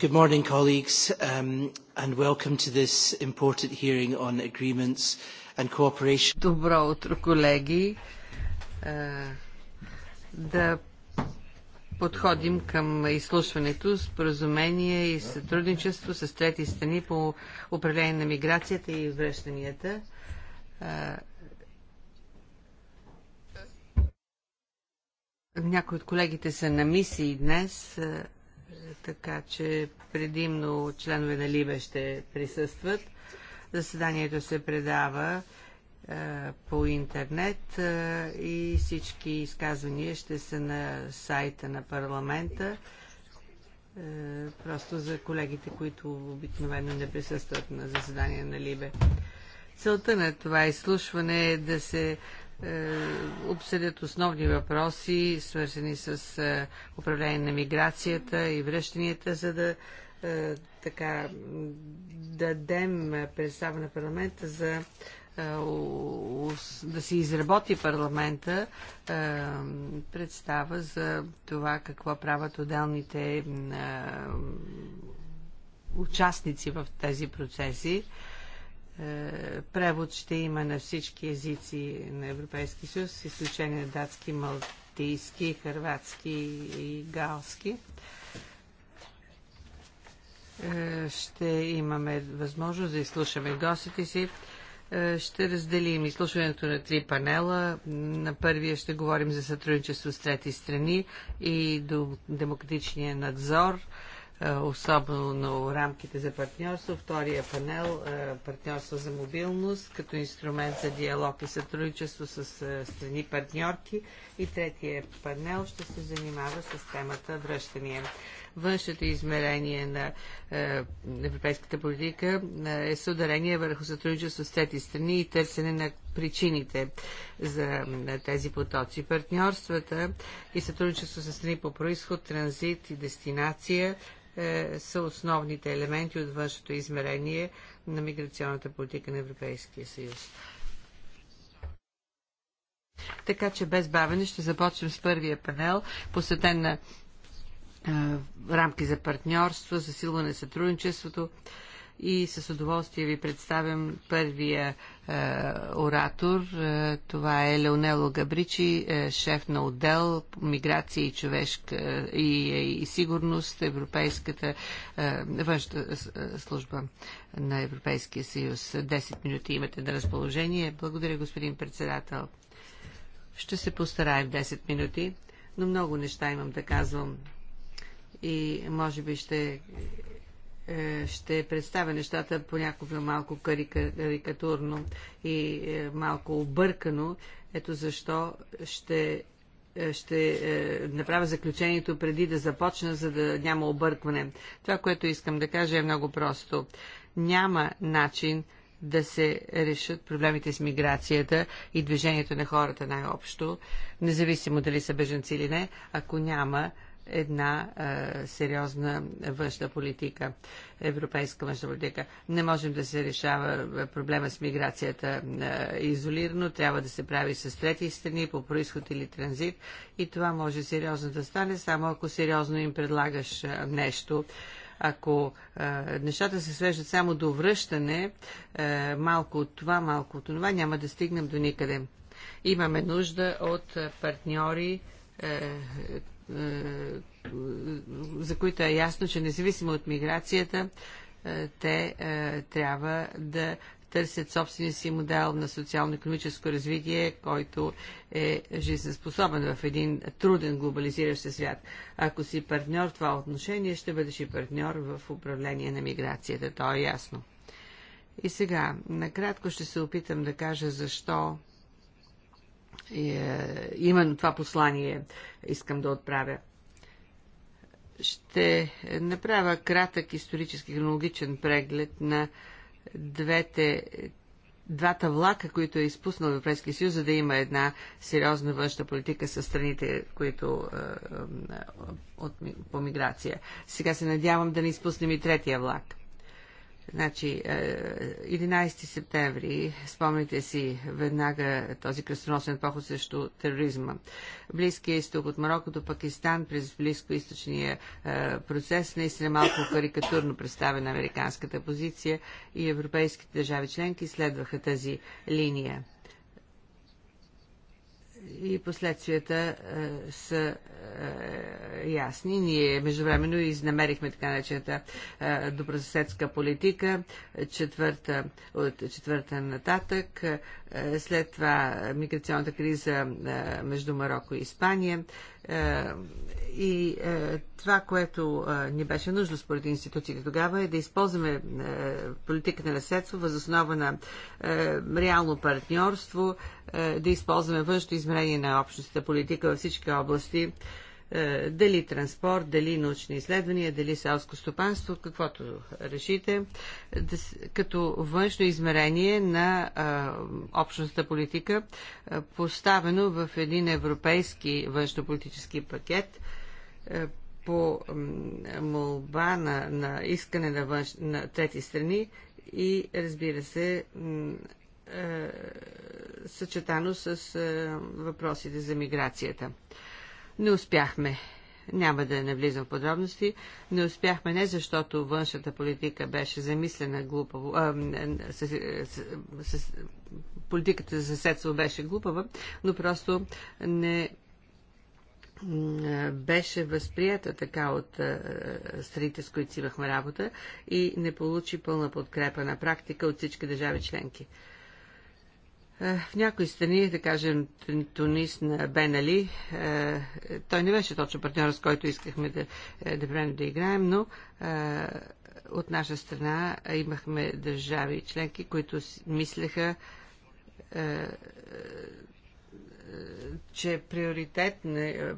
Good morning, colleagues, um, and welcome to this important hearing on agreements and cooperation. Добро утро, колеги. Е, да подходим към изслушването с поразумение и сътрудничество с трети страни по управление на миграцията и връщанията. Е, някои от колегите са на мисии днес. Е, така че предимно членове на Либе ще присъстват. Заседанието се предава е, по интернет е, и всички изказвания ще са на сайта на парламента. Е, просто за колегите, които обикновено не присъстват на заседание на Либе. Целта на това изслушване е да се е, обсъдят основни въпроси, свързани с е, управление на миграцията и връщанията, за да е, така дадем представа на парламента за да се изработи парламента представа за това какво правят отделните участници в тези процеси. Е, превод ще има на всички езици на Европейски съюз, с изключение на датски, малтийски, хърватски и галски. Е, ще имаме възможност да изслушаме гостите си. Е, ще разделим изслушването на три панела. На първия ще говорим за сътрудничество с трети страни и демократичния надзор – е, особено на рамките за партньорство, втория панел е, партньорство за мобилност като инструмент за диалог и сътрудничество с е, страни партньорки и третия панел ще се занимава с темата връщания външните измерение на е, европейската политика е с ударение върху сътрудничество с трети страни и търсене на причините за е, тези потоци. Партньорствата и сътрудничество с страни по происход, транзит и дестинация е, са основните елементи от външното измерение на миграционната политика на Европейския съюз. Така че без бавене ще започнем с първия панел, посветен на рамки за партньорство, засилване на сътрудничеството и с удоволствие ви представям първия е, оратор. Е, това е Леонело Габричи, е, шеф на отдел миграция и човешка и, и сигурност Европейската е, външна служба на Европейския съюз. 10 минути имате на разположение. Благодаря, господин председател. Ще се постараем 10 минути, но много неща имам да казвам и може би ще, е, ще представя нещата понякога малко карикатурно и е, малко объркано. Ето защо ще е, ще направя заключението преди да започна, за да няма объркване. Това, което искам да кажа е много просто. Няма начин да се решат проблемите с миграцията и движението на хората най-общо, независимо дали са беженци или не, ако няма една а, сериозна външна политика, европейска външна политика. Не можем да се решава проблема с миграцията а, изолирано, трябва да се прави с трети страни, по происход или транзит и това може сериозно да стане, само ако сериозно им предлагаш а, нещо ако а, нещата се свеждат само до връщане, а, малко от това, малко от това, няма да стигнем до никъде. Имаме нужда от партньори, е, е, за които е ясно, че независимо от миграцията, е, те е, трябва да търсят собствения си модел на социално-економическо развитие, който е жизнеспособен в един труден глобализиращ се свят. Ако си партньор в това отношение, ще бъдеш и партньор в управление на миграцията. То е ясно. И сега, накратко ще се опитам да кажа защо е, именно това послание искам да отправя. Ще направя кратък исторически хронологичен преглед на двете двата влака, които е изпуснал Европейския съюз, за да има една сериозна външна политика с страните, които е, е от, по миграция. Сега се надявам да не изпуснем и третия влак. Значи, 11 е, септември, спомните си веднага този кръстоносен поход срещу тероризма. Близкия изток от Марокко до Пакистан през близко-источния е, процес наистина е малко карикатурно представя на американската позиция и европейските държави членки следваха тази линия и последствията а, е, са а, е, ясни. Ние междувременно изнамерихме така наречената е, добросъседска политика, четвърта, от четвърта нататък, а, след това миграционната криза а, между Марокко и Испания. Е, и е, това, което е, ни беше нужно според институциите тогава е да използваме политика на наследство възоснова на реално партньорство, да използваме външно измерение на общностната политика във всички области. Е, дали транспорт, дали научни изследвания, дали селско стопанство, каквото решите, като външно измерение на общността политика, поставено в един европейски външнополитически пакет, по молба на, на искане на, външ, на трети страни и разбира се съчетано с въпросите за миграцията. Не успяхме. Няма да не влизам в подробности. Не успяхме не защото външната политика беше замислена глупаво. А, с, с, с, политиката за съседство беше глупава, но просто не беше възприята така от страните, с които си имахме работа и не получи пълна подкрепа на практика от всички държави членки. Е, в някои страни, да кажем Тунис на Бенали, е, той не беше точно партньор, с който искахме да, е, да, правим, да играем, но от наша страна имахме държави членки, които мислеха че приоритет не, е,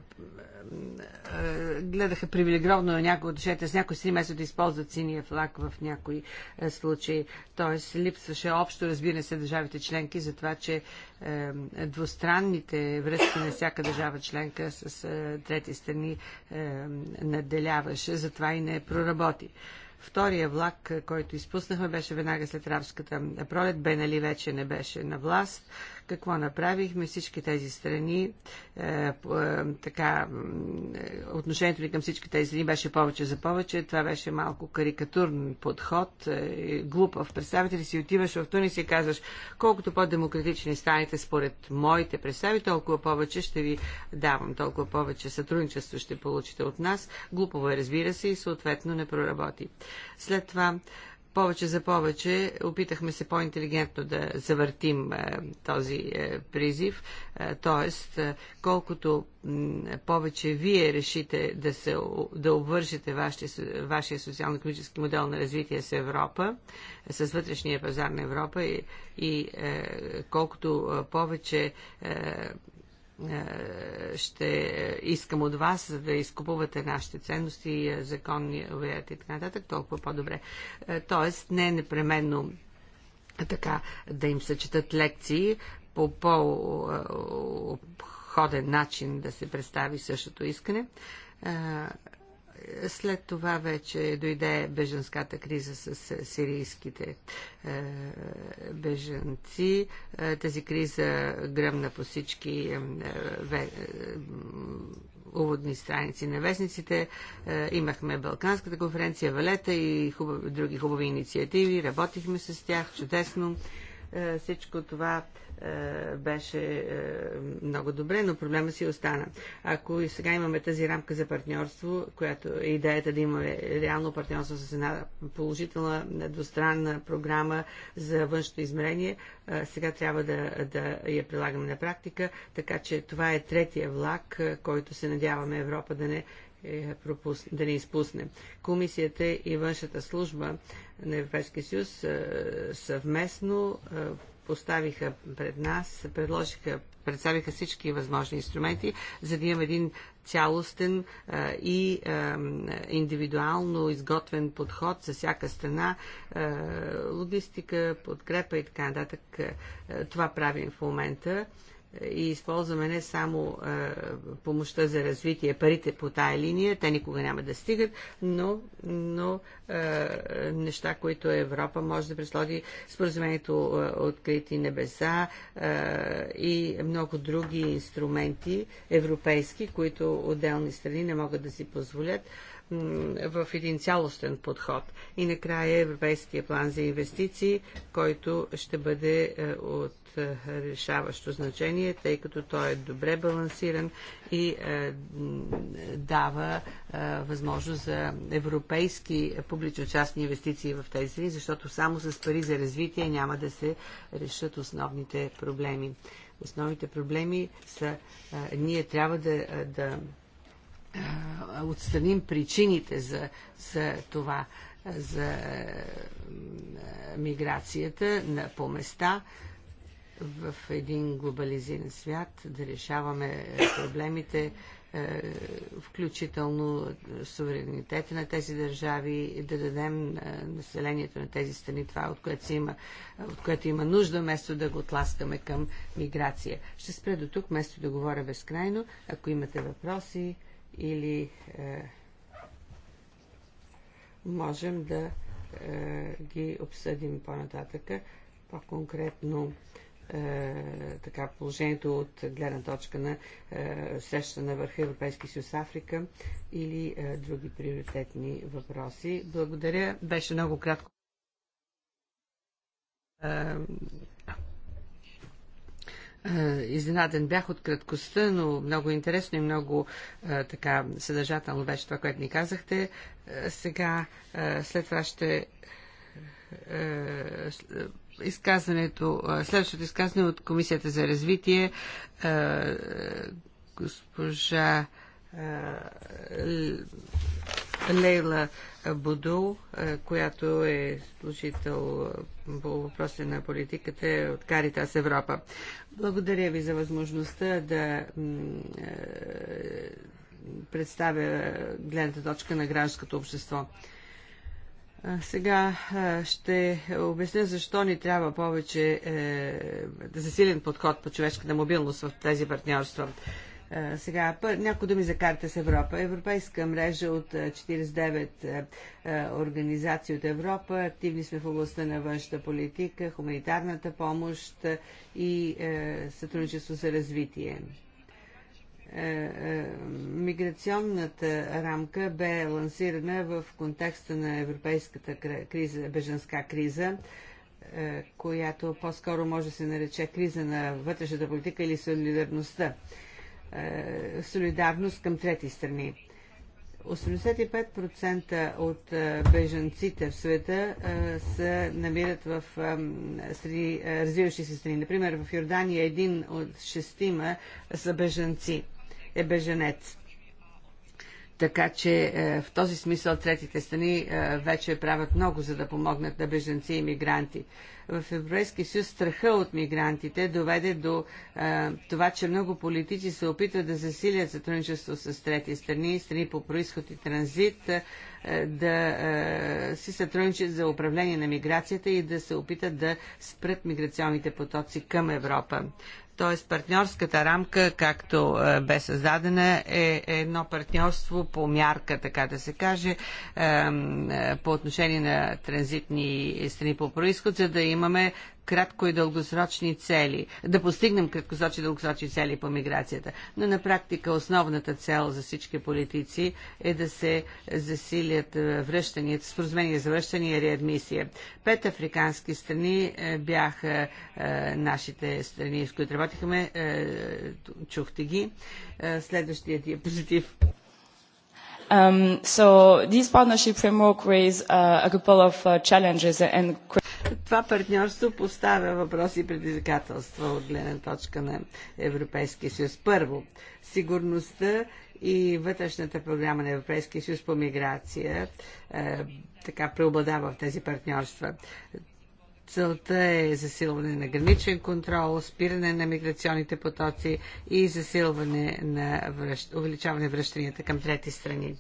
гледаха привилегировано на някои от душите с някои си место да използват синия флаг в някои е, случаи. Тоест липсваше общо разбира се държавите членки за това, че е, двустранните връзки на всяка държава членка с трети страни наделяваше, затова и не проработи. Втория влак, който изпуснахме, беше веднага след рабската пролет. Бенали вече не беше на власт. Какво направихме? Всички тези страни, е, е, така, е, отношението ни към всички тези страни беше повече за повече. Това беше малко карикатурен подход, глупав. Представете ли си, отиваш в Тунис и казваш, колкото по-демократични станете според моите представи, толкова повече ще ви давам, толкова повече сътрудничество ще получите от нас. Глупово е, разбира се, и съответно не проработи. След това повече за повече. Опитахме се по-интелигентно да завъртим е, този е, призив. Т.е. тоест, е, колкото повече вие решите да, се, да обвържете вашия, вашия социално-економически модел на развитие с Европа, с вътрешния пазар на Европа и, и колкото повече е, ще искам от вас да изкупувате нашите ценности, е, законни уверят и така нататък, толкова по-добре. Е, тоест, не е непременно така да им се четат лекции по по ходен начин да се представи същото искане след това вече дойде беженската криза с сирийските е, беженци. Е, тази криза гръмна по всички е, уводни страници на вестниците. Имахме Балканската конференция, Валета и други хубави инициативи. Работихме с тях чудесно. Всичко това е, беше е, много добре, но проблема си остана. Ако и сега имаме тази рамка за партньорство, която е идеята да имаме реално партньорство с една положителна двустранна програма за външно измерение, е, сега трябва да, да я прилагаме на практика, така че това е третия влак, който се надяваме Европа да не да не изпусне. Комисията и външната служба на Европейския съюз съвместно поставиха пред нас, предложиха, представиха всички възможни инструменти, за да имаме един цялостен а, и а, индивидуално изготвен подход за всяка страна, а, логистика, подкрепа и така нататък. Това правим в момента. А, и използваме не само а, помощта за развитие, парите по тая линия, те никога няма да стигат, но, но а, неща, които Европа може да преслоди, споразумението Открити небеса а, и много други инструменти европейски, които отделни страни не могат да си позволят. А, в един цялостен подход. И накрая Европейския план за инвестиции, който ще бъде е, от е, решаващо значение, тъй като той е добре балансиран и е, дава е, възможност за европейски публично-частни инвестиции в тези страни, защото само с пари за развитие няма да се решат основните проблеми. Основните проблеми са е, ние трябва да, е, да отстраним причините за, за това, за миграцията на, по места в един глобализиран свят, да решаваме е, проблемите, е, включително е, суверенитета на тези държави, да дадем населението на тези страни това, от което, има, от което има нужда, вместо да го тласкаме към миграция. Ще спре до тук, вместо да говоря безкрайно. Ако имате въпроси, или е, можем да е, ги обсъдим по-нататъка, по-конкретно е, така, положението от гледна точка на е, среща на върха Европейски съюз Африка или е, други приоритетни въпроси. Благодаря. Беше много кратко е, е, Изненаден бях от краткостта, но много интересно и много е, така съдържателно беше това, което ни казахте. Е, сега, след това ще изказването, следващото изказване от Комисията за развитие госпожа Лейла Буду, е, която е служител е, по въпроси на политиката е от Каритас Европа. Благодаря ви за възможността да представя гледната точка на гражданското общество. Сега ще обясня защо ни трябва повече е, засилен подход по човешката мобилност в тези партньорства. Сега, някои думи за карта с Европа. Европейска мрежа от 49 организации от Европа. Активни сме в областта на външната политика, хуманитарната помощ и сътрудничество за развитие миграционната рамка бе лансирана в контекста на европейската криза, беженска криза, която по-скоро може да се нарече криза на вътрешната политика или солидарността. Е, солидарност към трети страни. 85% от е, бежанците в света е, се намират в среди, развиващи се страни. Например, в Йордания един от шестима са бежанци, е бежанец. Така че е, в този смисъл третите страни е, вече правят много, за да помогнат на беженци и мигранти. В Европейския съюз страха от мигрантите доведе до е, това, че много политици се опитват да засилят сътрудничество с трети страни, страни по происход и транзит, да си сътрудничат за управление на миграцията и да се опитат да спрат миграционните потоци към Европа. Т.е. партньорската рамка, както е, бе създадена, е, е едно партньорство по мярка, така да се каже, е, по отношение на транзитни страни по происход, за да имаме кратко и дългосрочни цели, да постигнем краткосрочни и дългосрочни цели по миграцията. Но на практика основната цел за всички политици е да се засилят е, връщанията, споразумения за връщане и реадмисия. Пет африкански страни е, бяха е, нашите страни, с които работихме. Чухте ги. Следващия диапозитив. Um, so this partnership framework uh, a couple of uh, challenges and това партньорство поставя въпроси и предизвикателства от гледна точка на Европейския съюз. Първо, сигурността и вътрешната програма на Европейския съюз по миграция е, така преобладава в тези партньорства. Целта е засилване на граничен контрол, спиране на миграционните потоци и засилване на връщ... увеличаване връщанията към трети страни.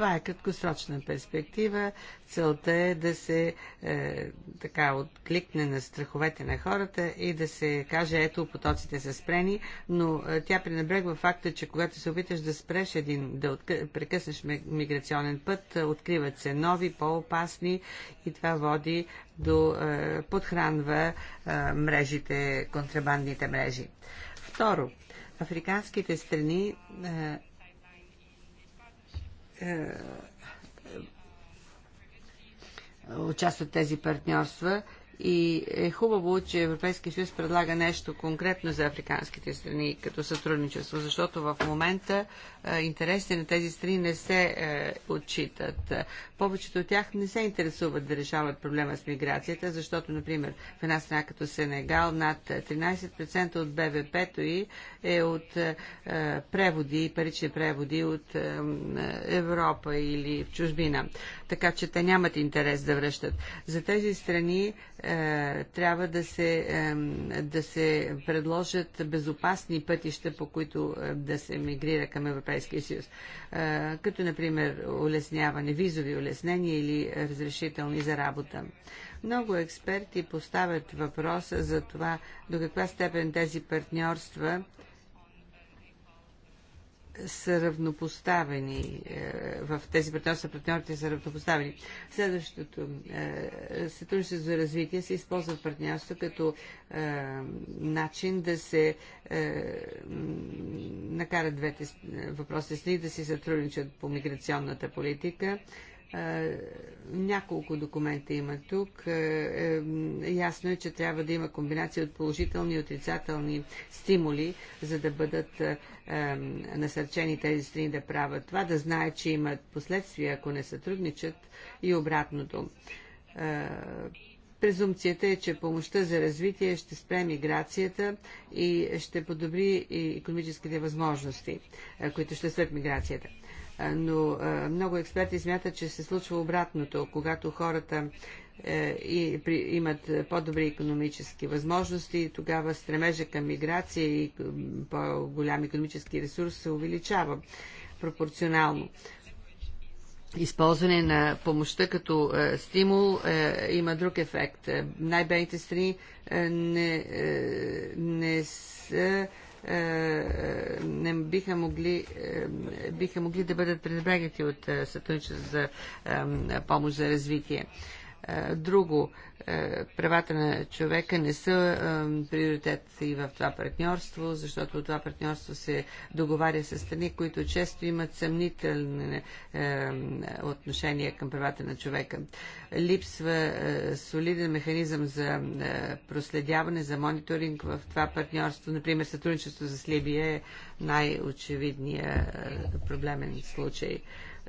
Това е краткосрочна перспектива. Целта е да се е, така откликне на страховете на хората и да се каже, ето, потоците са спрени, но е, тя пренебрегва факта, че когато се опиташ да спреш един, да отк... прекъснеш миграционен път, е, откриват се нови, по-опасни и това води до е, подхранва е, мрежите, контрабандните мрежи. Второ, африканските страни е, е, участват тези партньорства и е хубаво, че Европейския съюз предлага нещо конкретно за африканските страни като сътрудничество, защото в момента интересите на тези страни не се е, отчитат. Повечето от тях не се интересуват да решават проблема с миграцията, защото, например, в една страна като Сенегал над 13% от БВП-то и е от е, е преводи, парични преводи от е, е, Европа или в чужбина. Така че те нямат интерес да връщат. За тези страни е, е, трябва да се, е, да се предложат безопасни пътища, по които е, да се мигрира към Европейския съюз. Като, например, улесняване, визови улеснения или разрешителни за работа. Много експерти поставят въпроса за това до каква степен тези партньорства са равнопоставени, е, в тези партньорства партньорите са равнопоставени. Следващото е, сътрудничество за развитие се използва в партньорство като е, начин да се накарат двете въпроси с них да си сътрудничат по миграционната политика, е, няколко документа има тук. Е, е, ясно е, че трябва да има комбинация от положителни и отрицателни стимули, за да бъдат насърчени тези страни да правят това, да знаят, че имат последствия, ако не сътрудничат и обратното. Презумцията е, че помощта за развитие ще спре миграцията и ще подобри и економическите възможности, които ще след миграцията но много експерти смятат, че се случва обратното, когато хората е, и при, имат по-добри економически възможности, тогава стремежа към миграция и по-голям економически ресурс се увеличава пропорционално. Използване на помощта като е, стимул е, има друг ефект. Най-бедните страни е, не, е, не са е, не биха могли, е, биха могли да бъдат пренебрегнати от е, сътрудничеството за помощ за развитие. Е, друго. Е, правата на човека не са е, приоритет и в това партньорство, защото това партньорство се договаря с страни, които често имат съмнителни отношения към правата на човека. Липсва солиден механизъм за проследяване, за мониторинг в това партньорство. Например, сътрудничество с Либия е най-очевидният проблемен случай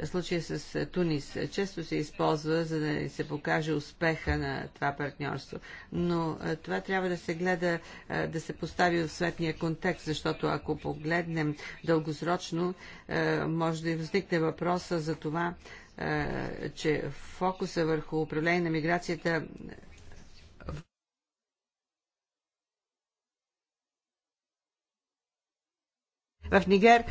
случая с е, Тунис е, често се използва, за да се покаже успеха на това партньорство. Но е, това трябва да се гледа, да се постави в светния контекст, защото ако погледнем дългосрочно, може да и възникне въпроса за това, че фокуса върху управление на миграцията в Нигер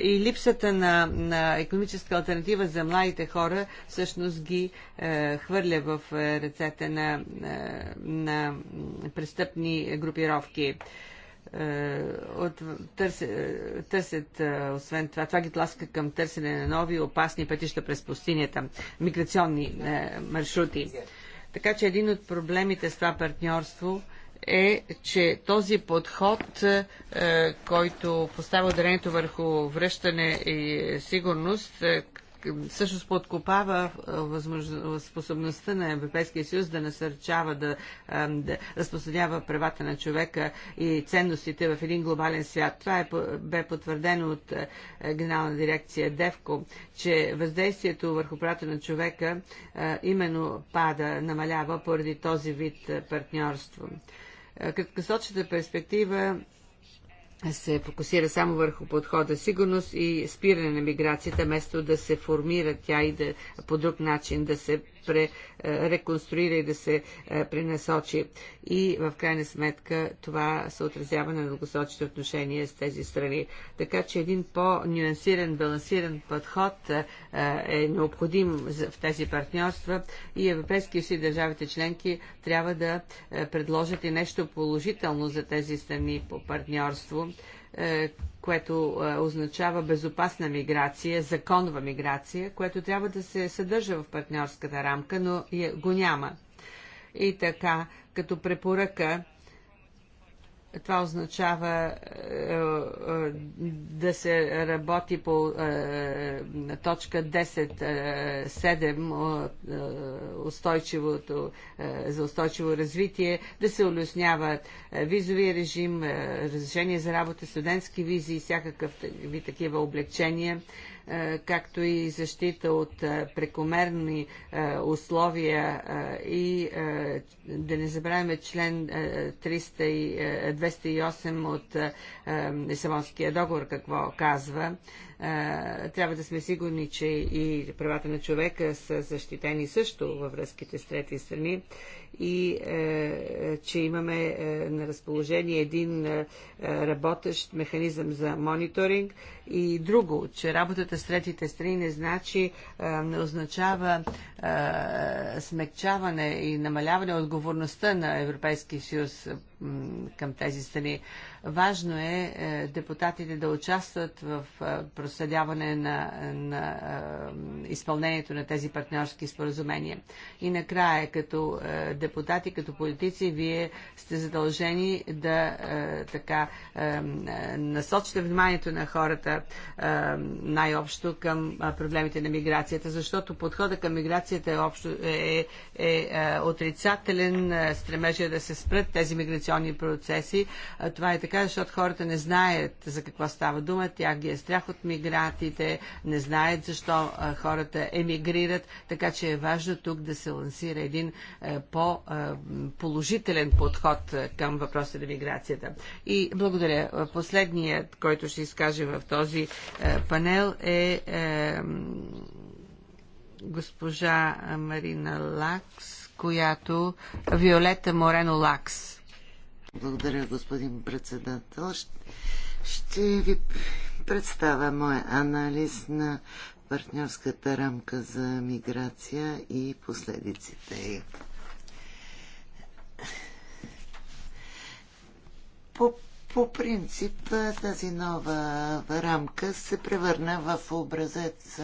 и липсата на, на економическа альтернатива за младите хора всъщност ги хвърля в ръцете на, на престъпни групировки от, търсе, търсят, освен това, това ги тласка към търсене на нови опасни пътища през пустинята, миграционни е, маршрути. Така че един от проблемите с това партньорство е, е, че този подход, е, който поставя ударението върху връщане и сигурност, е, всъщност подкопава е, способността на Европейския съюз да насърчава, да, да разпространява правата на човека и ценностите в един глобален свят. Това е, бе потвърдено от генерална дирекция ДЕВКО, че въздействието върху правата на човека именно пада, намалява поради този вид партньорство. Е, краткосрочната перспектива се фокусира само върху подхода сигурност и спиране на миграцията, вместо да се формира тя и да, по друг начин да се пререконструира е, и да се е, пренасочи. И в крайна сметка това се отразява на дългосрочните отношения с тези страни. Така че един по-нюансиран, балансиран подход е, е необходим в тези партньорства и Европейския си държавите членки трябва да предложат и нещо положително за тези страни по партньорство е, което е, означава безопасна миграция, законова миграция, което трябва да се съдържа в партньорската рамка, но го няма. И така, като препоръка, това означава е, е, е, да се работи по точка 10.7 за устойчиво развитие, да се улеснява визовия режим, разрешение за работа, студентски визи и всякакъв такива облегчения. Е, както и защита от е, прекомерни е, условия и да не забравяме член 308 208 от Лисабонския договор, какво казва. Трябва да сме сигурни, че и правата на човека са защитени също във връзките с трети страни и е, е, че имаме е, на разположение един е, работещ механизъм за мониторинг и друго, че работата с третите страни не значи, е, не означава е, смекчаване и намаляване отговорността на Европейския съюз към тези страни. Важно е, е депутатите да участват в е, проследяване на, на е, изпълнението на тези партньорски споразумения. И накрая, като депутати, като политици, вие сте задължени да така насочите вниманието на хората най-общо към проблемите на миграцията, защото подхода към миграцията е, общо, е, е, е отрицателен, стремежа да се спрат тези миграционни инвестиционни процеси. Това е така, защото хората не знаят за какво става дума, Тя ги е страх от мигрантите, не знаят защо хората емигрират, така че е важно тук да се лансира един по-положителен подход към въпроса на миграцията. И благодаря. Последният, който ще изкаже в този панел е госпожа Марина Лакс, която Виолета Морено Лакс. Благодаря, господин председател. Ще ви представя моя анализ на партньорската рамка за миграция и последиците й. По, по принцип тази нова рамка се превърна в образец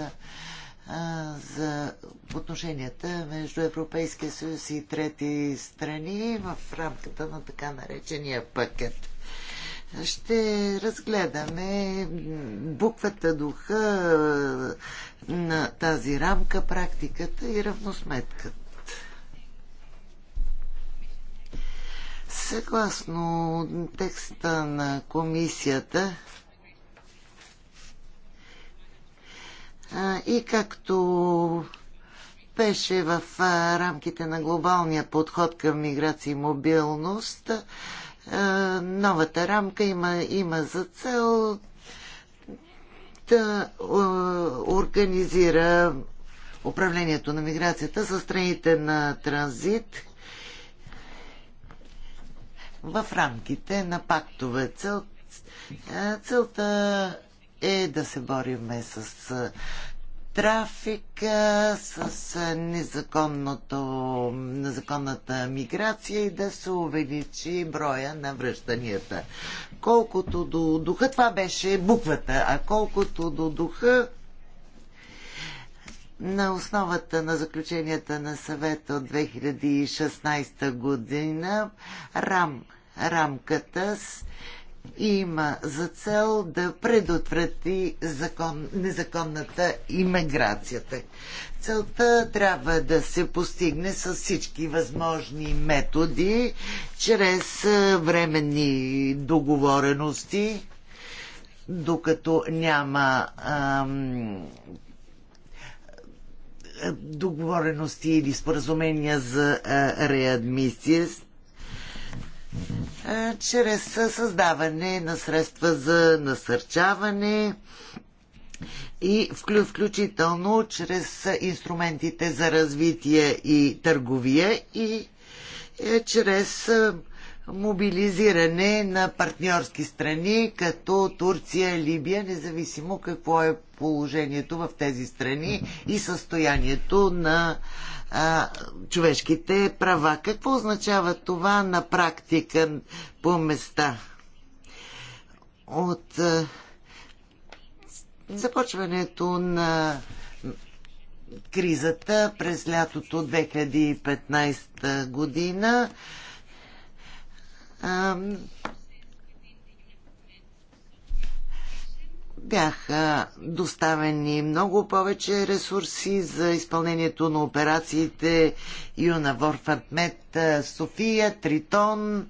за отношенията между Европейския съюз и трети страни в рамката на така наречения пакет. Ще разгледаме буквата, духа на тази рамка, практиката и равносметката. Съгласно текста на комисията, И както беше в рамките на глобалния подход към миграция и мобилност, новата рамка има, има за цел да организира управлението на миграцията за страните на транзит в рамките на пактове. Цел, целта е да се бориме с трафика, с незаконната миграция и да се увеличи броя на връщанията. Колкото до духа, това беше буквата, а колкото до духа, на основата на заключенията на съвета от 2016 година, рам, рамката с има за цел да предотврати закон, незаконната иммиграцията. Целта трябва да се постигне с всички възможни методи, чрез е, временни договорености, докато няма ам, договорености или споразумения за е, реадмисия чрез създаване на средства за насърчаване и включително чрез инструментите за развитие и търговия и е, чрез мобилизиране на партньорски страни, като Турция, Либия, независимо какво е положението в тези страни и състоянието на а, човешките права. Какво означава това на практика по места? От а, започването на кризата през лятото 2015 година. бяха доставени много повече ресурси за изпълнението на операциите Юна Ворфантмет, София, Тритон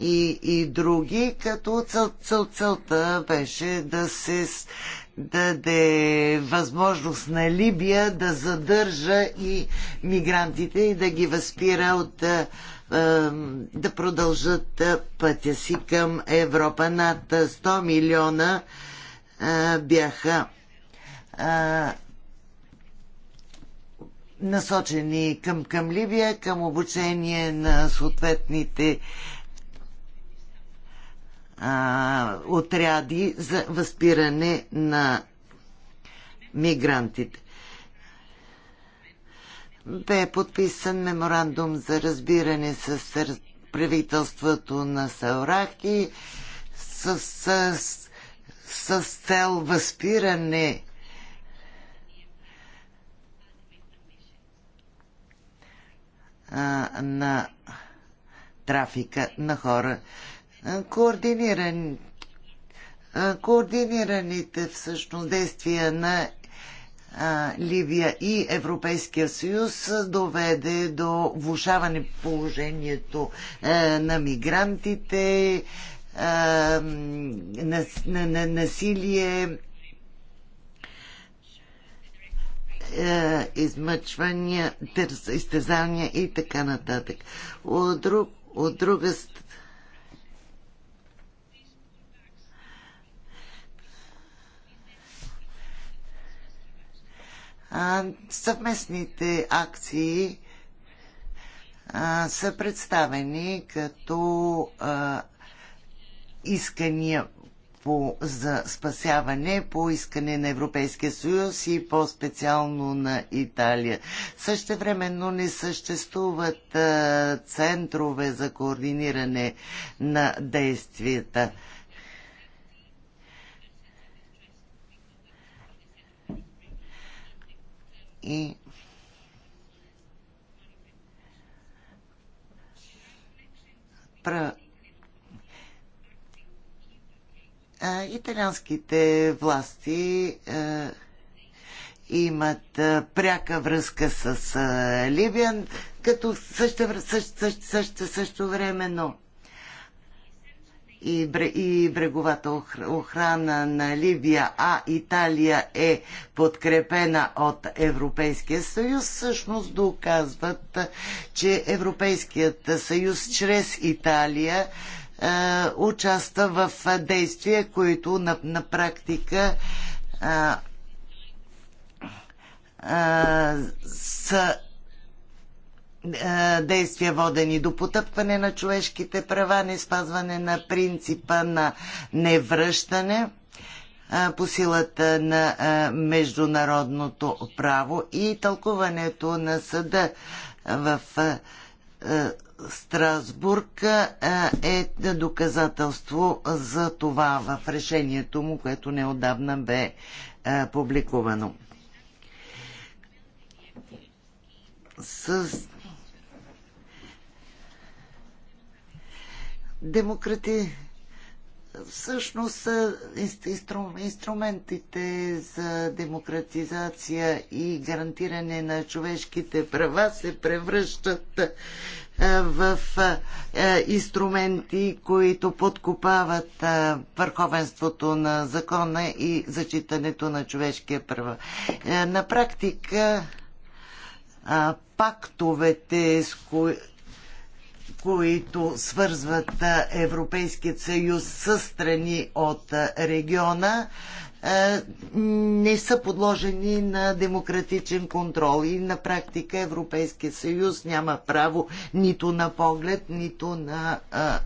и, и други, като цел, цел, целта беше да се даде възможност на Либия да задържа и мигрантите и да ги възпира от да продължат пътя си към Европа. Над 100 милиона бяха насочени към, към Ливия, към обучение на съответните а, отряди за възпиране на мигрантите. Бе подписан меморандум за разбиране с правителството на Саурахи, с, с с цел възпиране на трафика на хора. Координиран, координираните всъщност действия на Ливия и Европейския съюз доведе до влушаване положението на мигрантите, на, на, на насилие, е, измъчвания, изтезания и така нататък. От, друг, от друга страна, съвместните акции а, са представени като а, искания по, за спасяване по искане на Европейския съюз и по-специално на Италия. времено не съществуват а, центрове за координиране на действията. И пра а, италианските власти а, имат а, пряка връзка с а, Либия, като също, също, също, също, също времено и, бре, и бреговата охрана на Либия, а Италия е подкрепена от Европейския съюз, всъщност доказват, че Европейският съюз чрез Италия е, участва в е, действия, които на, на практика а, е, а, са а, действия водени до потъпване на човешките права, не спазване на принципа на невръщане по силата на международното право и тълкуването на съда в е, Страсбург е, е доказателство за това в решението му, което неодавна бе е, публикувано. С демократи всъщност инструментите за демократизация и гарантиране на човешките права се превръщат в инструменти, които подкопават върховенството на закона и зачитането на човешкия права. Е, на практика пактовете, с които които свързват Европейският съюз с страни от региона, не са подложени на демократичен контрол и на практика Европейския съюз няма право нито на поглед, нито на а,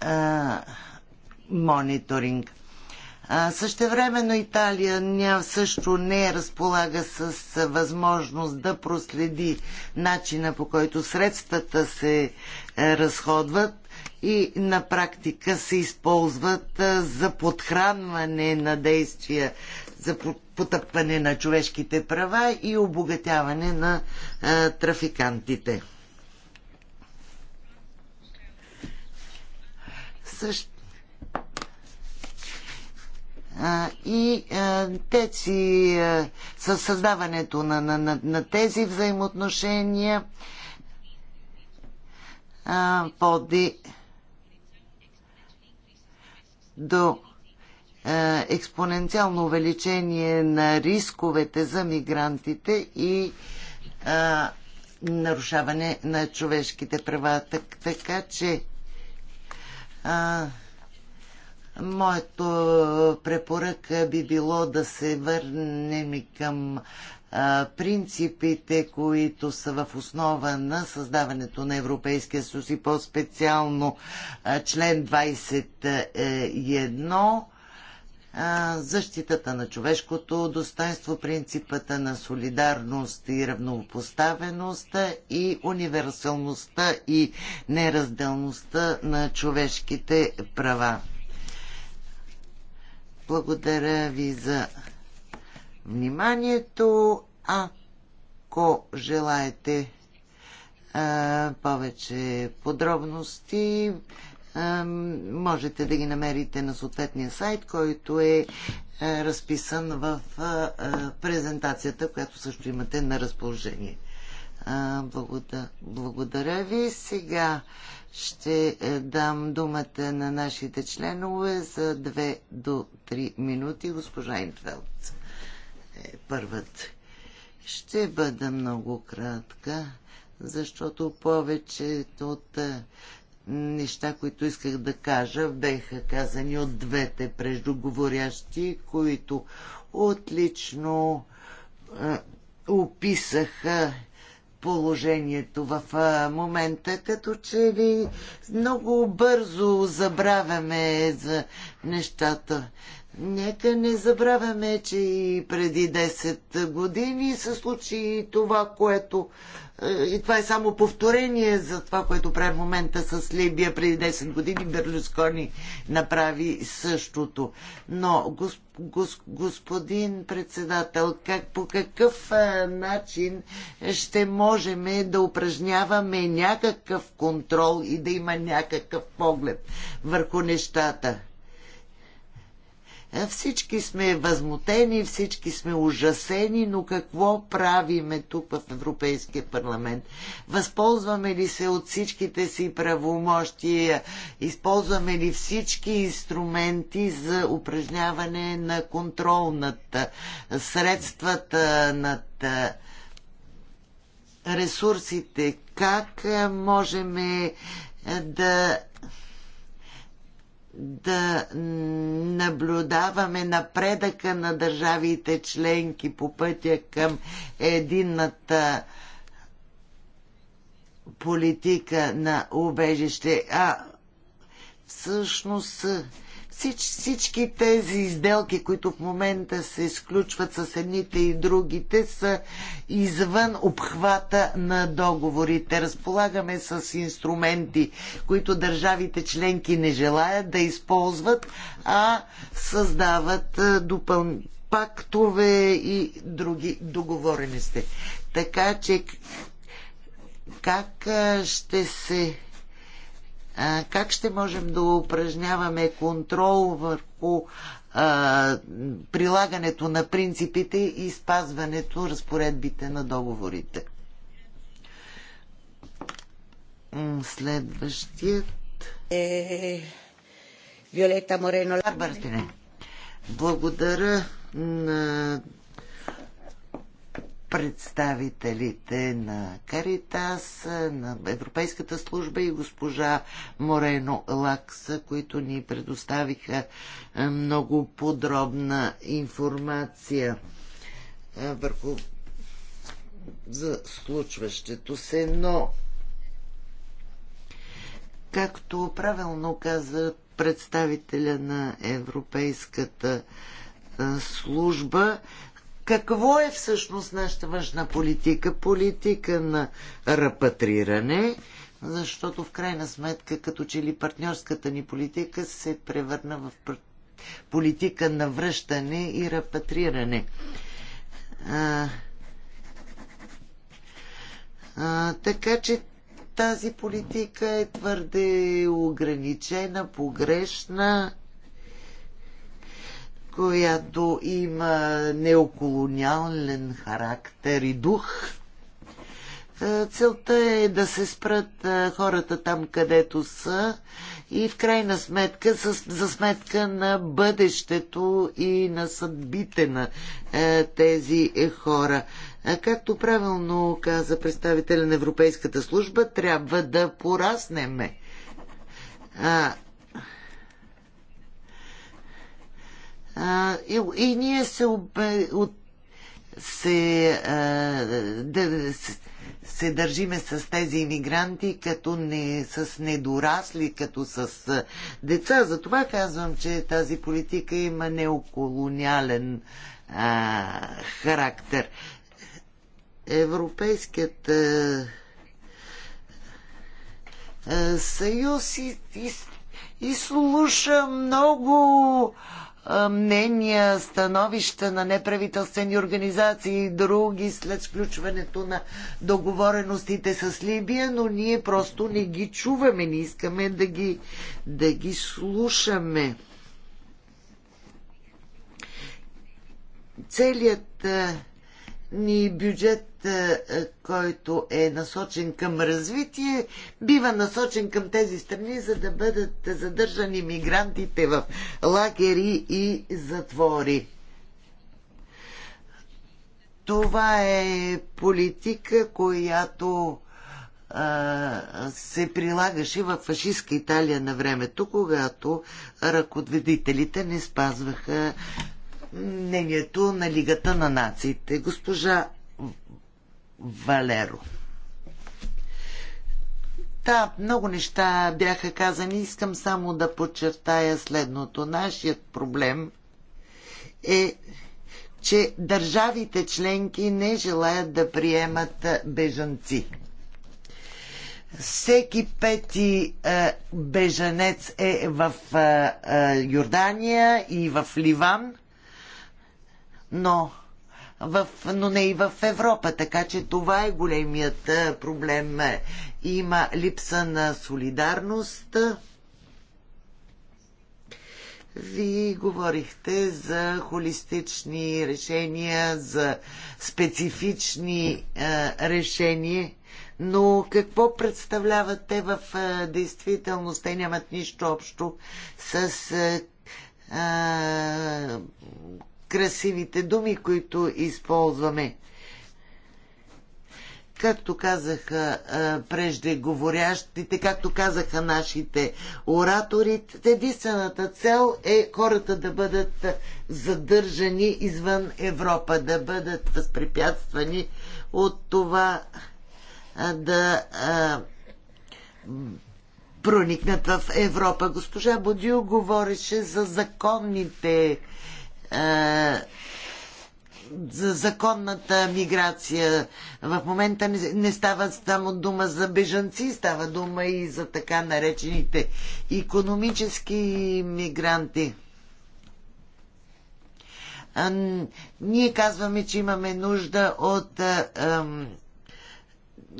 а, мониторинг. Същевременно Италия ня, също не разполага с възможност да проследи начина по който средствата се е, разходват и на практика се използват е, за подхранване на действия за потъпване на човешките права и обогатяване на е, трафикантите. Също и тези, със създаването на, на, на, на тези взаимоотношения води до експоненциално увеличение на рисковете за мигрантите и а, нарушаване на човешките права. Так, така че а, Моето е, препоръка би било да се върнем към е, принципите, които са в основа на създаването на Европейския съюз и по-специално е, член 21 защитата на човешкото достоинство, принципата на солидарност и равнопоставеност и универсалността и неразделността на човешките права. Благодаря ви за вниманието. Ако желаете а, повече подробности, а, можете да ги намерите на съответния сайт, който е а, разписан в а, а, презентацията, която също имате на разположение. А, благодаря ви. Сега ще е, дам думата на нашите членове за 2 до 3 минути. Госпожа Инфелд е първът. Ще бъда много кратка, защото повечето от е, неща, които исках да кажа, беха казани от двете преждоговорящи, които отлично е, описаха положението в момента, като че ли много бързо забравяме за нещата. Нека не забравяме, че и преди 10 години се случи и това, което. Е, и това е само повторение за това, което прави в момента с Либия. Преди 10 години Берлюскони направи същото. Но, гос, господин председател, как, по какъв е, начин ще можем да упражняваме някакъв контрол и да има някакъв поглед върху нещата? Всички сме възмутени, всички сме ужасени, но какво правиме тук в Европейския парламент? Възползваме ли се от всичките си правомощия? Използваме ли всички инструменти за упражняване на контрол над средствата, над ресурсите? Как можем да да наблюдаваме напредъка на държавите членки по пътя към единната политика на убежище. А всъщност всич, всички тези изделки, които в момента се изключват с едните и другите, са извън обхвата на договорите. Разполагаме с инструменти, които държавите членки не желаят да използват, а създават е, допъл... пактове и други договорености. Така че как е, ще се как ще можем да упражняваме контрол върху а, прилагането на принципите и спазването разпоредбите на договорите. Следващият. Е, Виолета Морено. Благодаря на представителите на Каритас, на Европейската служба и госпожа Морено Лакс, които ни предоставиха е, много подробна информация е, върху за случващето се, но както правилно каза представителя на Европейската е, служба, какво е всъщност нашата външна политика? Политика на репатриране, защото в крайна сметка, като че ли партньорската ни политика се превърна в политика на връщане и репатриране. А, а, така че тази политика е твърде ограничена, погрешна която има неоколониален характер и дух. Е, целта е да се спрат е, хората там, където са и в крайна сметка за сметка на бъдещето и на съдбите на е, тези хора. Както правилно каза представителя на Европейската служба, трябва да пораснеме. и, и ние се, от, се, да, се държиме с тези иммигранти като не, с недорасли, като с деца. Затова казвам, че тази политика има неоколониален а, характер. Европейският а, а, съюз и, и, и слуша много а, мнения, становища на неправителствени организации и други след сключването на договореностите с Либия, но ние просто не ги чуваме, не искаме да ги, да ги слушаме. Целият ни бюджет, е, е, който е насочен към развитие, бива насочен към тези страни, за да бъдат задържани мигрантите в лагери и затвори. Това е политика, която е, се прилагаше в фашистска Италия на времето, когато ръководителите не спазваха мнението на Лигата на нациите. Госпожа Валеро. Да, много неща бяха казани. Искам само да подчертая следното. Нашият проблем е, че държавите членки не желаят да приемат бежанци. Всеки пети е, бежанец е в е, е, Йордания и в Ливан – но, в, но не и в Европа. Така че това е големият е, проблем. Има липса на солидарност. Вие говорихте за холистични решения, за специфични е, решения, но какво представляват те в е, действителност? Те нямат нищо общо с е, е красивите думи, които използваме. Както казаха преждеговорящите, както казаха нашите оратори, единствената цел е хората да бъдат задържани извън Европа, да бъдат възпрепятствани от това да проникнат в Европа. Госпожа Бодио говореше за законните за законната миграция. В момента не, не става само дума за бежанци, става дума и за така наречените економически мигранти. А, ние казваме, че имаме нужда от а, а,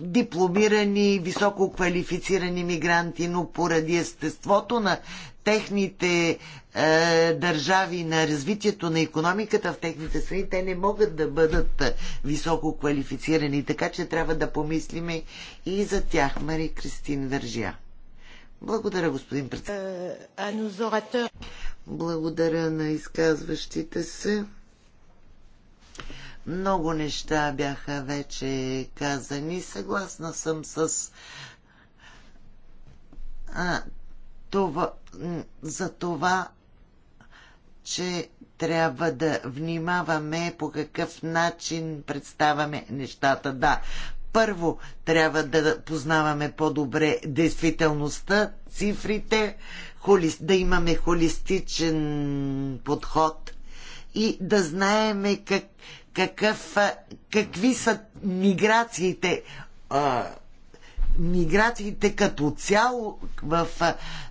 дипломирани, високо квалифицирани мигранти, но поради естеството на техните е, държави на развитието на економиката в техните страни, те не могат да бъдат високо квалифицирани, така че трябва да помислиме и за тях, Мари Кристин Държия. Благодаря, господин председател. Е, Благодаря на изказващите се. Много неща бяха вече казани. Съгласна съм с а, това, за това че трябва да внимаваме по какъв начин представяме нещата. Да, първо трябва да познаваме по-добре действителността, цифрите, да имаме холистичен подход и да знаеме как, какъв, какви са миграциите миграциите като цяло в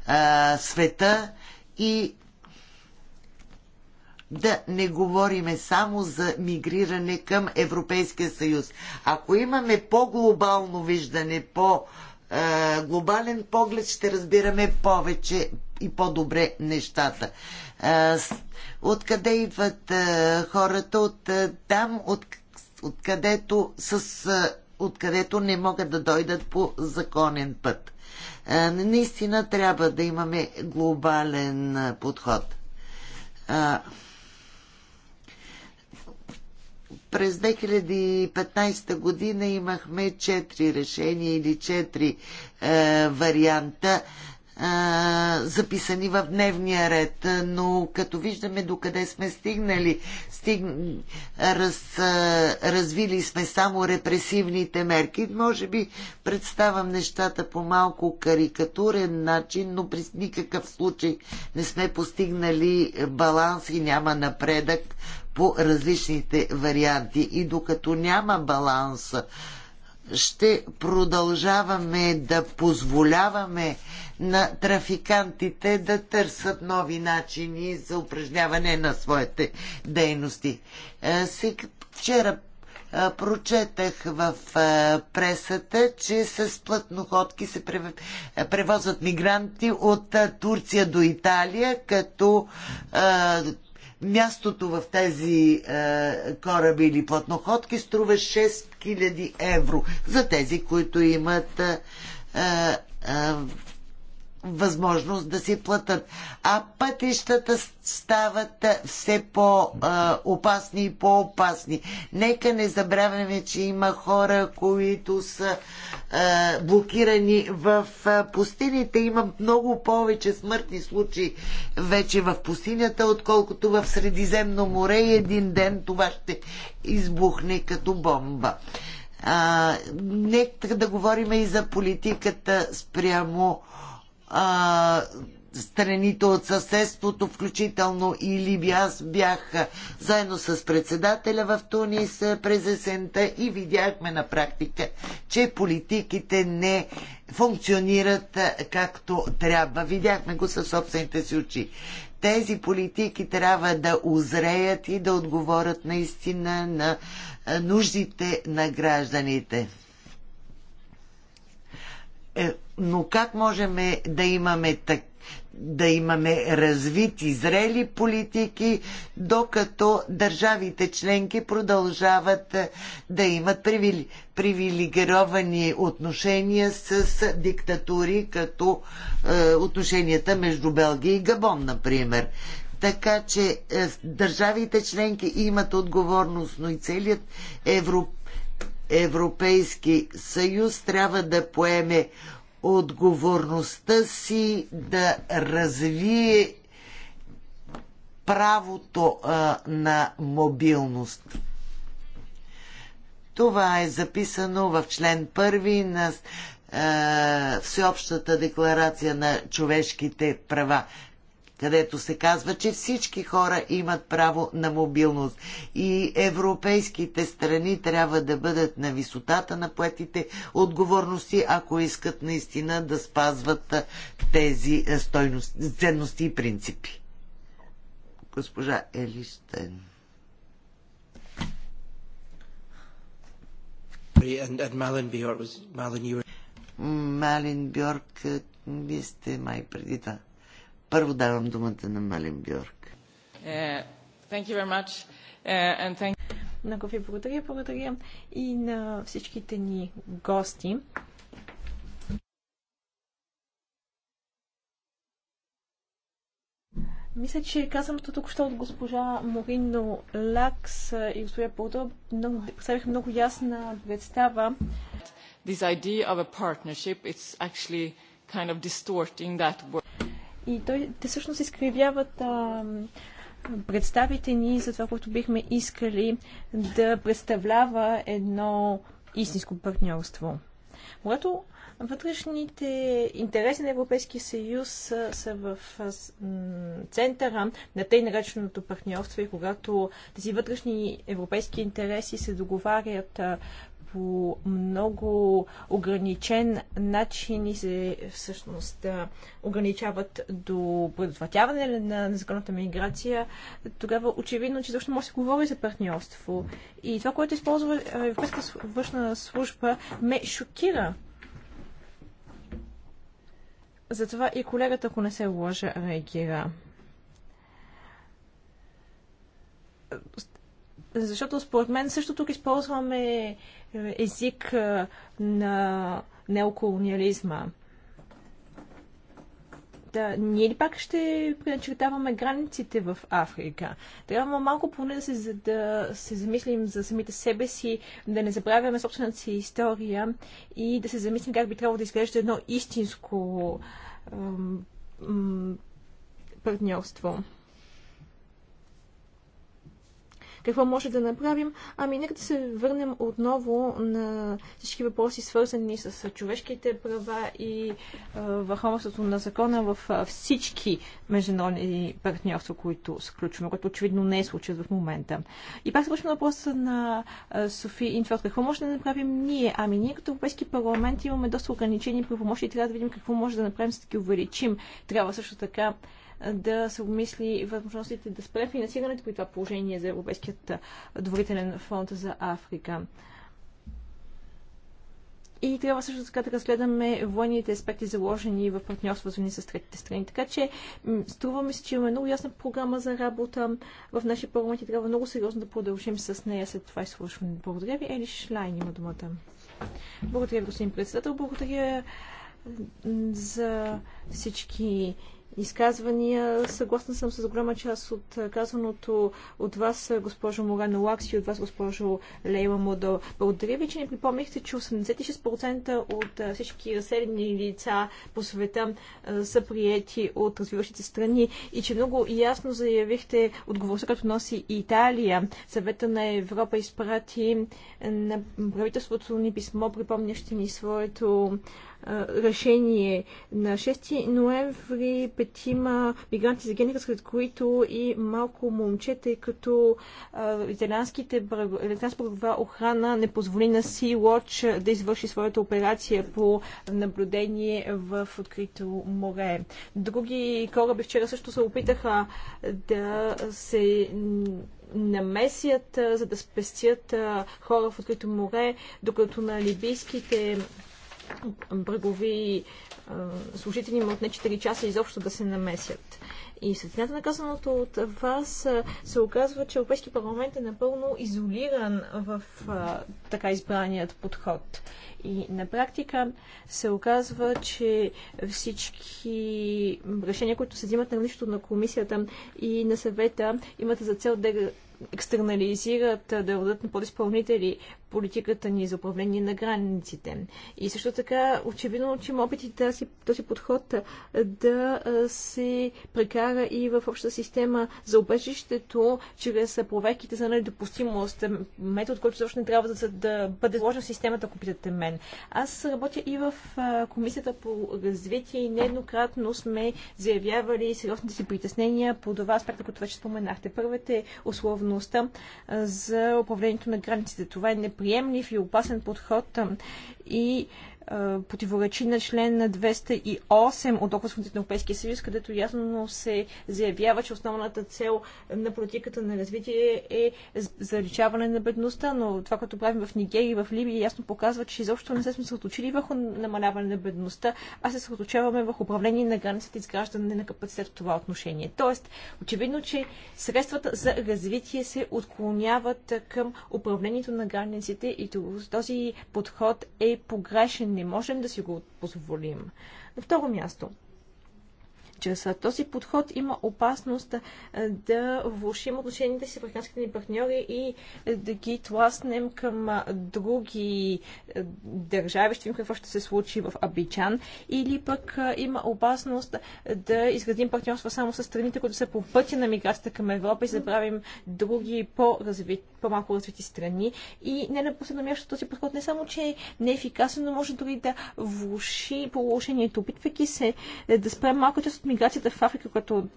а, света и да не говориме само за мигриране към Европейския съюз. Ако имаме по-глобално виждане, по- глобален поглед ще разбираме повече и по-добре нещата. Откъде идват хората? От там, от, откъдето, с, откъдето не могат да дойдат по законен път. Наистина трябва да имаме глобален подход. През 2015 година имахме 4 решения или 4 е, варианта е, записани в дневния ред, но като виждаме докъде сме стигнали, стиг... раз... Е, развили сме само репресивните мерки, може би представам нещата по малко карикатурен начин, но при никакъв случай не сме постигнали баланс и няма напредък по различните варианти. И докато няма баланс, ще продължаваме да позволяваме на трафикантите да търсят нови начини за упражняване на своите дейности. Е, вчера е, прочетах в е, пресата, че с плътноходки се превозват мигранти от Турция до Италия, като мястото в тези е, кораби или платноходки струва 6000 евро за тези, които имат е, е, възможност да си платят. А пътищата стават все по-опасни и по-опасни. Нека не забравяме, че има хора, които са блокирани в пустините. Има много повече смъртни случаи вече в пустинята, отколкото в Средиземно море и един ден това ще избухне като бомба. А, нека да говорим и за политиката спрямо а, страните от съседството, включително и Либия. Аз бях заедно с председателя в Тунис през есента и видяхме на практика, че политиките не функционират както трябва. Видяхме го със собствените си очи. Тези политики трябва да озреят и да отговорят наистина на нуждите на гражданите. Е, но как можем да имаме так, да имаме развити, зрели политики, докато държавите членки продължават е, да имат привилегировани отношения с диктатури, като е, отношенията между Белгия и Габон, например. Така че е, държавите членки имат отговорност, но и целият Европ Европейски съюз трябва да поеме отговорността си да развие правото а, на мобилност. Това е записано в член 1 на а, Всеобщата декларация на човешките права където се казва, че всички хора имат право на мобилност и европейските страни трябва да бъдат на висотата на поетите отговорности, ако искат наистина да спазват тези стойности, ценности и принципи. Госпожа Елистен. Малин Бьорк, вие сте май преди това. Първо давам думата на Малин Бьорк. Uh, uh, thank... Много ви благодаря, благодаря и на всичките ни гости. Мисля, че казаното току-що от госпожа Морино Лакс и госпожа Полдо много, представиха много ясна представа. This idea of a partnership, it's actually kind of distorting that word. И той, те всъщност изкривяват а, представите ни за това, което бихме искали да представлява едно истинско партньорство. Когато вътрешните интереси на Европейския съюз са, са в центъра на тъй нареченото партньорство и когато тези вътрешни европейски интереси се договарят по много ограничен начин и се всъщност ограничават до предотвратяване на незаконната миграция, тогава очевидно, че защо може да се говори за партньорство. И това, което използва Европейска външна служба, ме шокира. Затова и колегата, ако не се лъжа, реагира защото според мен също тук използваме е, език е, на неоколониализма. Да, ние ли пак ще преначертаваме границите в Африка? Трябва малко поне да се, да се замислим за самите себе си, да не забравяме собствената си история и да се замислим как би трябвало да изглежда едно истинско партньорство. Какво може да направим? Ами нека да се върнем отново на всички въпроси, свързани с човешките права и върховенството на закона в всички международни партньорства, които сключваме, което очевидно не е случат в момента. И пак се връщам на въпроса на Софи Инфорд. Какво може да направим ние? Ами ние като Европейски парламент имаме доста ограничени правомощи и трябва да видим какво може да направим, за да ги увеличим. Трябва също така да се обмисли възможностите да спре финансирането при това положение за Европейският доверителен фонд за Африка. И трябва също така да разгледаме военните аспекти, заложени в партньорство, свързани с третите страни. Така че струва ми се, че имаме много ясна програма за работа в нашия парламент и трябва много сериозно да продължим с нея след това изслушване. Благодаря ви. Ели Шлайн има думата. Благодаря, господин председател. Благодаря за всички изказвания. Съгласна съм с голяма част от казаното от вас, госпожо Морано Лакс и от вас, госпожо Лейла Модо. Благодаря ви, че ни припомнихте, че 86% от всички разселени лица по света са приети от развиващите страни и че много ясно заявихте отговорността, като носи Италия. Съвета на Европа изпрати на правителството ни писмо, припомнящи ни своето решение. На 6 ноември петима мигранти загинаха, сред които и малко момче, тъй като италианските брагова охрана не позволи на Sea Watch да извърши своята операция по наблюдение в открито море. Други кораби вчера също се опитаха да се намесят, за да спестят хора в открито море, докато на либийските брегови служители му не 4 часа изобщо да се намесят. И в светлината на казаното от вас се оказва, че Европейски парламент е напълно изолиран в а, така избраният подход. И на практика се оказва, че всички решения, които се взимат на нищо на комисията и на съвета, имат за цел да екстернализират, да родат на подизпълнители политиката ни за управление на границите. И също така, очевидно, че има опити тази, този подход да се прекара и в обща система за обежището, чрез проверките за недопустимост, метод, който също не трябва да, да бъде сложен в системата, ако питате мен. Аз работя и в Комисията по развитие и нееднократно сме заявявали сериозните си притеснения по два аспекта, които вече споменахте. Първата е условността за управлението на границите. Това е не неприемлив и опасен подход и противоречи на член на 208 от Доходството на Европейския съюз, където ясно се заявява, че основната цел на политиката на развитие е заличаване на бедността, но това, което правим в Нигерия и в Либия, ясно показва, че изобщо не се сме съоточили върху намаляване на бедността, а се съоточаваме върху управление на границата и изграждане на капацитет в това отношение. Тоест, очевидно, че средствата за развитие се отклоняват към управлението на границите и този подход е погрешен не можем да си го позволим. На второ място, чрез този подход има опасност да влушим отношенията си с африканските ни партньори и да ги тласнем към други държави. Ще видим какво ще се случи в Абиджан. Или пък има опасност да изградим партньорства само с страните, които са по пътя на миграцията към Европа и забравим други по-развити по-малко развити страни. И не на последно място този подход не само, че е неефикасен, но може дори да влуши положението, опитвайки се е, да спре малко част от миграцията в Африка, която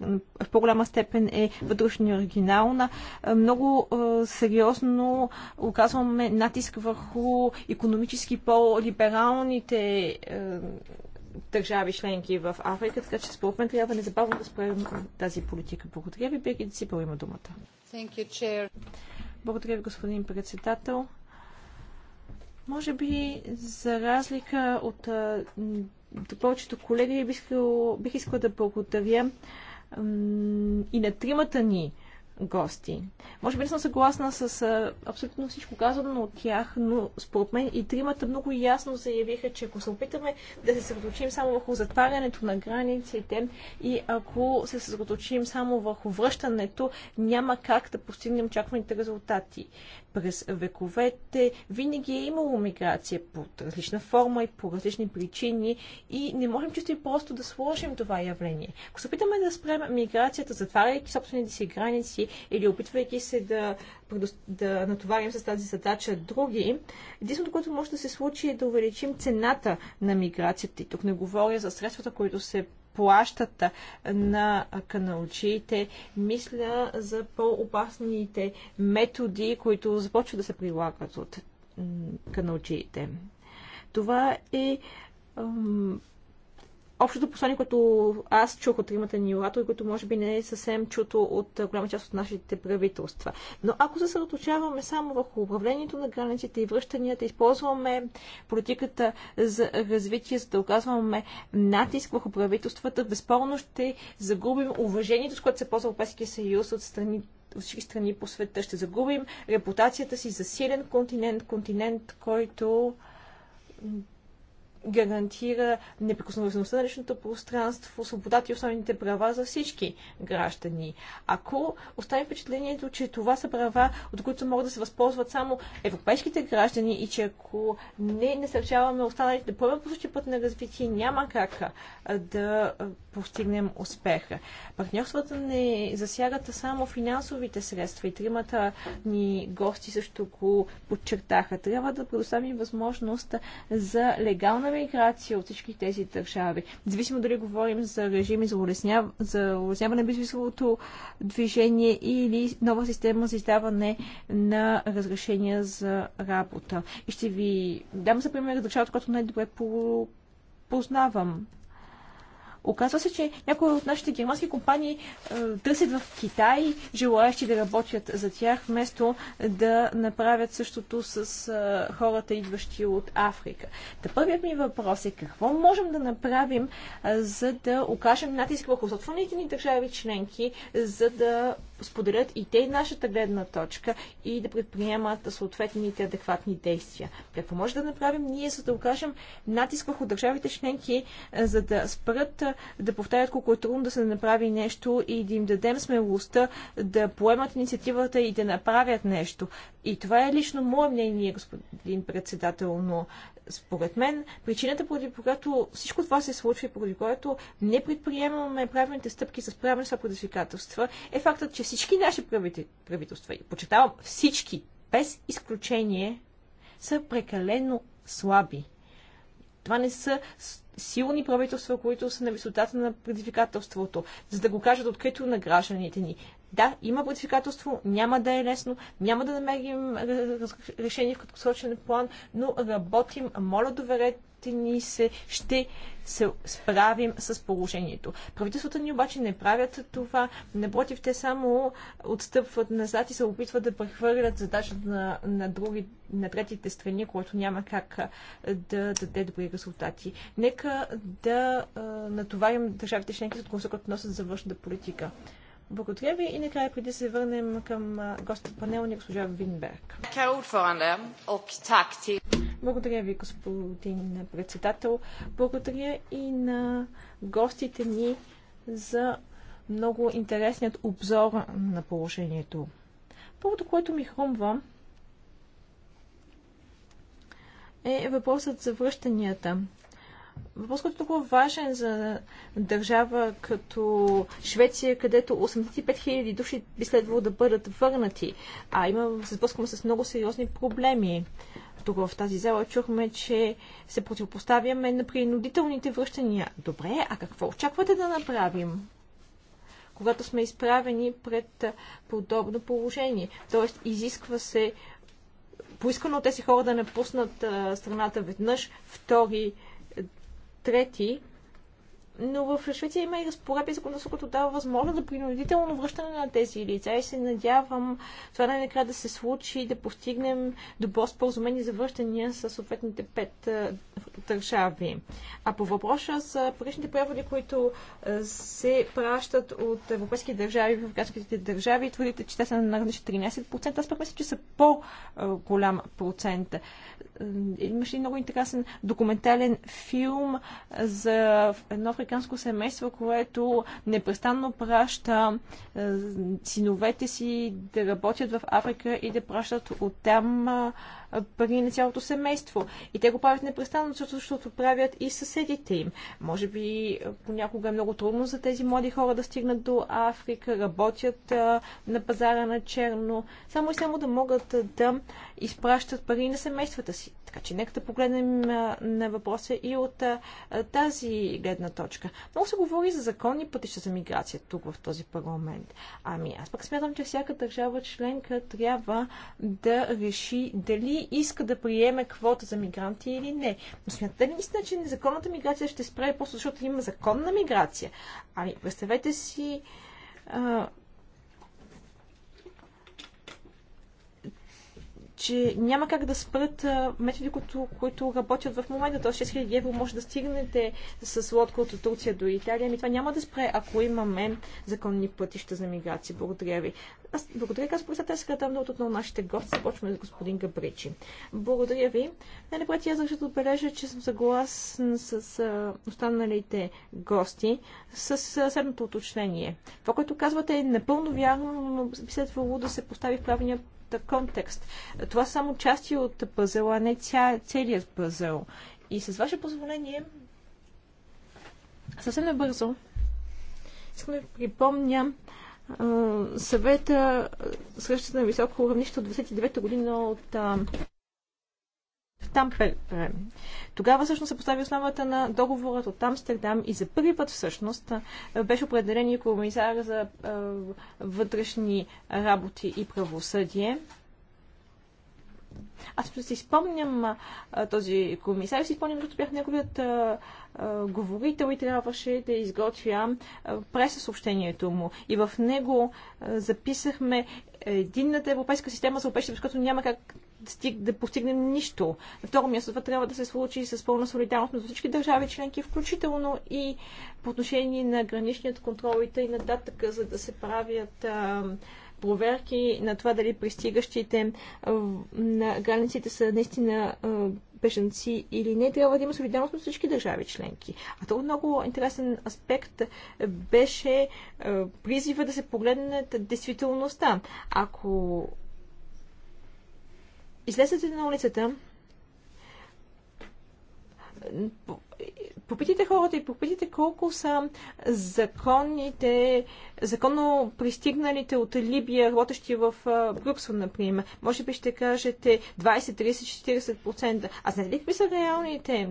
в по-голяма степен е вътрешно оригинална. Е, много е, сериозно оказваме натиск върху економически по-либералните държави членки в Африка, така че според мен трябва незабавно да спрем тази политика. Благодаря ви, Бегин Сипел има думата. You, благодаря ви, господин председател. Може би, за разлика от повечето колеги, бих искала, бих искала да благодаря и на тримата ни гости. Може би не съм съгласна с а, абсолютно всичко казано от тях, но според мен и тримата много ясно заявиха, че ако се опитаме да се съсредоточим само върху затварянето на границите и ако се съсредоточим само върху връщането, няма как да постигнем очакваните резултати през вековете винаги е имало миграция под различна форма и по различни причини и не можем чисто и просто да сложим това явление. Ако се опитаме да спрем миграцията, затваряйки собствените си граници или опитвайки се да, да натоварим с тази задача други, единственото, което може да се случи е да увеличим цената на миграцията. И тук не говоря за средствата, които се плащат на каналчиите. Мисля за по-опасните методи, които започват да се прилагат от каналчиите. Това е общото послание, което аз чух от тримата ни оратори, което може би не е съвсем чуто от голяма част от нашите правителства. Но ако се съсредоточаваме само върху управлението на границите и връщанията, използваме политиката за развитие, за да оказваме натиск върху правителствата, безспорно ще загубим уважението, с което се ползва Европейския съюз от страни от всички страни по света. Ще загубим репутацията си за силен континент, континент, който гарантира неприкосновеността на личното пространство, свободата и основните права за всички граждани. Ако остави впечатлението, че това са права, от които могат да се възползват само европейските граждани и че ако не насърчаваме останалите да поемат по същия път на развитие, няма как да постигнем успеха. Партньорствата не засягат само финансовите средства и тримата ни гости също го подчертаха. Трябва да предоставим възможност за легална на миграция от всички тези държави. Независимо дали говорим за режими за, улесня... за улесняване на движение или нова система за издаване на разрешения за работа. И ще ви дам за пример държавата, която най-добре познавам Оказва се, че някои от нашите германски компании е, търсят в Китай желаящи да работят за тях, вместо да направят същото с е, хората, идващи от Африка. Та първият ми въпрос е какво можем да направим, е, за да окажем натиск върху собствените ни държави членки, за да споделят и те нашата гледна точка и да предприемат съответните адекватни действия. Какво може да направим ние, за да окажем натиск върху държавите членки, за да спрат да повтарят колко е трудно да се направи нещо и да им дадем смелостта да поемат инициативата и да направят нещо. И това е лично мое мнение, господин председател, но според мен причината, поради която всичко това се случва и поради което не предприемаме правилните стъпки с правилни са предизвикателства, е фактът, че всички наши правителства, и почитавам всички, без изключение, са прекалено слаби. Това не са силни правителства, които са на висотата на предизвикателството, за да го кажат открито на гражданите ни. Да, има предизвикателство, няма да е лесно, няма да намерим решение в краткосрочен план, но работим. Моля, доверете ще ни се, ще се справим с положението. Правителствата ни обаче не правят това. Напротив, те само отстъпват назад и се опитват да прехвърлят задачата на, на, други, на третите страни, което няма как да даде добри резултати. Нека да а, натоварим държавите членки, от които носят за външната политика. Благодаря ви и накрая преди да се върнем към госта панел ни госпожа Винберг. Благодаря ви, господин председател. Благодаря и на гостите ни за много интересният обзор на положението. Първото, което ми хрумва, е въпросът за връщанията. Въпрос, който е толкова важен за държава като Швеция, където 85 000 души би следвало да бъдат върнати, а има, се сблъскваме с много сериозни проблеми. Тук в тази зала чухме, че се противопоставяме на принудителните връщания. Добре, а какво очаквате да направим? когато сме изправени пред подобно положение. Тоест, изисква се поискано от тези хора да напуснат страната веднъж, втори трети но в Швеция има и разпоредби за което дава възможност за принудително връщане на тези лица и се надявам това най-накрая да се случи и да постигнем добро споразумение за връщания с съответните пет държави. А по въпроса за паричните преводи, които се пращат от европейски държави в градските държави, твърдите, че те са на равнище 13%. Аз пък мисля, че са по-голям процент. Имаше и много интересен документален филм за едно американско семейство, което непрестанно праща е, синовете си да работят в Африка и да пращат оттам е, пари на цялото семейство. И те го правят непрестанно, защото правят и съседите им. Може би понякога е много трудно за тези млади хора да стигнат до Африка, работят на пазара на черно, само и само да могат да изпращат пари на семействата си. Така че нека да погледнем на въпроса и от тази гледна точка. Много се говори за законни пътища за миграция тук в този парламент. Ами аз пък смятам, че всяка държава членка трябва да реши дали иска да приеме квота за мигранти или не. Но смятате ли наистина, че незаконната миграция ще спре просто защото има законна миграция? Ами, представете си а, че няма как да спрат методи, които, които работят в момента. То 6000 евро може да стигнете с лодка от Турция до Италия. Ами това няма да спре, ако имаме законни пътища за миграция. Благодаря ви. Аз благодаря, казвам председател, сега дам отново на нашите гости. Започваме с господин Габричи. Благодаря ви. Най-напред аз ще отбележа, че съм съгласен с останалите гости с следното уточнение. Това, което казвате е напълно вярно, но би следвало да се постави в правилния контекст. Това са само части от пъзела, а не ця, целият пъзел. И с ваше позволение, съвсем набързо, искам да ви припомня съвета срещата на високо равнище от 29-та година от в Тампере. Тогава всъщност се постави основата на договорът от Амстердам и за първи път всъщност беше определен и комисар за вътрешни работи и правосъдие. Аз си спомням а, този комисар, си спомням, защото бях неговият а, а, говорител и трябваше да изготвя съобщението му. И в него а, записахме единната европейска система за обещане, защото няма как да постигнем нищо. На второ място това трябва да се случи с пълна солидарност между всички държави членки, включително и по отношение на граничният контрол и тъй нататък, за да се правят а, проверки на това дали пристигащите на границите са наистина бежанци или не, трябва да има солидарност на всички държави членки. А то много интересен аспект беше призива да се погледнат действителността. Ако излезете на улицата, попитайте хората и попитайте колко са законните, законно пристигналите от Либия, работещи в Брюксел, например. Може би ще кажете 20, 30, 40%. А знаете ли какви са реалните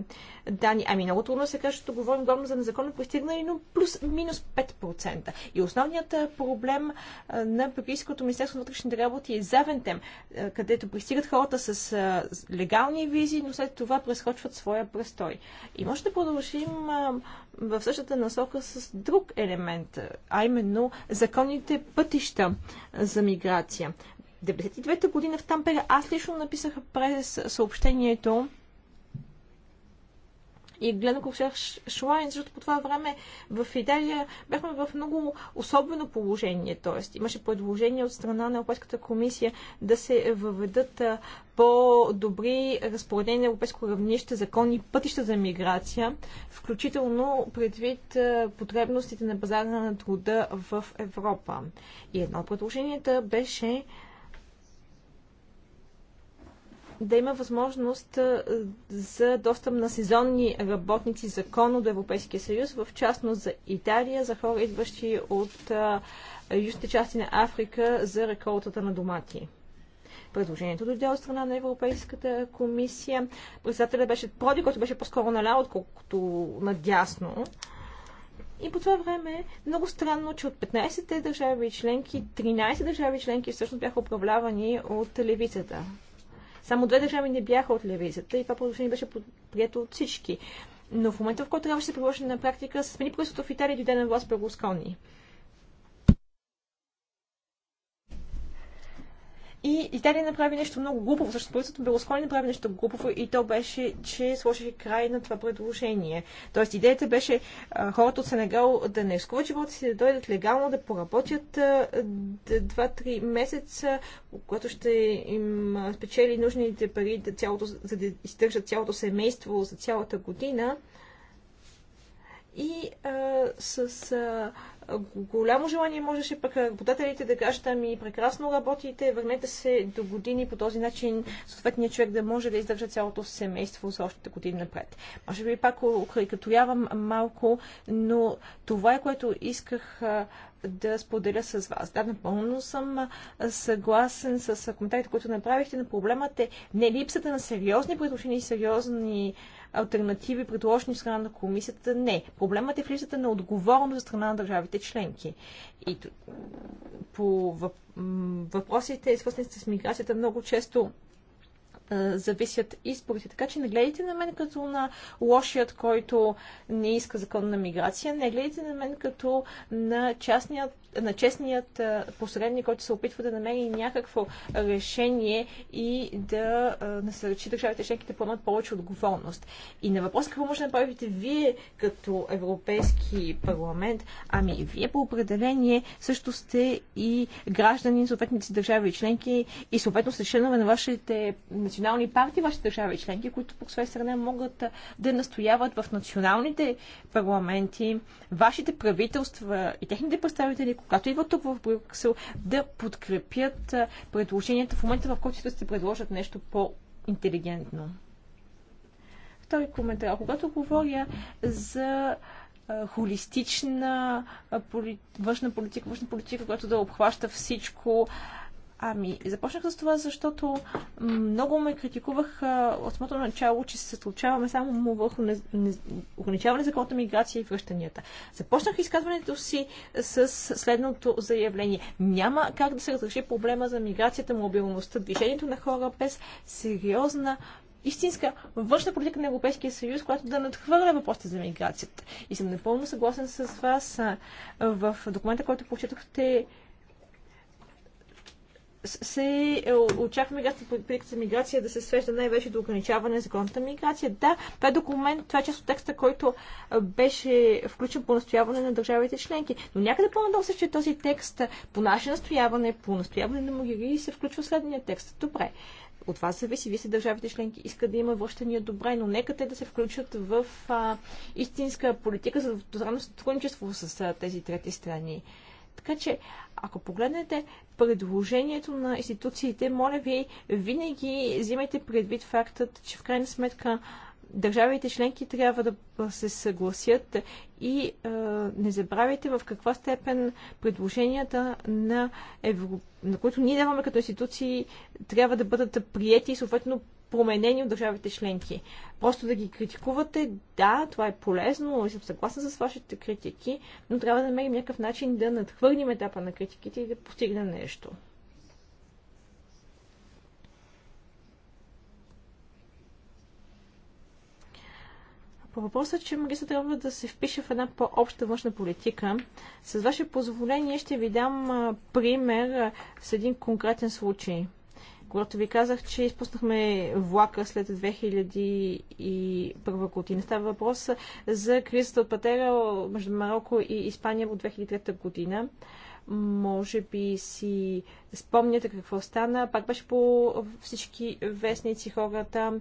данни? Ами много трудно се каже, защото говорим главно за незаконно пристигнали, но плюс-минус 5%. И основният проблем на Бюрийското министерство на вътрешните работи е Завентем, където пристигат хората с легални визи, но след това прескочват своя престой. И може да продължи вървим в същата насока с друг елемент, а именно законните пътища за миграция. 92-та година в Тампера аз лично написах през съобщението, и гледам Курсер Шлайн, защото по това време в Италия бяхме в много особено положение. Тоест, имаше предложение от страна на Европейската комисия да се въведат по-добри разпоредения на европейско равнище законни пътища за миграция, включително предвид потребностите на пазара на труда в Европа. И едно от предложенията беше да има възможност за достъп на сезонни работници законно до Европейския съюз, в частност за Италия, за хора идващи от южните части на Африка за реколтата на домати. Предложението дойде от страна на Европейската комисия. Председателят беше Проди, който беше по-скоро наляво, отколкото надясно. И по това време много странно, че от 15-те държави членки, 13 държави членки всъщност бяха управлявани от левицата. Само две държави не бяха от левицата и това предложение беше прието от всички. Но в момента, в който трябваше да се приложи на практика, се смени правителството в Италия и дойде на власт Берлускони. И Италия направи нещо много глупаво, защото правителството Белоскони направи нещо глупаво и то беше, че сложи край на това предложение. Тоест идеята беше а, хората от Сенегал да не изкуват живота си, да дойдат легално, да поработят 2-3 месеца, което ще им спечели нужните пари да цялото, за да издържат цялото семейство за цялата година. И а, с а, голямо желание можеше пък работодателите да кажат, ами прекрасно работите, върнете се до години по този начин съответният човек да може да издържа цялото семейство за още години напред. Може би пак укрикатоявам малко, но това е което исках да споделя с вас. Да, напълно съм съгласен с коментарите, които направихте, на проблемът е не липсата на сериозни предложения и сериозни альтернативи, предложени от страна на комисията. Не. Проблемът е в липсата на отговорност за страна на държавите членки. И по въпросите, свързани с миграцията, много често зависят изборите. Така че не гледайте на мен като на лошият, който не иска законна миграция, не гледайте на мен като на, частният, на честният посредник, който се опитва да намери някакво решение и да насърчи държавите членки да поемат повече отговорност. И на въпрос какво може да направите вие като Европейски парламент, ами вие по определение също сте и граждани, съответници държави и членки и съответно сте членове на вашите национални национални партии, вашите държави членки, които по своя страна могат да настояват в националните парламенти, вашите правителства и техните представители, когато идват тук в Брюксел, да подкрепят предложенията в момента, в който ще предложат нещо по-интелигентно. Втори коментар. Когато говоря за холистична външна политика, външна политика, която да обхваща всичко, Ами, започнах с това, защото много ме критикувах от самото начало, че се съсредоточаваме само върху не, не, ограничаване законната миграция и връщанията. Започнах изказването си с следното заявление. Няма как да се разреши проблема за миграцията, мобилността, движението на хора без сериозна истинска външна политика на Европейския съюз, която да надхвърля въпросите за миграцията. И съм напълно съгласен с вас в документа, който прочетохте се е, очаква миграцията, политиката за миграция да се свежда най-вече до ограничаване на законната миграция. Да, това е документ, това е част от текста, който беше включен по настояване на държавите членки. Но някъде по-надолу се, че този текст по наше настояване, по настояване на Могири се включва следния текст. Добре. От вас зависи, вие си държавите членки искат да има връщания добре, но нека те да се включат в а, истинска политика за двустранно сътрудничество с а, тези трети страни. Така че, ако погледнете предложението на институциите, моля ви, винаги взимайте предвид фактът, че в крайна сметка държавите членки трябва да се съгласят и а, е, не забравяйте в каква степен предложенията на, Евро... на които ние даваме като институции трябва да бъдат приети и съответно променени от държавите членки. Просто да ги критикувате, да, това е полезно, и съм съгласна с вашите критики, но трябва да намерим някакъв начин да надхвърлим етапа на критиките и да постигнем нещо. По въпроса, че магистър трябва да се впише в една по-обща външна политика, с ваше позволение ще ви дам пример с един конкретен случай. Когато ви казах, че изпуснахме влака след 2001 година, става въпрос за кризата от Патера между Марокко и Испания от 2003 година може би си спомняте какво стана. Пак беше по всички вестници хората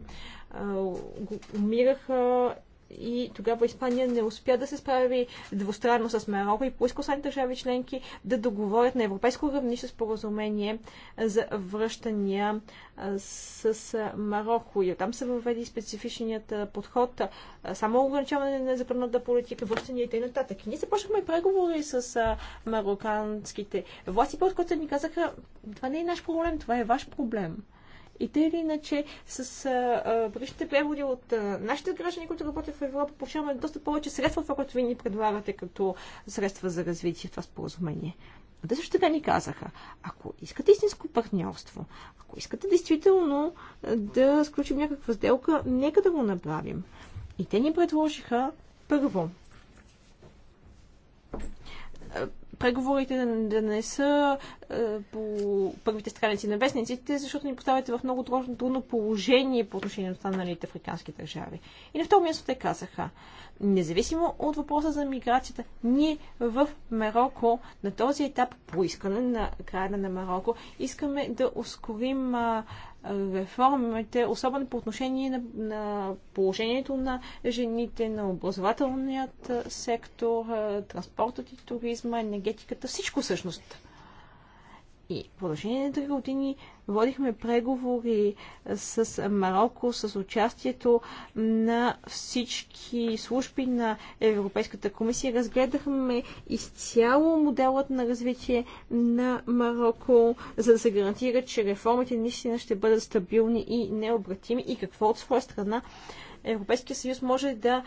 умираха и тогава Испания не успя да се справи двустранно с Марокко и поиска останалите държави членки да договорят на европейско равнище споразумение за връщания с Марокко. И там се въведи специфичният подход, само ограничаване на законната политика, връщания и т.н. И ние започнахме преговори с мароканските власти, под които ни казаха, това не е наш проблем, това е ваш проблем. И те или иначе с паричните преводи от а, нашите граждани, които работят в Европа, получаваме доста повече средства, това, което ви ни предлагате като средства за развитие в това споразумение. Но те също така ни казаха, ако искате истинско партньорство, ако искате действително да сключим някаква сделка, нека да го направим. И те ни предложиха първо преговорите да не са е, по първите страници на вестниците, защото ни поставяте в много трудно, трудно положение по отношение на останалите африкански държави. И на второ място те казаха, независимо от въпроса за миграцията, ние в Марокко на този етап по искане на края на Марокко искаме да ускорим реформите, особено по отношение на, на положението на жените, на образователният сектор, транспортът и туризма, енергетиката, всичко всъщност и в продължение на три години водихме преговори с Марокко, с участието на всички служби на Европейската комисия. Разгледахме изцяло моделът на развитие на Марокко, за да се гарантира, че реформите наистина ще бъдат стабилни и необратими и какво от своя страна Европейския съюз може да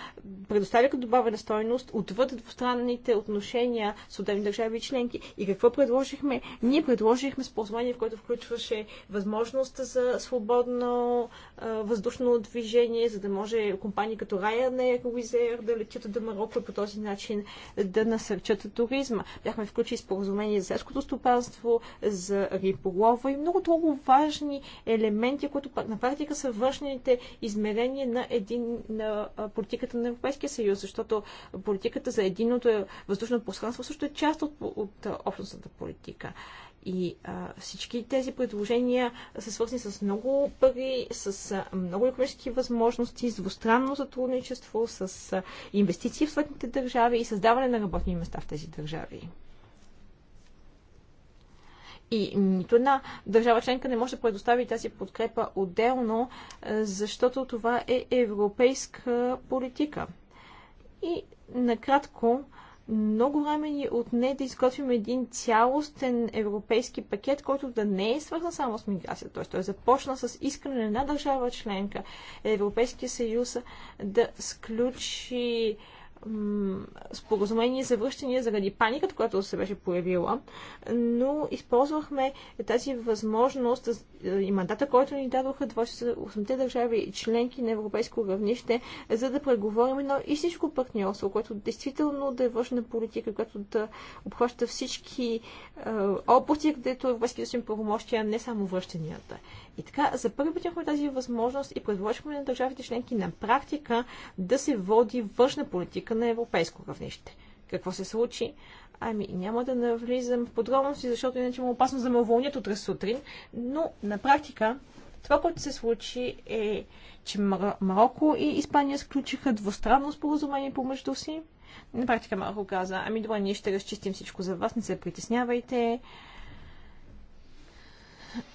предоставя като добавена стойност отвъд двустранните отношения с отделни държави и членки. И какво предложихме? Ние предложихме споразумение, в което включваше възможност за свободно а, въздушно движение, за да може компании като Ryanair, Wizz да летят до Марокко и по този начин да насърчат туризма. Бяхме включили споразумение за селското стопанство, за риболова и много много важни елементи, които на практика са външните измерения на един един на политиката на Европейския съюз, защото политиката за единното е въздушно пространство също е част от, от общностната политика. И а, всички тези предложения са свързани с много пари, с а, много економически възможности, с двустранно сътрудничество, с а, инвестиции в съответните държави и създаване на работни места в тези държави. И нито една държава членка не може да предостави тази подкрепа отделно, е, защото това е европейска политика. И накратко, много време ни отне да изготвим един цялостен европейски пакет, който да не е свързан само с миграцията. Т.е. той е започна с искане на една държава членка, Европейския съюз да сключи споразумение за връщания заради паниката, която се беше появила, но използвахме тази възможност и мандата, който ни дадоха 28-те държави и членки на европейско равнище, за да преговорим едно истинско партньорство, което действително да е външна политика, която да обхваща всички области, където Европейския съюз правомощия, не само връщанията. И така, за първи път имахме тази възможност и предложихме на държавите членки на практика да се води външна политика на европейско равнище. Какво се случи? Ами, няма да навлизам в подробности, защото иначе има опасно да ме уволнят утре сутрин, но на практика това, което се случи е, че Марокко и Испания сключиха двустранно споразумение помежду си. На практика Марокко каза, ами добре, ние ще разчистим всичко за вас, не се притеснявайте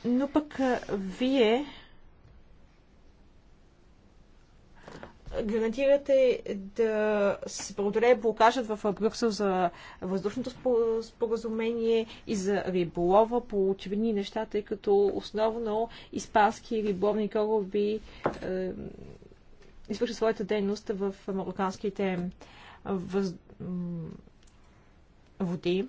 но пък вие гарантирате да се благодаря блокажат в Брюксел за въздушното споразумение и за риболова по очевидни неща, тъй като основно испански риболовни кораби е, извършват своята дейност в мароканските въз... води.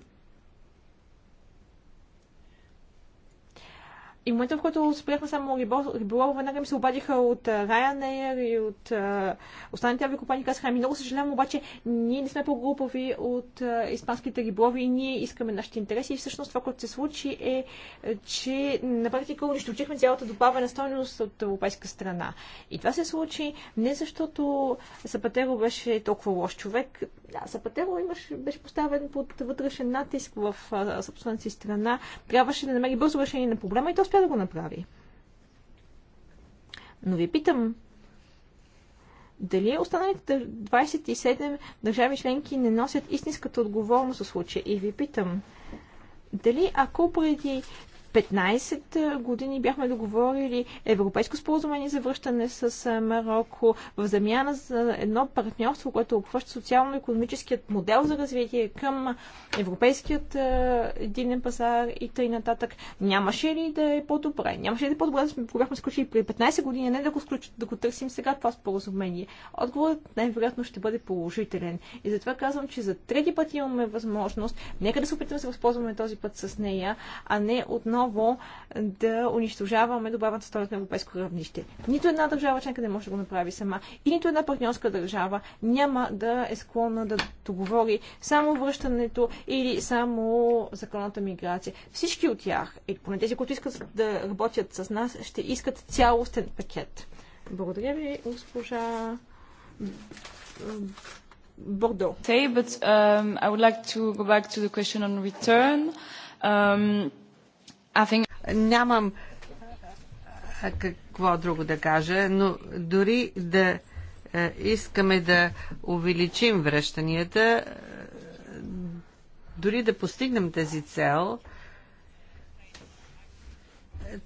И в момента, в който спряхме само риболов, веднага ми се обадиха от Ryanair и от а, останалите авиокомпании, казаха, ами много съжалявам, обаче ние не сме по-глупави от испанските риболови и ние искаме нашите интереси. И всъщност това, което се случи е, че на практика унищожихме цялата добавена стойност от европейска страна. И това се случи не защото Сапатеро беше толкова лош човек. Да, Сапатеро имаш, беше поставен под вътрешен натиск в собствената си страна. Трябваше да намери бързо решение на проблема и то успя да го направи. Но ви питам, дали останалите 27 държави членки не носят истинската отговорност в случая? И ви питам, дали ако преди 15 години бяхме договорили европейско споразумение за връщане с Марокко в замяна за едно партньорство, което обхваща социално-економическият модел за развитие към европейският единен пазар и тъй нататък. Нямаше ли да е по-добре? Нямаше ли да е по-добре да сме, бяхме сключили при 15 години, не да го, сключ, да го търсим сега това споразумение? Отговорът най-вероятно ще бъде положителен. И затова казвам, че за трети път имаме възможност. Нека да се опитаме да се възползваме този път с нея, а не отново отново да унищожаваме добавната стойност на европейско равнище. Нито една държава членка не може да го направи сама и нито една партньорска държава няма да е склонна да договори само връщането или само законната миграция. Всички от тях, и поне тези, които искат да работят с нас, ще искат цялостен пакет. Благодаря ви, госпожа Bordeaux. Okay, but um, I would like to go back to the question on return. Um, think... Нямам какво друго да кажа, но дори да искаме да увеличим връщанията, дори да постигнем тази цел,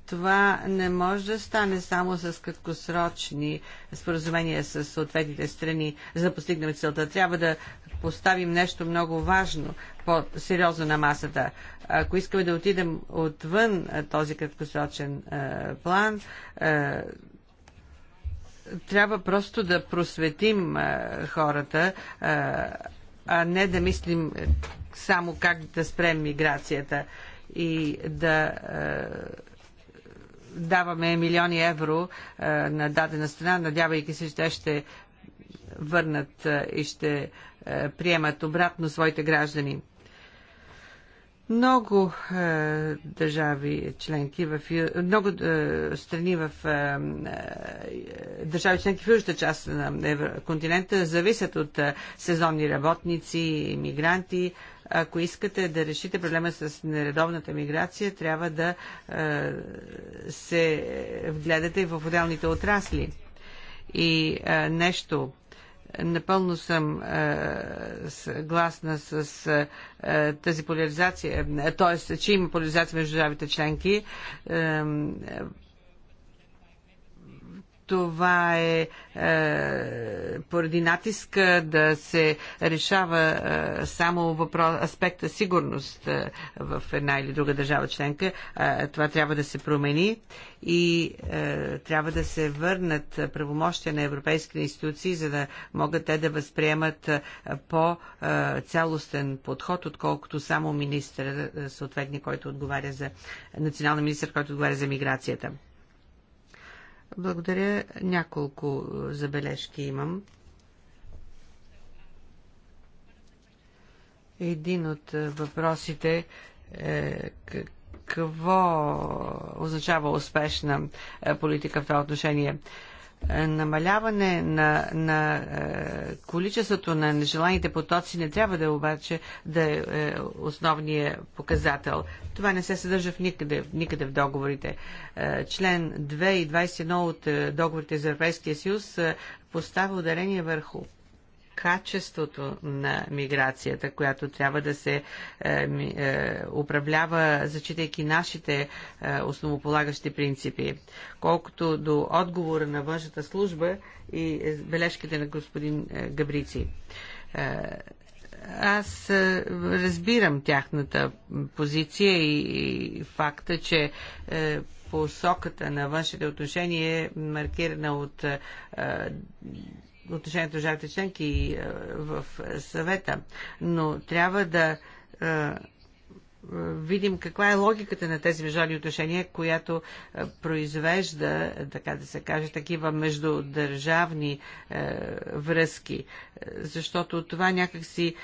това не може да стане само с краткосрочни споразумения с съответните страни, за да постигнем целта. Трябва да поставим нещо много важно, по-сериозно на масата. Ако искаме да отидем отвън този краткосрочен е, план, е, трябва просто да просветим е, хората, а не да мислим само как да спрем миграцията и да даваме милиони евро е, на дадена страна, надявайки се, че те ще върнат е, и ще е, приемат обратно своите граждани. Много е, държави членки в много е, страни в е, е, държави членки в южната част на Евро, континента зависят от е, сезонни работници, мигранти. Ако искате да решите проблема с нередовната миграция, трябва да е, се вгледате в отделните отрасли. И е, нещо Напълно съм е, съгласна с е, тази поляризация, е, т.е. че има поляризация между държавите членки. Това е, е поради натиска да се решава е, само въпрос, аспекта сигурност е, в една или друга държава членка. Е, това трябва да се промени и е, трябва да се върнат правомощия на европейските институции, за да могат те да възприемат е, по-цялостен е, подход, отколкото само министър, е, съответния, който отговаря за национален министър, който отговаря за миграцията. Благодаря. Няколко е, забележки имам. Един от е, въпросите е какво означава успешна е, политика в това отношение. Е, намаляване на, на е, количеството на нежеланите потоци не трябва да е обаче да е, е основният показател. Това не се съдържа в никъде, никъде в договорите. Е, член 2 и 21 от е, договорите за Европейския съюз е, поставя ударение върху качеството на миграцията, която трябва да се е, е, управлява, зачитайки нашите е, основополагащи принципи. Колкото до отговора на външната служба и е, бележките на господин е, Габрици. Е, аз разбирам тяхната позиция и, и факта, че посоката на външните отношения е маркирана от отношението на държавите членки е, в съвета, но трябва да е, видим каква е логиката на тези международни отношения, която произвежда, така да се каже, такива междудържавни връзки. Защото това някакси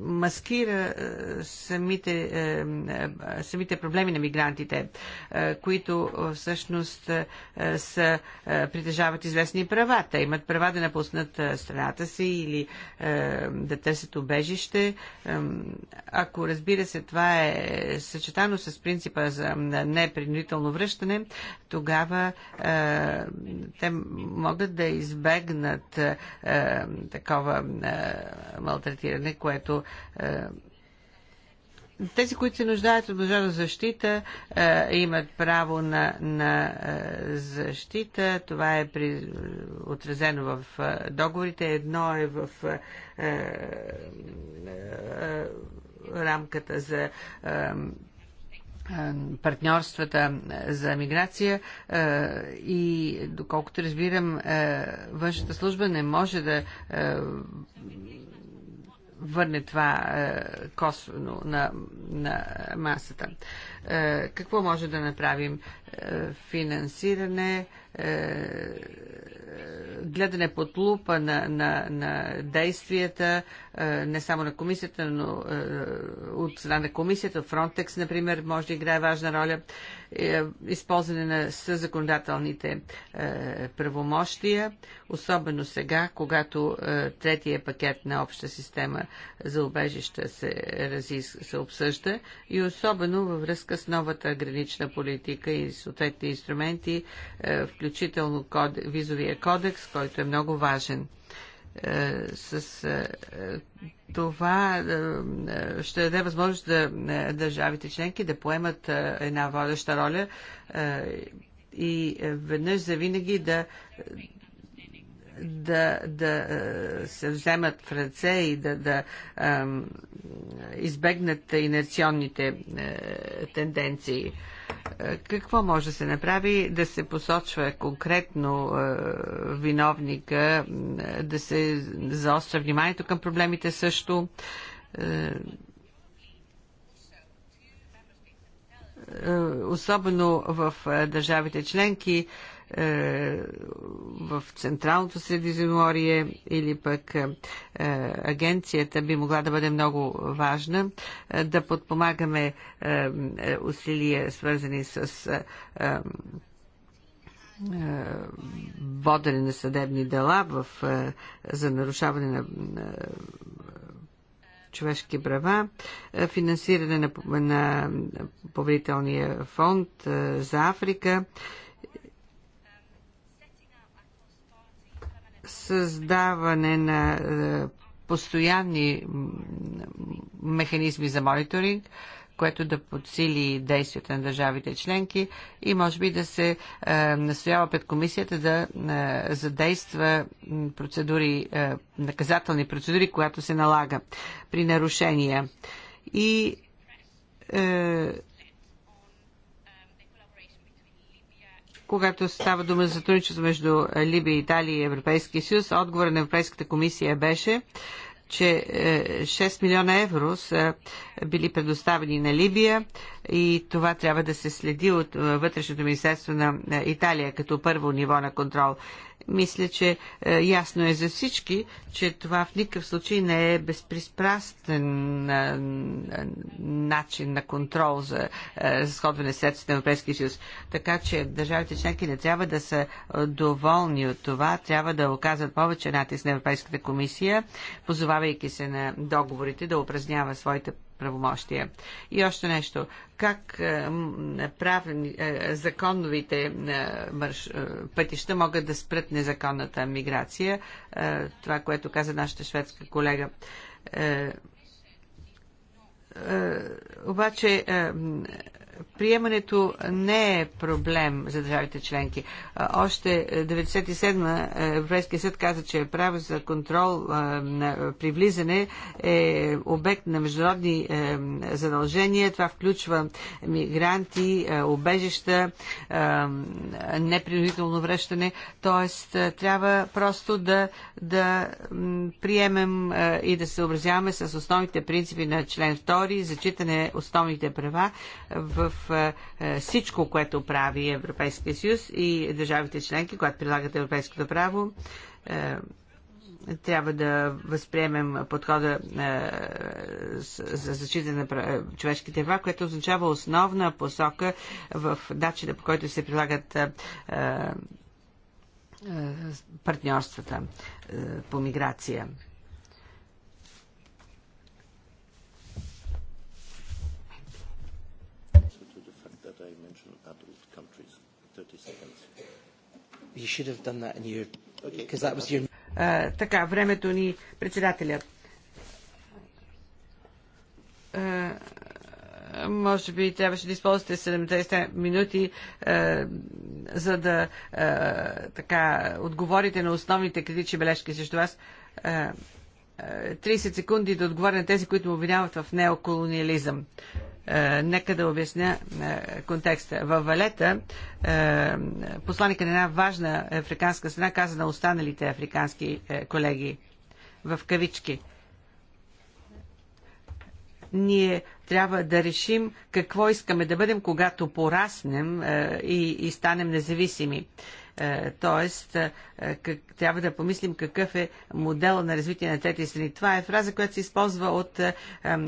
маскира самите, самите проблеми на мигрантите, които всъщност са, притежават известни права. Те имат права да напуснат страната си или да търсят убежище. Ако разбира се това е съчетано с принципа за непринудително връщане, тогава е, те могат да избегнат е, такова е, малтретиране, което е, тези, които се нуждаят от държавна защита, е, имат право на, на е, защита. Това е при, отразено в е, договорите. Едно е в. Е, е, е рамката за партньорствата за миграция и доколкото разбирам, външната служба не може да върне това косвено на, на масата. Какво може да направим? Финансиране, е, гледане под лупа на, на, на действията, е, не само на комисията, но е, от страна на комисията, Фронтекс, например, може да играе важна роля. Е, използване на съзаконодателните е, правомощия, особено сега, когато е, третия пакет на обща система за убежища се, разис, се обсъжда и особено във връзка с новата гранична политика и съответни инструменти, включително код, визовия кодекс, който е много важен. Е, с е, това е, ще даде възможност да държавите членки да поемат една водеща роля и веднъж за винаги да да, да се вземат в ръце и да, да избегнат инерционните тенденции. Какво може да се направи? Да се посочва конкретно е, виновника, е, да се заостря вниманието към проблемите също. Е, особено в държавите членки е, в Централното Средиземноморие или пък е, агенцията би могла да бъде много важна, е, да подпомагаме усилия свързани с водене на съдебни дела в, за нарушаване на човешки права, финансиране на, на поверителния фонд за Африка, създаване на е, постоянни механизми за мониторинг, което да подсили действията на държавите членки и може би да се е, настоява пред комисията да е, задейства процедури, наказателни процедури, която се налага при нарушения. И Когато става дума за сътрудничество между Либия, Италия и Европейския съюз, отговор на Европейската комисия беше, че 6 е, милиона евро са били предоставени на Либия и това трябва да се следи от е, Вътрешното министерство на е, Италия като първо ниво на контрол. Мисля, че е, ясно е за всички, че това в никакъв случай не е безпристрастен е, начин на контрол за е, разходване средствата на Европейския съюз. Така че държавите членки не трябва да са доволни от това, трябва да оказват повече натиск на Европейската комисия, позовавайки се на договорите да упражнява своите правомощия. И още нещо. Как е, правни, е, законовите е, марш, пътища могат да спрат незаконната миграция? Това, което каза нашата шведска колега обаче приемането не е проблем за държавите членки. Още 97-ма е, Европейския съд каза, че право за контрол при влизане е обект на международни е, задължения. Това включва мигранти, обежища, е, непринудително връщане. Тоест, трябва просто да, да приемем и да се съобразяваме с основните принципи на член 2, зачитане основните права в е, е, всичко, което прави Европейския съюз и държавите членки, когато прилагат европейското право е, трябва да възприемем подхода за защита на човешките права, което означава основна посока в начина по който се прилагат партньорствата по миграция. така, времето ни, председателя. може би трябваше да използвате 70 минути, за да така отговорите на основните критични бележки срещу вас. 30 секунди да отговоря на тези, които му обвиняват в неоколониализъм. Е, нека да обясня е, контекста. Във Валета е, посланника на една важна африканска страна каза на останалите африкански колеги в кавички. Ние трябва да решим какво искаме да бъдем, когато пораснем и, и станем независими. Е, тоест, е, трябва да помислим какъв е модела на развитие на трети страни. Това е фраза, която се използва от е,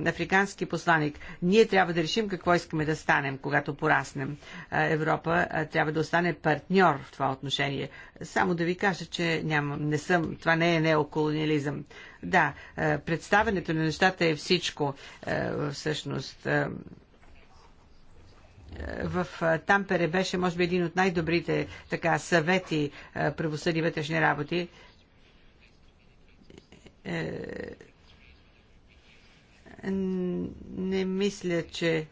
африкански посланик. Ние трябва да решим какво искаме да станем, когато пораснем. Европа трябва да остане партньор в това отношение. Само да ви кажа, че нямам, не съм, това не е неоколониализъм. Да, представенето на нещата е всичко. Всъщност, в Тампере беше, може би, един от най-добрите така, съвети правосъди вътрешни работи. Е, не мисля, че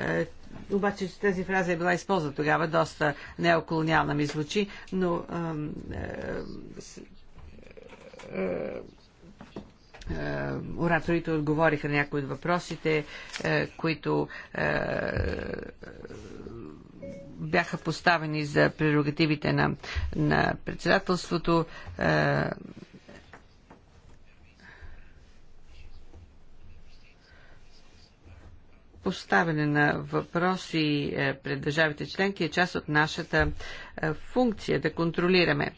е, обаче, тази фраза е била използвана тогава, доста неоколониална ми звучи, но е, е, ораторите отговориха на някои от въпросите, е, които е, бяха поставени за прерогативите на, на председателството. поставяне на въпроси пред държавите членки е част от нашата функция да контролираме.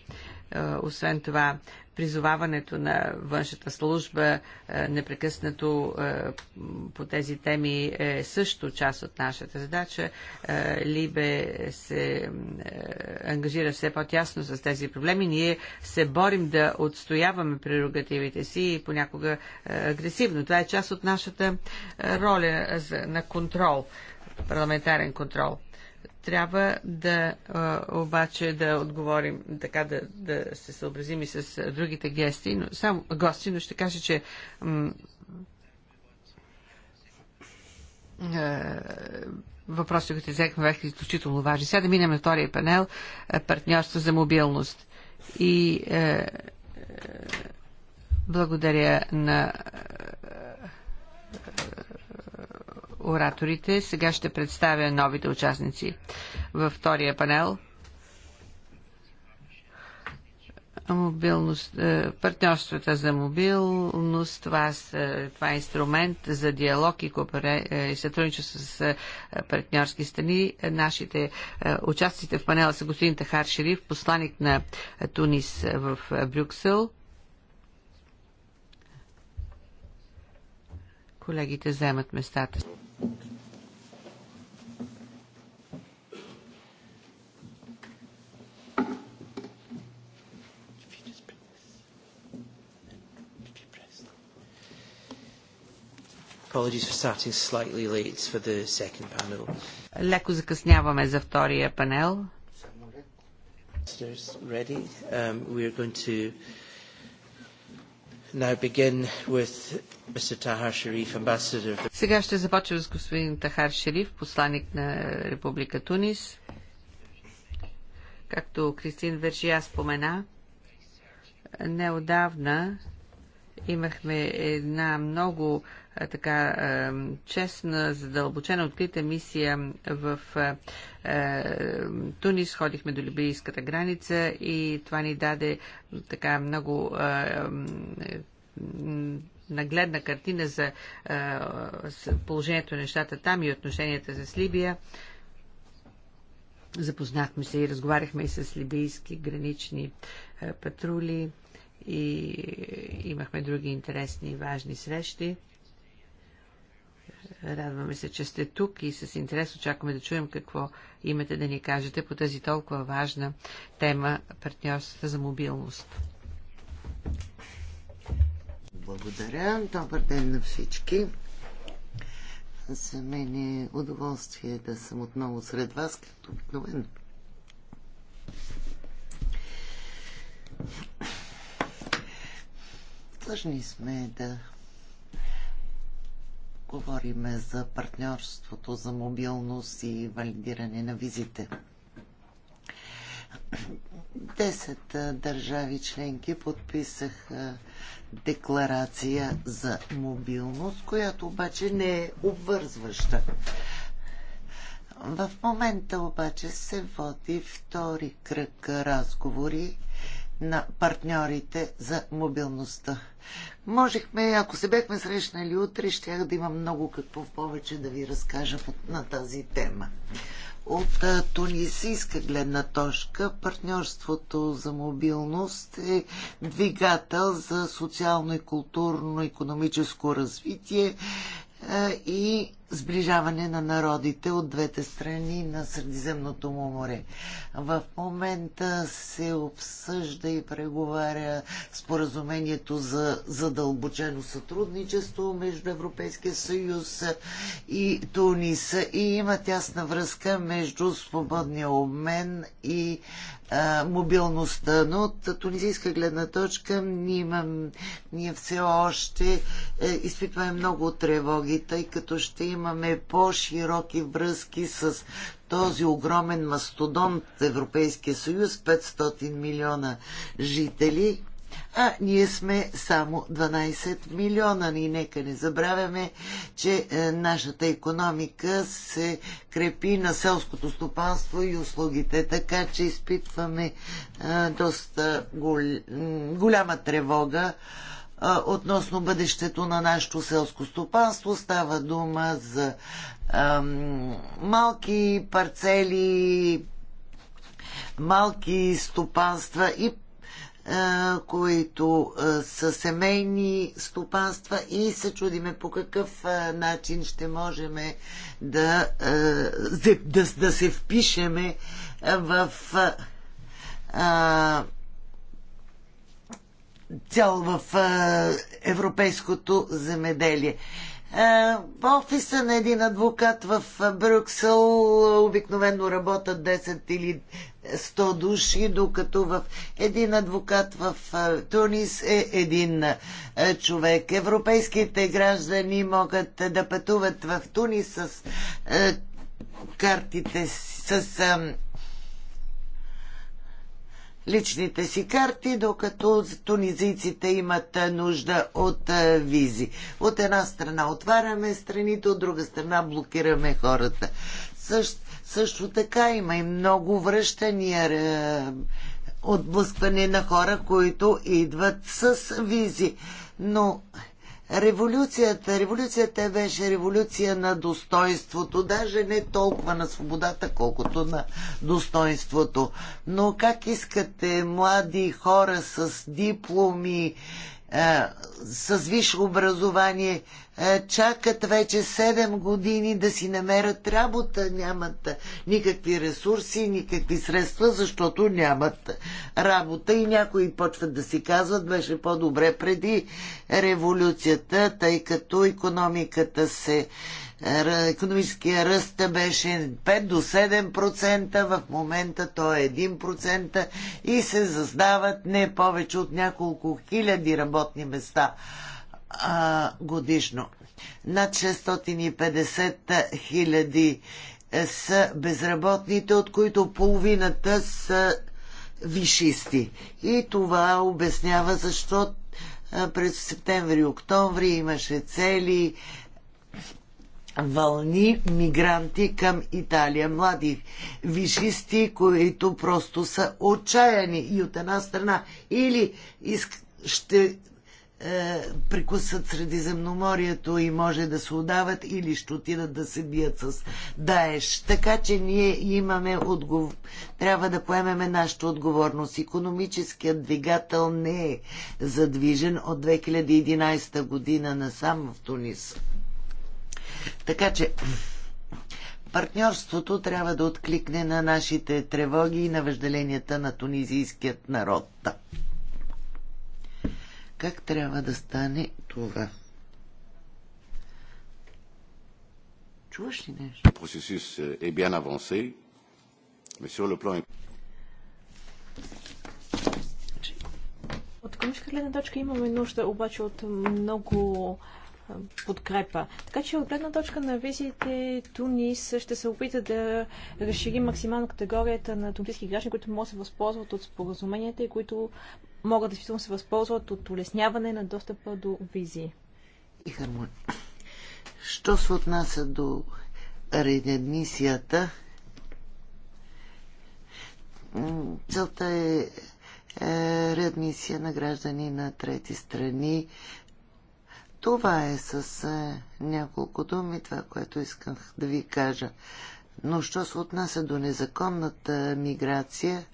Освен това, призоваването на външната служба е, непрекъснато е, по тези теми е също част от нашата задача. Е, Либе се ангажира все по-тясно с тези проблеми. Ние се борим да отстояваме прерогативите си и понякога агресивно. Това е част от нашата роля на контрол, парламентарен контрол. Трябва да обаче да отговорим, така да, да се съобразим и с другите гести, но, само, гости, но ще кажа, че Въпросите, които взехме, бяха изключително важни. Сега да минем на втория панел партньорство за мобилност. И е, е, благодаря на е, ораторите. Сега ще представя новите участници във втория панел. Мобилност, е, партньорствата за мобилност, това, това е инструмент за диалог и, е, и сътрудничество с е, партньорски страни. Нашите участниците в панела са господин Тахар Шериф, посланник на Тунис в Брюксел. Колегите заемат местата си. Леко закъсняваме за втория панел. Сега ще започвам с господин Тахар Шериф, посланник на Република Тунис. Както Кристин Вержия спомена, неодавна имахме една много е, така е, честна, задълбочена, открита мисия в е, Тунис, ходихме до либийската граница и това ни даде така много нагледна картина за положението на нещата там и отношенията с Либия. Запознахме се и разговаряхме и с либийски гранични патрули и имахме други интересни и важни срещи. Радваме се, че сте тук и с интерес очакваме да чуем какво имате да ни кажете по тази толкова важна тема партньорствата за мобилност. Благодаря. Добър ден на всички. За мен е удоволствие да съм отново сред вас, като обикновено. Длъжни сме да говорим за партньорството за мобилност и валидиране на визите. Десет държави членки подписаха декларация за мобилност, която обаче не е обвързваща. В момента обаче се води втори кръг разговори на партньорите за мобилността. Можехме, ако се бехме срещнали утре, ще да имам много какво повече да ви разкажа на тази тема. От тунисийска гледна точка, партньорството за мобилност е двигател за социално и културно-економическо развитие и сближаване на народите от двете страни на Средиземното му море. В момента се обсъжда и преговаря споразумението за задълбочено сътрудничество между Европейския съюз и Тунис и има тясна връзка между свободния обмен и мобилността. Но от тунизийска гледна точка ние, имам, ние все още е, изпитваме много тревоги, тъй като ще има имаме по-широки връзки с този огромен мастодонт Европейския съюз, 500 милиона жители, а ние сме само 12 милиона. И нека не забравяме, че е, нашата економика се крепи на селското стопанство и услугите, така че изпитваме е, доста голяма тревога относно бъдещето на нашето селско стопанство. Става дума за ам, малки парцели, малки стопанства и които са семейни стопанства и се чудиме по какъв начин ще можем да, да, да се впишеме в цял в европейското земеделие. В офиса на един адвокат в Брюксел обикновено работят 10 или 100 души, докато в един адвокат в Тунис е един човек. Европейските граждани могат да пътуват в Тунис с картите, с личните си карти, докато тунизийците имат нужда от визи. От една страна отваряме страните, от друга страна блокираме хората. Също, също така има и много връщания, отблъскване на хора, които идват с визи. Но Революцията, революцията беше революция на достоинството, даже не толкова на свободата, колкото на достоинството. Но как искате млади хора с дипломи, с висше образование е, чакат вече 7 години да си намерят работа, нямат никакви ресурси, никакви средства, защото нямат работа и някои почват да си казват, беше по-добре преди революцията, тъй като економиката се економическия ръст беше 5 до 7%, в момента то е 1% и се създават не повече от няколко хиляди работни места а, годишно. Над 650 хиляди е, са безработните, от които половината са вишисти. И това обяснява защо е, през септември-октомври имаше цели вълни мигранти към Италия. Млади вишисти, които просто са отчаяни и от една страна или ще е, прекусат Средиземноморието и може да се отдават или ще отидат да се бият с Даеш. Така че ние имаме отгов... трябва да поемеме нашата отговорност. Економическият двигател не е задвижен от 2011 година насам в Тунис. Така че партньорството трябва да откликне на нашите тревоги и на въжделенията на тунизийският народ. Как трябва да стане това? Чуваш ли нещо? Процесус е eh, bien avancé, но sur le plan... От економическа гледна точка имаме нужда обаче от много подкрепа. Така че от гледна точка на визиите Тунис ще се опита да разшири максимално категорията на тунисски граждани, които могат да се възползват от споразуменията и които могат да се възползват от улесняване на достъпа до визи. И хармония. Що се отнася до редмисията, целта е, е реадмисия на граждани на трети страни. Това е с е, няколко думи, това, което исках да ви кажа. Но що се отнася до незаконната миграция,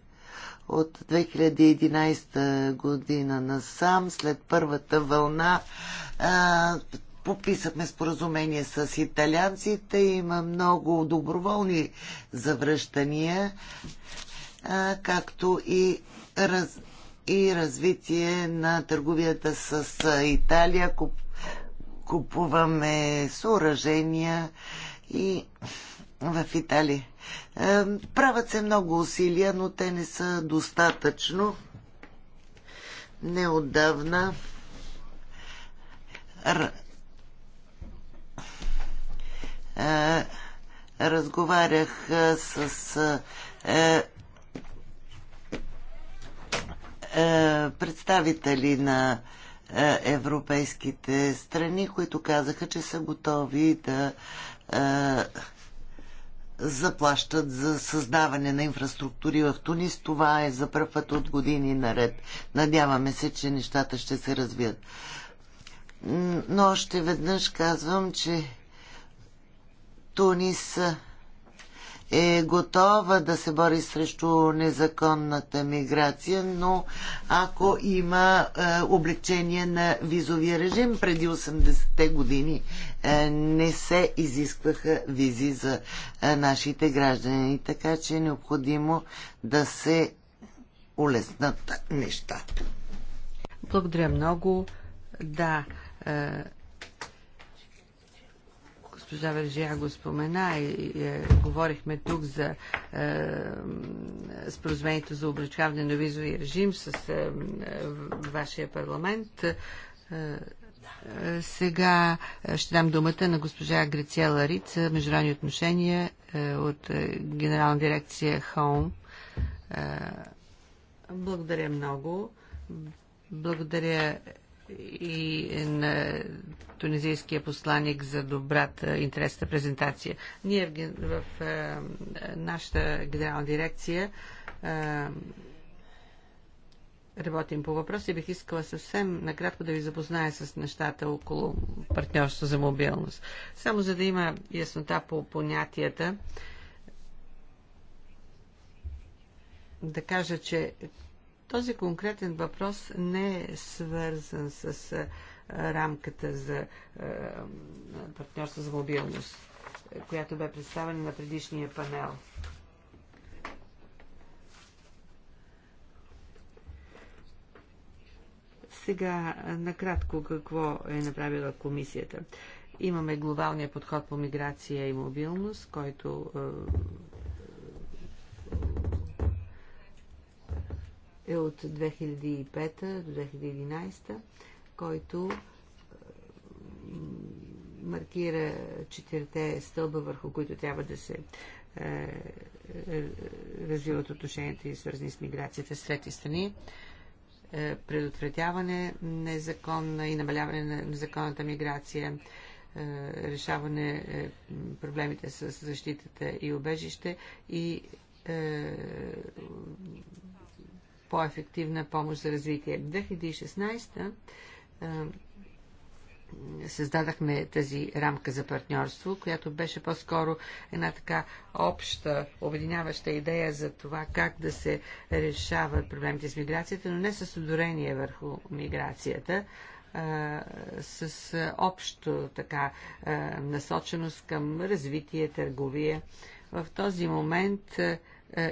от 2011 година насам, след първата вълна, пописахме подписахме споразумение с италианците. Има много доброволни завръщания, както и, раз, и развитие на търговията с Италия. купуваме съоръжения и в Италия. Е, правят се много усилия, но те не са достатъчно. Неотдавна е, разговарях е, с представители на европейските страни, които казаха, че са готови да заплащат за създаване на инфраструктури в Тунис. Това е за първ път от години наред. Надяваме се, че нещата ще се развият. Но още веднъж казвам, че Тунис е готова да се бори срещу незаконната миграция, но ако има е, облегчение на визовия режим, преди 80-те години е, не се изискваха визи за е, нашите граждани, така че е необходимо да се улеснат нещата. Благодаря много. Да, е, госпожа Вержия го спомена и, и е, говорихме тук за е, споразумението за обличаване на визови режим с е, е вашия парламент. Е, е сега ще дам думата на госпожа Грецела Риц, международни отношения от Генерална дирекция Е, Благодаря много. Благодаря и на тунизийския посланник за добрата интересна презентация. Ние в, в, в нашата генерална дирекция работим по въпроси. Бих искала съвсем накратко да ви запозная с нещата около партньорство за мобилност. Само за да има яснота по понятията, да кажа, че този конкретен въпрос не е свързан с рамката за партньорство за мобилност, която бе представена на предишния панел. Сега накратко какво е направила комисията. Имаме глобалния подход по миграция и мобилност, който е от 2005 до 2011, който маркира четирите стълба, върху които трябва да се е, е, развиват отношенията и свързани с миграцията с трети страни. Е, предотвратяване незаконна и намаляване на незаконната миграция, е, решаване е, проблемите с защитата и обежище и е, по-ефективна помощ за развитие. В 2016 създадахме тази рамка за партньорство, която беше по-скоро една така обща, обединяваща идея за това как да се решават проблемите с миграцията, но не с ударение върху миграцията, а, с общо така насоченост към развитие, търговия. В този момент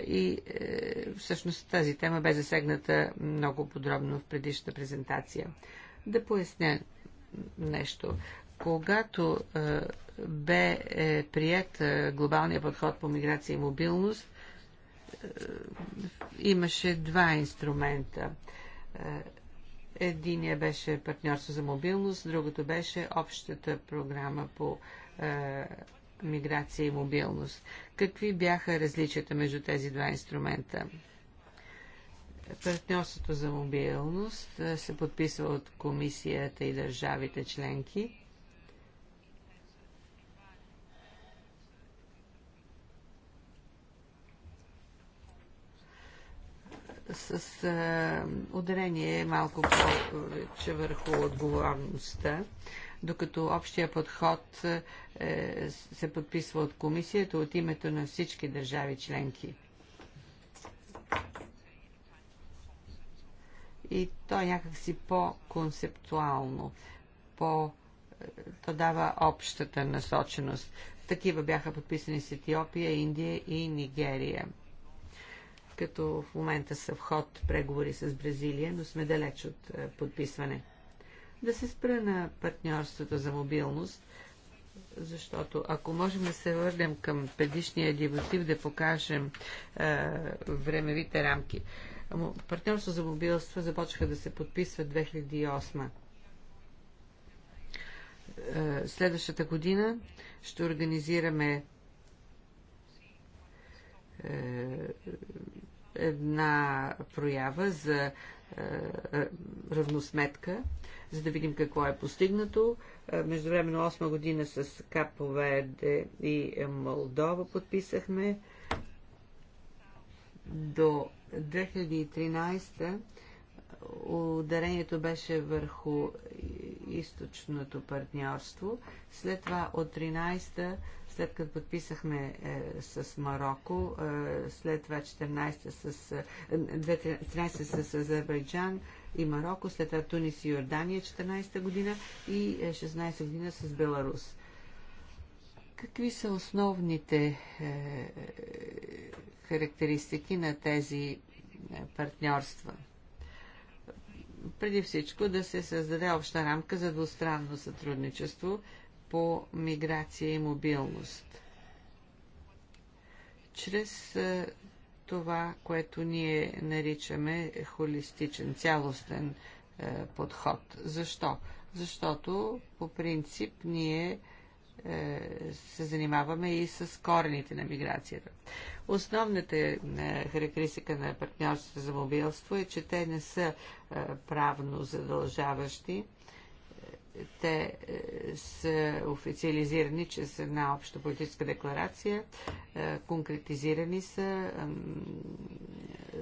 и е, всъщност тази тема бе засегната много подробно в предишната презентация. Да поясня нещо. Когато е, бе е, прият глобалния подход по миграция и мобилност, имаше два инструмента. Единия беше партньорство за мобилност, другото беше общата програма по миграция и мобилност. Какви бяха различията между тези два инструмента? Партньорството за мобилност се подписва от комисията и държавите членки. с а, ударение е малко повече върху отговорността докато общия подход е, се подписва от комисията от името на всички държави членки. И то е някакси по-концептуално, по... Е, то дава общата насоченост. Такива бяха подписани с Етиопия, Индия и Нигерия. Като в момента са в ход преговори с Бразилия, но сме далеч от е, подписване. Да се спра на партньорството за мобилност, защото ако можем да се върнем към предишния дивотив, да покажем е, времевите рамки. Партньорство за мобилство започва да се подписва 2008 следващата година ще организираме една проява за равносметка за да видим какво е постигнато. Е, междувременно 8 година с Каповеде и е, Молдова подписахме. До 2013 е, ударението беше върху източното партньорство. След това от 13-та, след като подписахме е, с Марокко, е, след това 14-та с, е, 13 с Азербайджан, и Марокко, след това Тунис и Йордания 14-та година и 16-та е, година с Беларус. Какви са основните е, характеристики на тези е, партньорства? Преди всичко да се създаде обща рамка за двустранно сътрудничество по миграция и мобилност. Чрез това, което ние наричаме холистичен, цялостен е, подход. Защо? Защото по принцип ние е, се занимаваме и с корените на миграцията. Основната е, характеристика на партньорството за мобилство е, че те не са е, правно задължаващи те е, са официализирани чрез една обща политическа декларация, е, конкретизирани са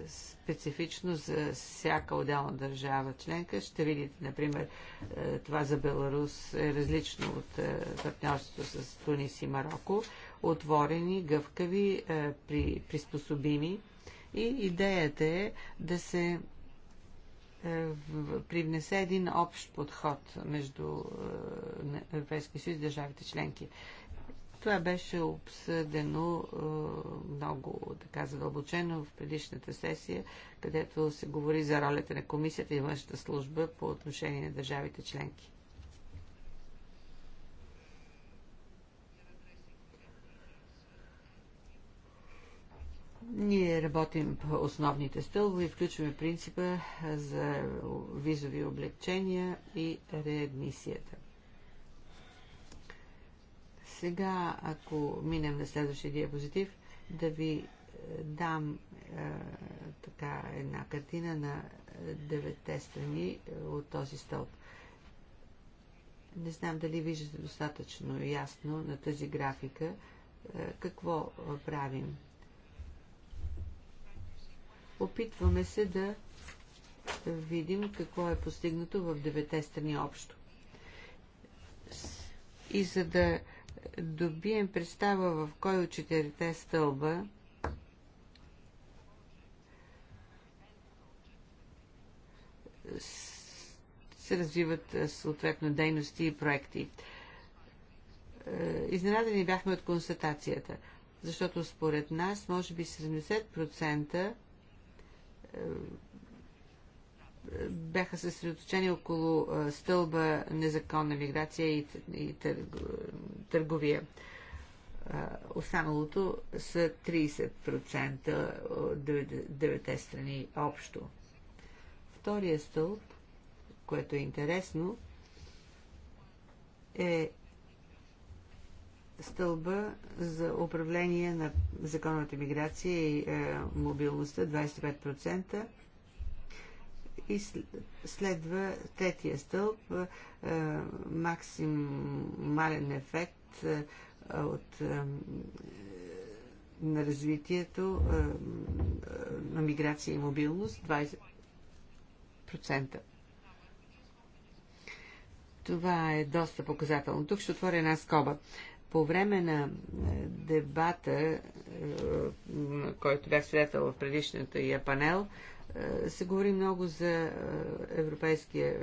специфично за всяка отделна държава членка. Ще видите, например, е, това за Беларус е различно от партньорството с Тунис и Марокко. Отворени, гъвкави, приспособими. И идеята е да се е, привнесе един общ подход между е, Европейския съюз и държавите членки. Това беше обсъдено е, много така задълбочено в предишната сесия, където се говори за ролята на комисията и външната служба по отношение на държавите членки. Ние работим по основните стълбове и включваме принципа за визови облегчения и реадмисията. Сега, ако минем на следващия диапозитив, да ви е, дам е, така една картина на девете страни от този стълб. Не знам дали виждате достатъчно ясно на тази графика е, какво правим Опитваме се да видим какво е постигнато в девете страни общо. И за да добием представа в кой от четирите стълба се развиват съответно дейности и проекти. Е, изненадени бяхме от констатацията, защото според нас може би 70% бяха съсредоточени около стълба незаконна миграция и, и търг, търговия. Останалото са 30% от девете страни общо. Втория стълб, което е интересно, е стълба за управление на законната миграция и е, мобилността 25% и следва третия стълб е, максимален ефект е, от е, на развитието е, на миграция и мобилност 20%. Това е доста показателно. Тук ще отворя една скоба. По време на е, дебата, е, който бях свидетел в предишната я панел, е, се говори много за Европейския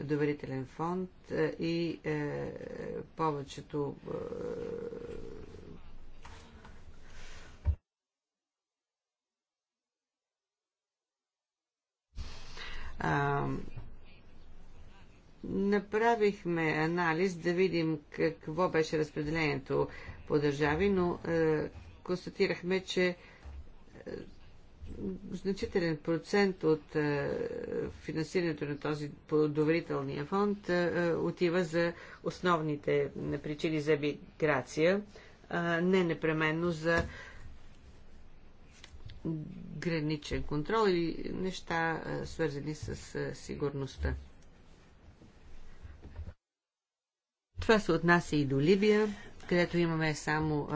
доверителен фонд и повечето Направихме анализ да видим какво беше разпределението по държави, но е, констатирахме, че е, значителен процент от е, финансирането на този доверителния фонд е, е отива за основните причини за миграция, е, не непременно за граничен контрол и неща, е, свързани с е, сигурността. Това се отнася и до Либия, където имаме само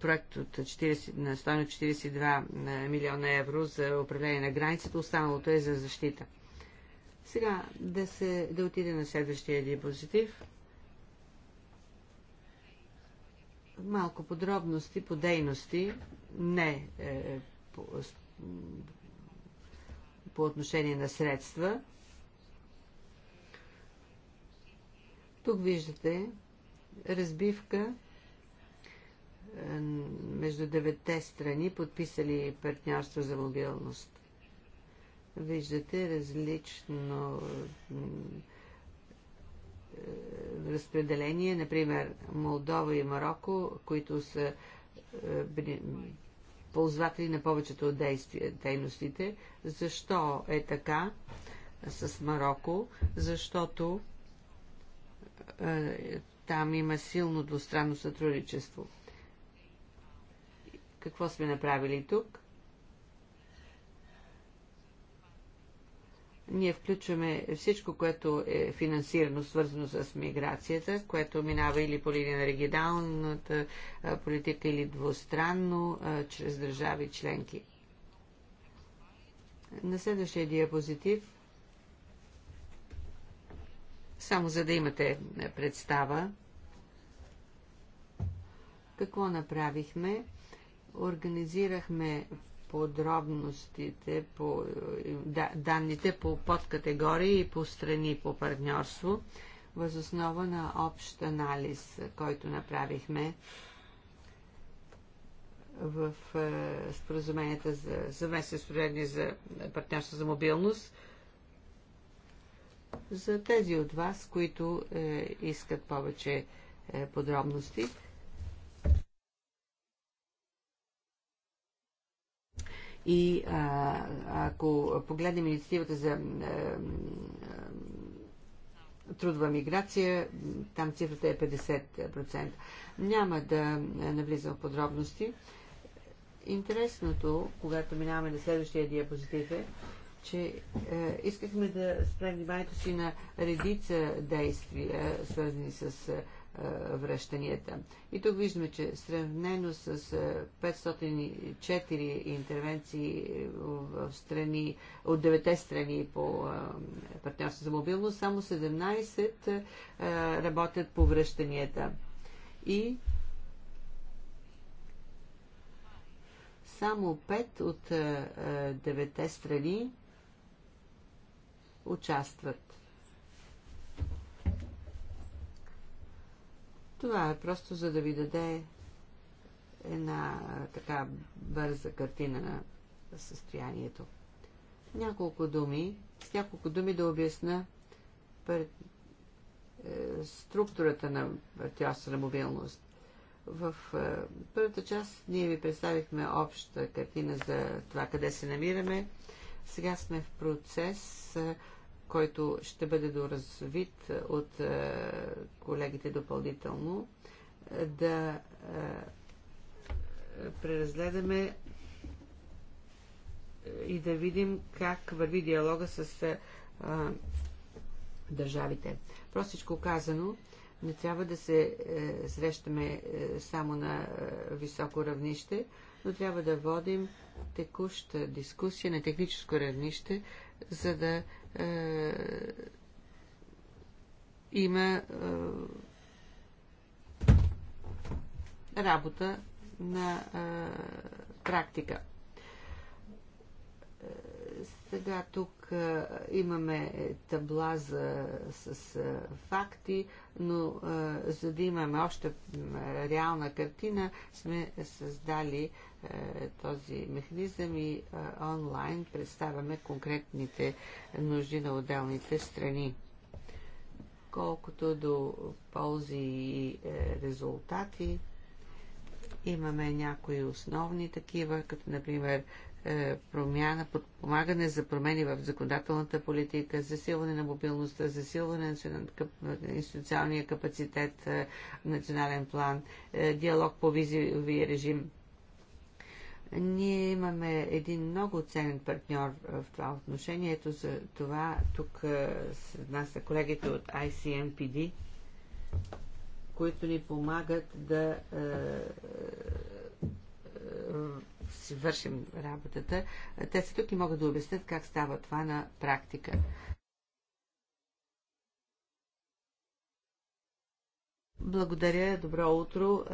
проект от 40, на 142 милиона евро за управление на границата, останалото е за защита. Сега да, се, да отиде на следващия диапозитив. Малко подробности по дейности, не е, по, по отношение на средства, Тук виждате разбивка е, между девете страни, подписали партньорство за мобилност. Виждате различно е, разпределение, например Молдова и Марокко, които са е, ползватели на повечето от действия, дейностите. Защо е така с Марокко? Защото е, там има силно двустранно сътрудничество. Какво сме направили тук? Ние включваме всичко, което е финансирано, свързано с миграцията, което минава или по линия на регионалната е, политика, или двустранно, е, чрез държави членки. На следващия диапозитив – само за да имате представа какво направихме. Организирахме подробностите по да, данните по подкатегории и по страни по партньорство възоснова на общ анализ, който направихме в е, споразуменията за съвместни студенти за партньорство за мобилност – за тези от вас, които е, искат повече е, подробности. И а, ако погледнем инициативата за а, е, трудова миграция, там цифрата е 50%. Няма да е, навлизам в подробности. Интересното, когато минаваме на следващия диапозитив е, че е, искахме да спрем вниманието си на редица действия, свързани с е, връщанията. И тук виждаме, че сравнено с 504 е, интервенции в страни, от 9 страни по е, партньорство за мобилност, само 17 е, работят по връщанията. И само 5 от 9 страни участват. Това е просто за да ви даде една така бърза картина на състоянието. Няколко думи, с няколко думи да обясна пър... Е, структурата на партиосна мобилност. В е, първата част ние ви представихме обща картина за това къде се намираме. Сега сме в процес е, който ще бъде доразвит от е, колегите допълнително, е, да е, преразгледаме и да видим как върви диалога с държавите. Простичко казано, не трябва да се е, срещаме е, само на е, високо равнище, но трябва да водим текуща дискусия на техническо равнище, за да е, има е, работа на е, практика. Сега тук имаме табла за, с факти, но за да имаме още реална картина, сме създали е, този механизъм и е, онлайн представяме конкретните нужди на отделните страни. Колкото до ползи и е, резултати, имаме някои основни такива, като например промяна, подпомагане за промени в законодателната политика, засилване на мобилността, засилване на институционалния капацитет, национален план, диалог по визови режим ние имаме един много ценен партньор в това отношение. Ето за това тук с нас са колегите от ICMPD, които ни помагат да си вършим работата. Те са тук и могат да обяснят как става това на практика. Благодаря, добро утро.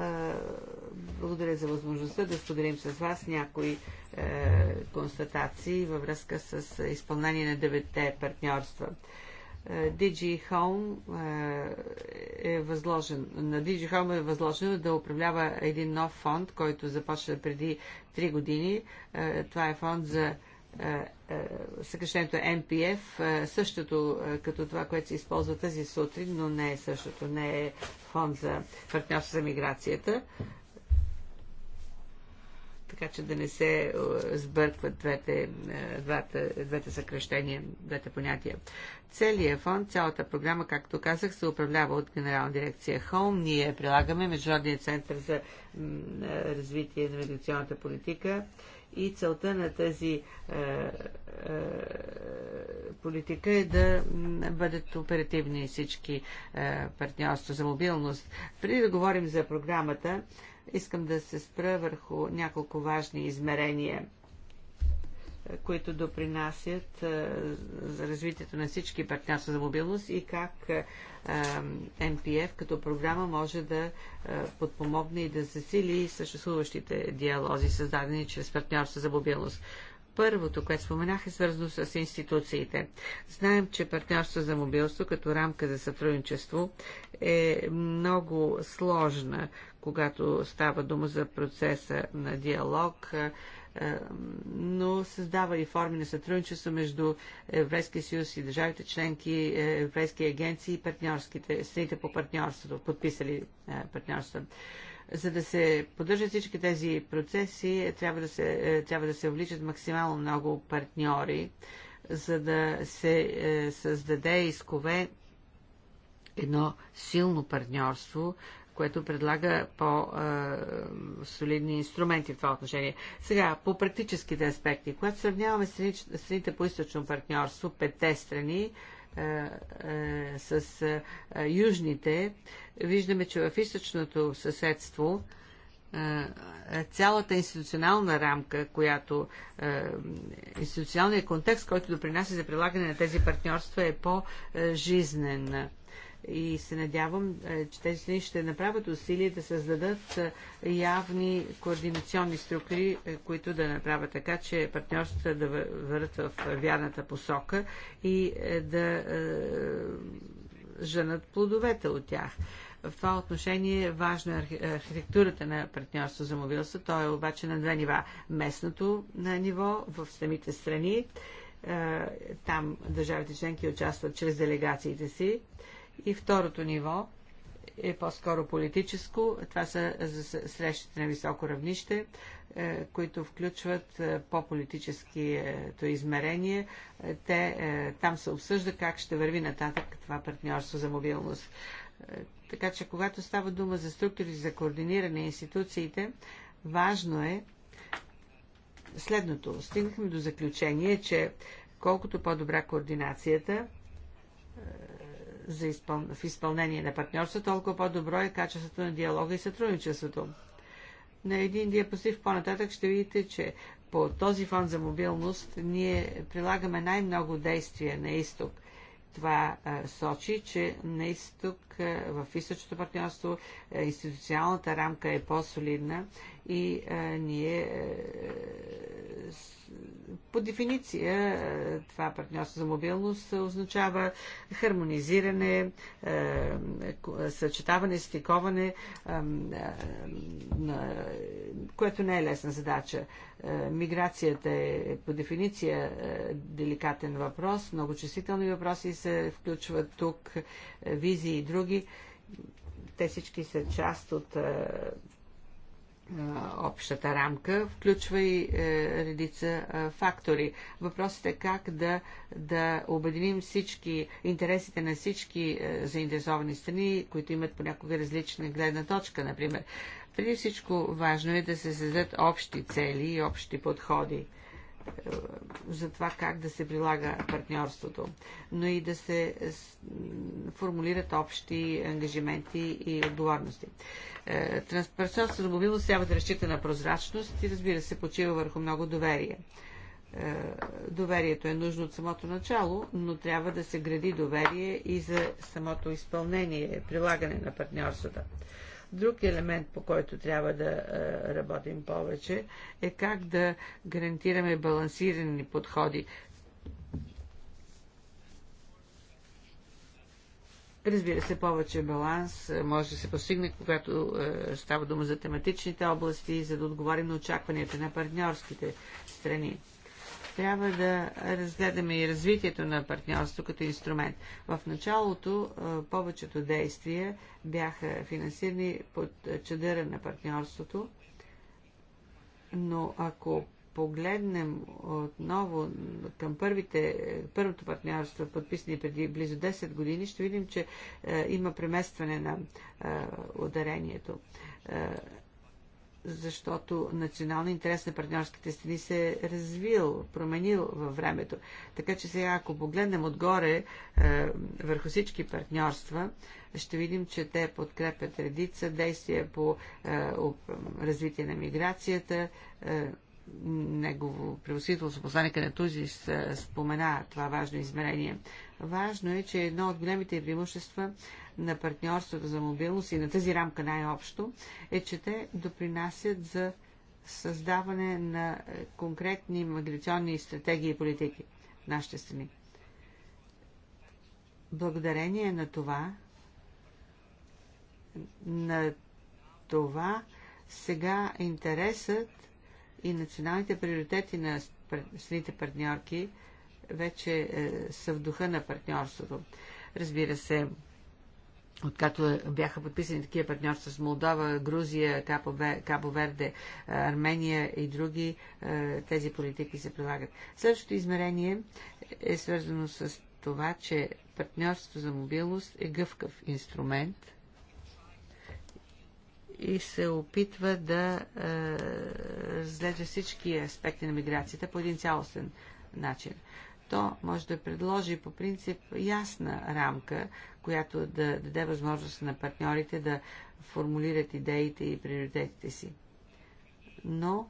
Благодаря за възможността да споделим с вас някои е, констатации във връзка с изпълнение на девете партньорства. Диджи е, Home е, е възложен, на Диджи Home е възложено да управлява един нов фонд, който започна преди 3 години. Е, това е фонд за съкрещението MPF, същото като това, което се използва тази сутрин, но не е същото, не е фонд за партньорство за миграцията така че да не се е, сбъркват двете, е, двата, двете съкрещения, двете понятия. Целият фонд, цялата програма, както казах, се управлява от Генерална дирекция Home. Ние прилагаме Международния център за е, развитие на миграционната политика и целта на тази е, е, политика е да бъдат оперативни всички е, партньорства за мобилност. Преди да говорим за програмата, Искам да се спра върху няколко важни измерения е, които допринасят е, за развитието на всички партньорства за мобилност и как е, МПФ като програма може да подпомогне и да засили съществуващите диалози, създадени чрез партньорства за мобилност. Първото, което споменах, е свързано с институциите. Знаем, че партньорство за мобилство като рамка за сътрудничество е много сложна когато става дума за процеса на диалог, е, но създава и форми на сътрудничество между Европейския съюз и държавите членки, е, европейски агенции и партньорските, страните по партньорството, подписали е, партньорство. За да се поддържат всички тези процеси, трябва да се, трябва да се вличат максимално много партньори, за да се създаде искове едно силно партньорство което предлага по-солидни инструменти в това отношение. Сега, по практическите аспекти, когато сравняваме страните по източно партньорство, петте страни, е, е, с е, южните, виждаме, че в източното съседство цялата институционална рамка, която институционалният контекст, който допринася за прилагане на тези партньорства е по-жизнен и се надявам, е, че тези страни ще направят усилия да създадат е, явни координационни структури, е, които да направят така, че партньорствата да върват в вярната посока и да женат плодовете от тях. В това отношение важна е архитектурата на партньорство за мобилство. То е обаче на две нива. Местното на ниво в самите страни. Там държавите членки участват чрез делегациите си и второто ниво е по-скоро политическо. Това са срещите на високо равнище, е, които включват е, по-политическото измерение. Е, те, там се обсъжда как ще върви нататък това партньорство за мобилност. Така че, когато става дума за структури за координиране на институциите, важно е следното. Стигнахме до заключение, че колкото по-добра координацията, за изпъл... в изпълнение на партньорство, толкова по-добро е качеството на диалога и сътрудничеството. На един диапозив по-нататък ще видите, че по този фонд за мобилност ние прилагаме най-много действия на изток. Това сочи, че на изток, в източното партньорство, институционалната рамка е по-солидна и а, ние а, е, по дефиниция а, е, това партньорство за мобилност означава хармонизиране, а, е, съчетаване, стиковане, а, на, което не е лесна задача. А, миграцията е по дефиниция а, деликатен въпрос, много чувствителни въпроси се включват тук, визии и други. Те всички са част от а, общата рамка включва и е, редица е, фактори. Въпросът е как да, да обединим всички интересите на всички е, заинтересовани страни, които имат понякога различна гледна точка, например. Преди всичко важно е да се създадат общи цели и общи подходи. Е, за това как да се прилага партньорството, но и да се формулират общи ангажименти и отговорности. Е, на мобилност трябва да разчита на прозрачност и разбира се почива върху много доверие. Е, доверието е нужно от самото начало, но трябва да се гради доверие и за самото изпълнение, прилагане на партньорствата. Друг елемент, по който трябва да е, работим повече, е как да гарантираме балансирани подходи. Разбира се, повече баланс е, може да се постигне, когато е, става дума за тематичните области, за да отговорим на очакванията на партньорските страни трябва да разгледаме и развитието на партньорство като инструмент. В началото повечето действия бяха финансирани под чадъра на партньорството, но ако погледнем отново към първите, първото партньорство, подписани преди близо 10 години, ще видим, че е, има преместване на е, ударението защото националния интерес на партньорските страни се е развил, променил във времето. Така че сега, ако погледнем отгоре е, върху всички партньорства, ще видим, че те подкрепят редица действия по е, развитие на миграцията. Е, негово превосителство, посланика на Тузи спомена това важно измерение. Важно е, че едно от големите преимущества на партньорството за мобилност и на тази рамка най-общо, е, че те допринасят за създаване на конкретни миграционни стратегии и политики в нашите страни. Благодарение на това, на това сега интересът и националните приоритети на страните партньорки вече е, са в духа на партньорството. Разбира се, откакто бяха подписани такива партньорства с Молдова, Грузия, Кабо Верде, Армения и други, тези политики се прилагат. Следващото измерение е свързано с това, че партньорството за мобилност е гъвкав инструмент – и се опитва да разглежда всички аспекти на миграцията по един цялостен начин то може да предложи по принцип ясна рамка, която да даде възможност на партньорите да формулират идеите и приоритетите си. Но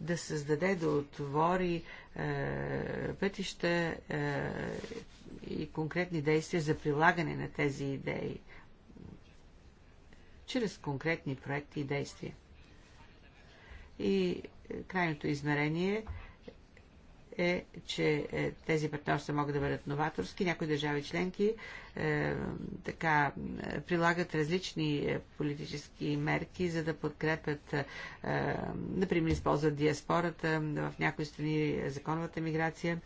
да създаде, да отвори е, пътища е, и конкретни действия за прилагане на тези идеи чрез конкретни проекти и действия. И крайното измерение е е, че е, тези партньорства могат да бъдат новаторски. Някои държави членки е, така е, прилагат различни е, политически мерки, за да подкрепят, е, например, използват диаспората, в някои страни законовата миграция.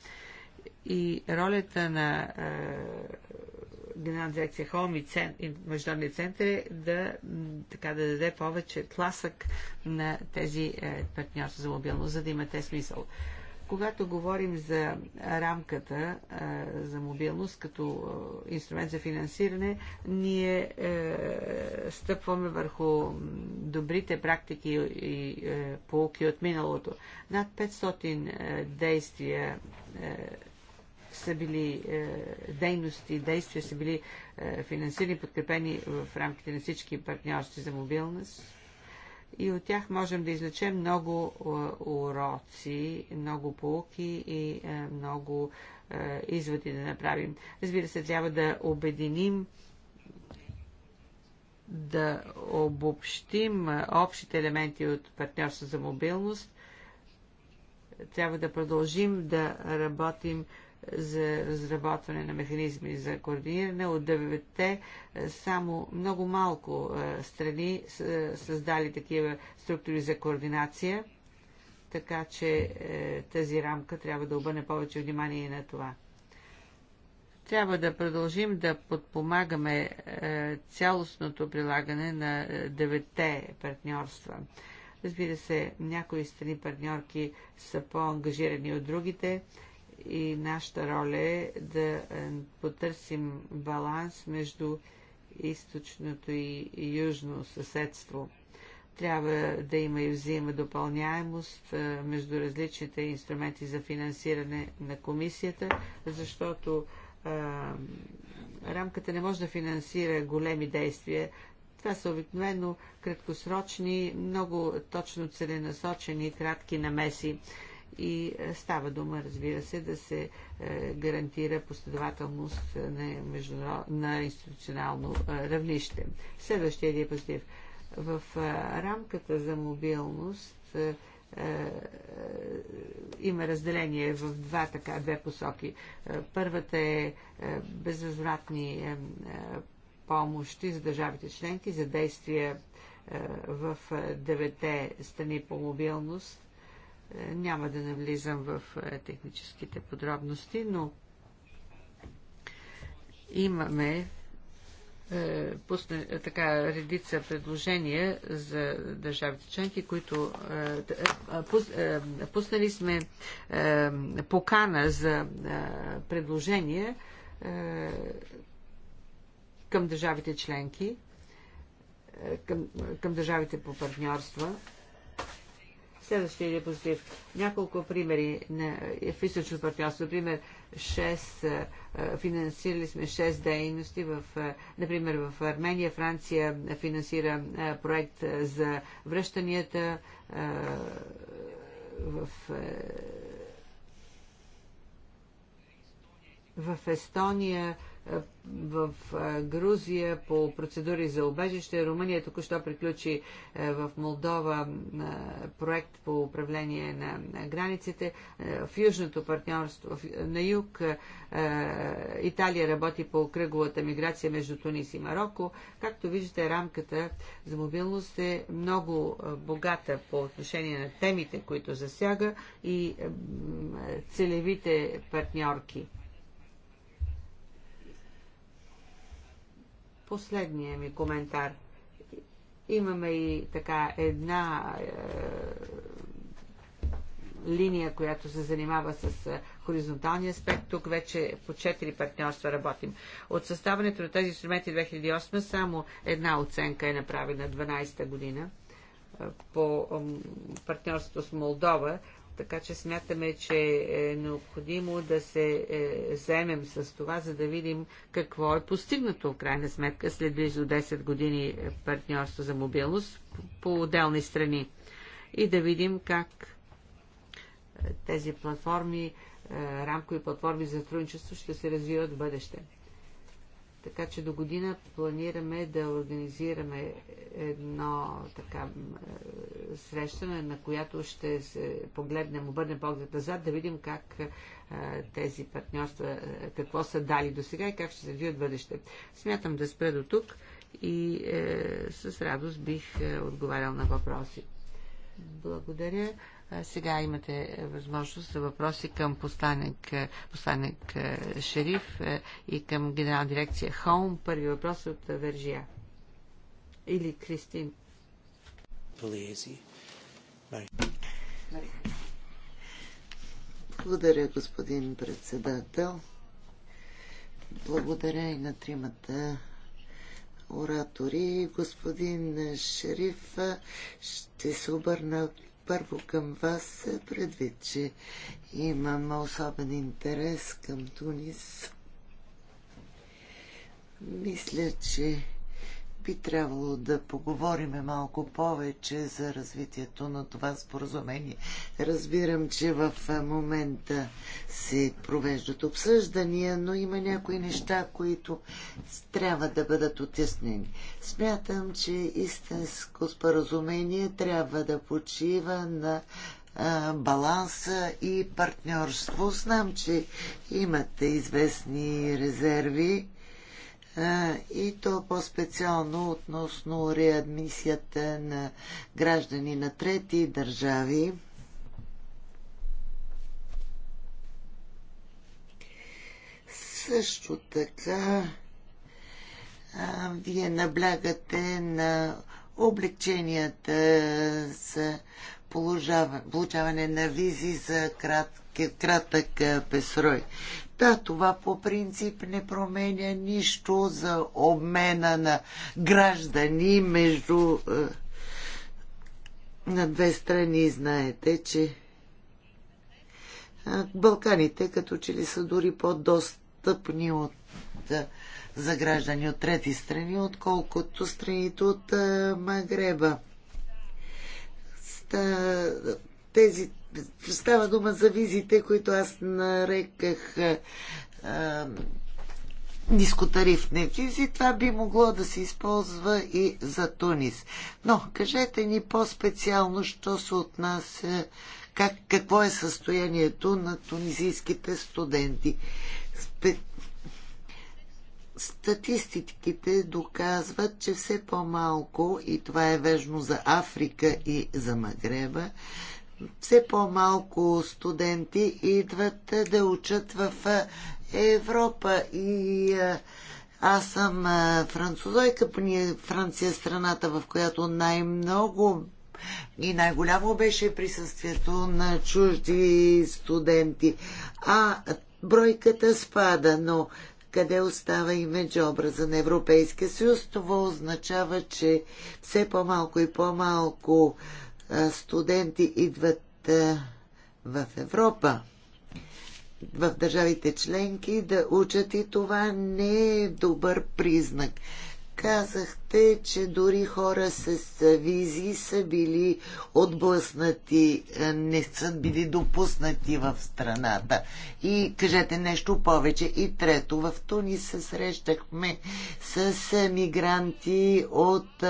И ролята на е, Генерална дирекция Холм и, цен, и Международния център е да, така, да даде повече тласък на тези е, партньорства за мобилност, за да има те смисъл. Когато говорим за рамката за мобилност като инструмент за финансиране, ние е, стъпваме върху добрите практики и е, полуки от миналото. Над 500 е, действия са били дейности, действия са били финансирани, подкрепени в рамките на всички партньорства за мобилност и от тях можем да излечем много уроци, много полки и много изводи да направим. Разбира се, трябва да обединим да обобщим общите елементи от партньорство за мобилност. Трябва да продължим да работим за разработване на механизми за координиране. От девете само много малко е, страни са създали такива структури за координация, така че е, тази рамка трябва да обърне повече внимание на това трябва да продължим да подпомагаме е, цялостното прилагане на девете партньорства. Разбира се, някои страни партньорки са по-ангажирани от другите и нашата роля е да е, потърсим баланс между източното и южно съседство. Трябва да има и взаима допълняемост е, между различните инструменти за финансиране на комисията, защото а, е, рамката не може да финансира големи действия. Това са обикновено краткосрочни, много точно целенасочени, кратки намеси и е, става дума, разбира се, да се е, гарантира последователност на, международ... на институционално е, равнище. Следващия диапозитив. В рамката за мобилност има разделение в два така, две посоки. Първата е безвъзвратни помощи за държавите членки за действия в девете страни по мобилност е, няма да навлизам в е, техническите подробности, но имаме е, пусне, така редица предложения за държавите членки, които пус, пуснали сме покана за предложения към държавите членки, към, към държавите по партньорства. Следващия диапозитив. Няколко примери на физическо е, партньорство. Например, 6, е, е, финансирали сме 6 дейности. В, например, в Армения, Франция финансира проект за връщанията в в Естония в Грузия по процедури за убежище. Румъния току-що приключи в Молдова проект по управление на границите. В Южното партньорство на юг Италия работи по кръговата миграция между Тунис и Марокко. Както виждате, рамката за мобилност е много богата по отношение на темите, които засяга и целевите партньорки. последния ми коментар. Имаме и така една е, линия, която се занимава с е, хоризонталния аспект. Тук вече по четири партньорства работим. От съставането на тези инструменти 2008 само една оценка е направена 12-та година е, по партньорството с Молдова така че смятаме, че е необходимо да се е, заемем с това, за да видим какво е постигнато в крайна сметка след близо 10 години е, партньорство за мобилност по отделни страни и да видим как е, тези платформи, е, рамкови платформи за сътрудничество ще се развиват в бъдеще. Така че до година планираме да организираме едно така е, срещане, на която ще се погледнем, обърнем поглед назад, да видим как е, тези партньорства, е, какво са дали до сега и как ще се развият бъдеще. Смятам да спра до тук и е, с радост бих е, отговарял на въпроси. Благодаря. Сега имате е, възможност за въпроси към посланник, е, посланник е, Шериф и към генерална дирекция Хоум. Първи въпрос от Вержия. Или Кристин. Благодаря, господин председател. Благодаря и на тримата оратори. Господин Шериф, ще се обърна първо към вас, предвид, че имам особен интерес към Тунис. Мисля, че би трябвало да поговорим малко повече за развитието на това споразумение. Разбирам, че в момента се провеждат обсъждания, но има някои неща, които трябва да бъдат отяснени. Смятам, че истинско споразумение трябва да почива на баланса и партньорство. Знам, че имате известни резерви и то по-специално относно реадмисията на граждани на трети държави. Също така а, вие наблягате на облегченията за получаване на визи за кратък, кратък песрой. Да, това по принцип не променя нищо за обмена на граждани между е, на две страни. Знаете, че е, Балканите като че ли са дори по-достъпни от, е, за граждани от трети страни, отколкото страните от е, Магреба. Ста, тези Става дума за визите, които аз нареках а, нискотарифни визи. Това би могло да се използва и за Тунис. Но кажете ни по-специално, що се отнася, как, какво е състоянието на тунизийските студенти. Спе... Статистиките доказват, че все по-малко, и това е вежно за Африка и за Магреба, все по-малко студенти идват да учат в Европа и аз съм французойка, поне Франция е страната, в която най-много и най-голямо беше присъствието на чужди студенти. А бройката спада, но къде остава имидж образа на Европейския съюз, това означава, че все по-малко и по-малко студенти идват в Европа, в държавите членки да учат и това не е добър признак. Казахте, че дори хора с визи са били отблъснати, не са били допуснати в страната. И кажете нещо повече. И трето, в Туни се срещахме с мигранти от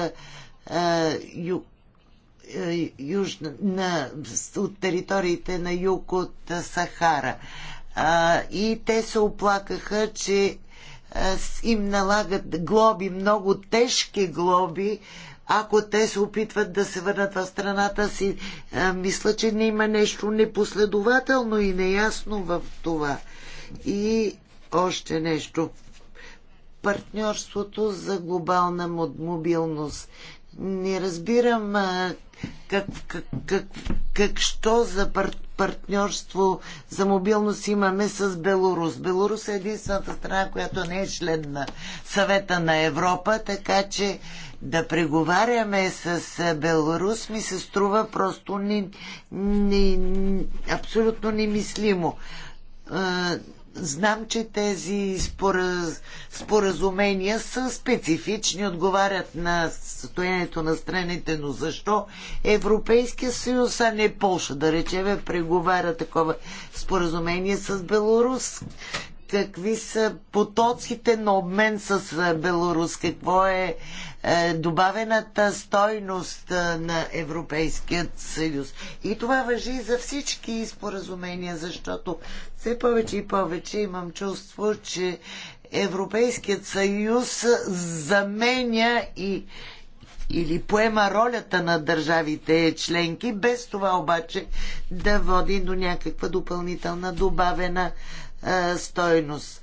юг е, южна, на, от териториите на юг от е, Сахара. А, и те се оплакаха, че а, е, им налагат глоби, много тежки глоби, ако те се опитват да се върнат в страната си. А, мисля, че не има нещо непоследователно и неясно в това. И още нещо партньорството за глобална мобилност не разбирам как, как, как, как що за пар, партньорство за мобилност имаме с Беларус. Беларус е единствената страна, която не е член на съвета на Европа, така че да преговаряме с Беларус ми се струва просто ни, ни, абсолютно немислимо. Знам, че тези спораз... споразумения са специфични, отговарят на състоянието на страните, но защо Европейския съюз, а не Полша, да речеме, преговаря такова споразумение с Беларус? какви са потоците на обмен с е, Беларус, какво е, е добавената стойност е, на Европейският съюз. И това въжи за всички споразумения, защото все повече и повече имам чувство, че Европейският съюз заменя и или поема ролята на държавите членки, без това обаче да води до някаква допълнителна добавена а, стойност.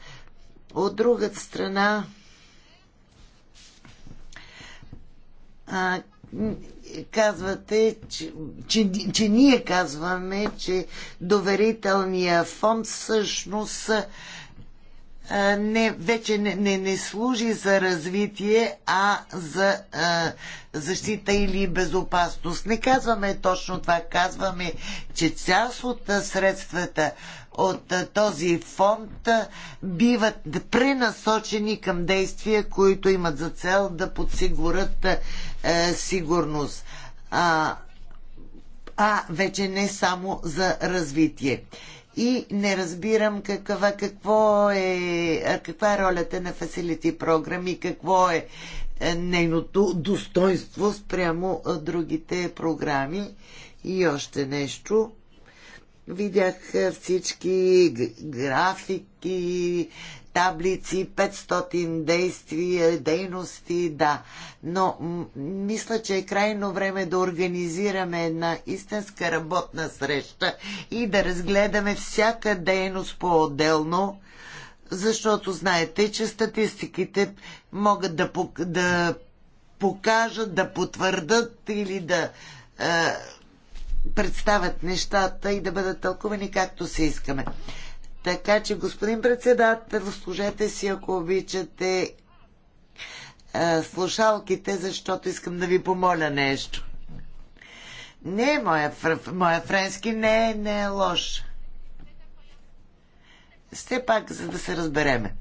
От другата страна, а, казвате, че, че, че ние казваме, че доверителният фонд всъщност а, не, вече не, не, не служи за развитие, а за а, защита или безопасност. Не казваме точно това, казваме, че част от средствата от този фонд биват пренасочени към действия, които имат за цел да подсигурят е, сигурност. А, а вече не само за развитие. И не разбирам каква, какво е, каква е ролята на Facility Program и какво е, е нейното достоинство спрямо другите програми. И още нещо – Видях е, всички графики, таблици, 500 действия, дейности, да. Но мисля, че е крайно време да организираме една истинска работна среща и да разгледаме всяка дейност по-отделно, защото знаете, че статистиките могат да, покажат, да потвърдат или да е, представят нещата и да бъдат тълкувани както се искаме. Така че, господин председател, служете си, ако обичате, е, слушалките, защото искам да ви помоля нещо. Не, моя, моя френски не, е не е лош. Все пак, за да се разбереме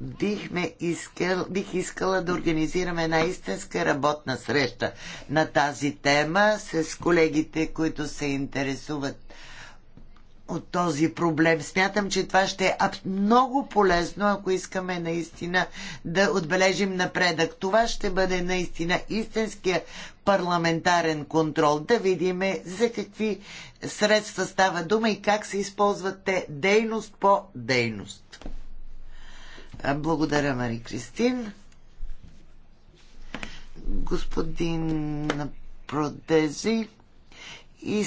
бихме искал, бих искала да организираме една истинска работна среща на тази тема с колегите, които се интересуват от този проблем. Смятам, че това ще е много полезно, ако искаме наистина да отбележим напредък. Това ще бъде наистина истинския парламентарен контрол. Да видим за какви средства става дума и как се използват те дейност по дейност. Благодаря, Мари Кристин. Господин Продези и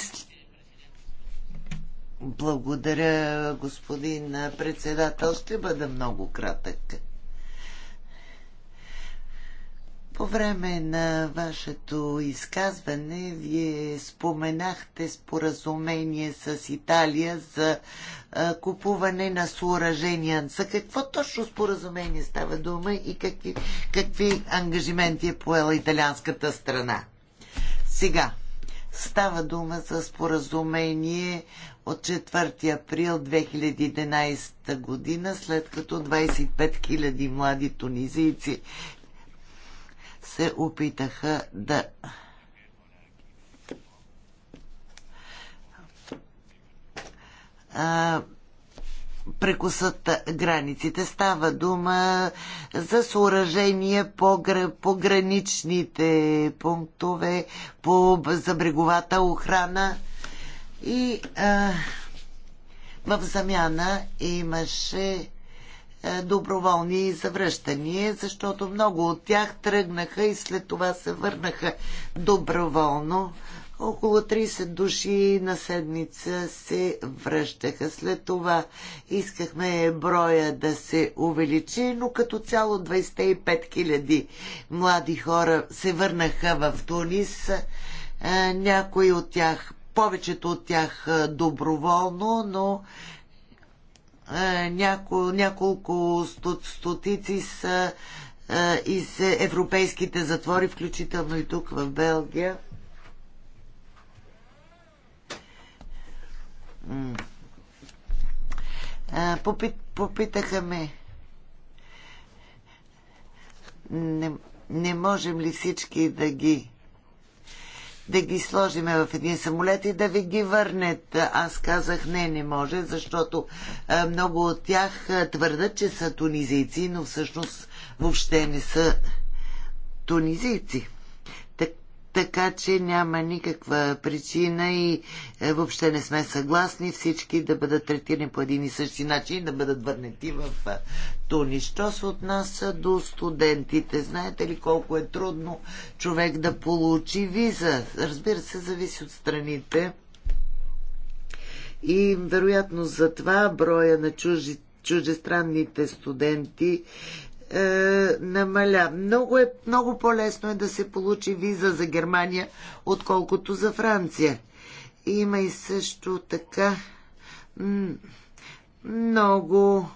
благодаря, господин председател. Ще бъда много кратък. време на вашето изказване вие споменахте споразумение с Италия за купуване на съоръжения. За какво точно споразумение става дума и какви, какви ангажименти е поела италианската страна? Сега, става дума за споразумение от 4 април 2011 година, след като 25 000 млади тунизийци се опитаха да а, прекусат границите. Става дума за съоръжения по, по граничните пунктове, по, за бреговата охрана и а, в замяна имаше е, доброволни завръщания, защото много от тях тръгнаха и след това се върнаха доброволно. Около 30 души на седмица се връщаха. След това искахме броя да се увеличи, но като цяло 25 000 млади хора се върнаха в Тунис. Е, някои от тях, повечето от тях е, доброволно, но е, няко, няколко сто, стотици са е, из европейските затвори, включително и тук в Белгия. Е, попит, попитаха ме. Не, не можем ли всички да ги да ги сложиме в един самолет и да ви ги върнет. Аз казах не, не може, защото е, много от тях е, твърдат, че са тунизийци, но всъщност въобще не са тунизийци така че няма никаква причина и е, въобще не сме съгласни всички да бъдат третирани по един и същи начин и да бъдат върнати в е, Туни. Що се отнася до студентите? Знаете ли колко е трудно човек да получи виза? Разбира се, зависи от страните. И вероятно за това броя на чужестранните студенти е, намаля. Много, е, много по-лесно е да се получи виза за Германия, отколкото за Франция. Има и също така много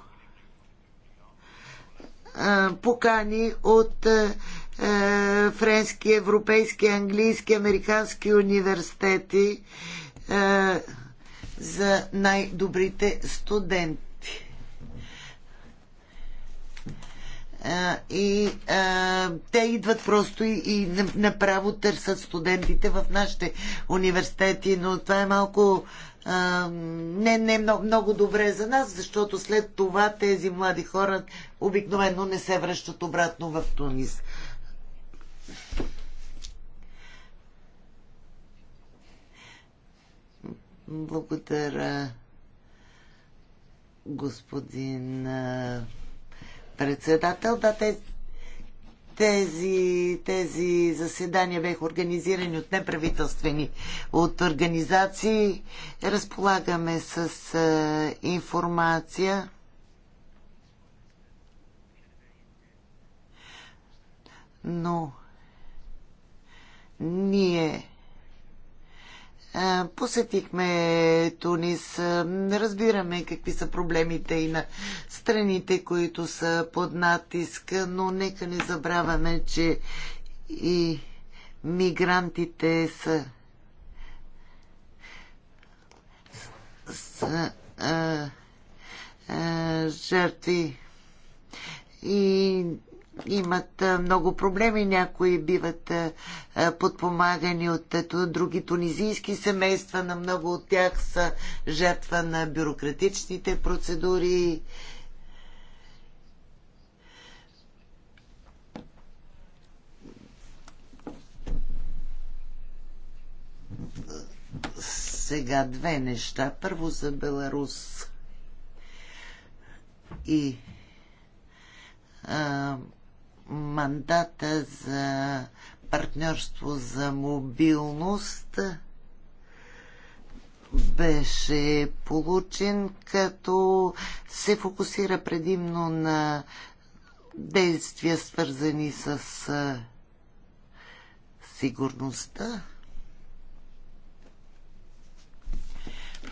е, покани от е, е, френски, европейски, английски, американски университети е, за най-добрите студенти и а, те идват просто и, и направо търсят студентите в нашите университети, но това е малко а, не, не много, много добре за нас, защото след това тези млади хора обикновено не се връщат обратно в Тунис. Благодаря, господин председател. Да, тези, тези, заседания бяха организирани от неправителствени от организации. Разполагаме с е, информация. Но ние Посетихме Тунис, разбираме какви са проблемите и на страните, които са под натиск, но нека не забравяме, че и мигрантите са, са а, а, жертви и имат много проблеми. Някои биват подпомагани от други тунизийски семейства. На много от тях са жертва на бюрократичните процедури. Сега две неща. Първо за Беларус и мандата за партньорство за мобилност беше получен, като се фокусира предимно на действия, свързани с сигурността.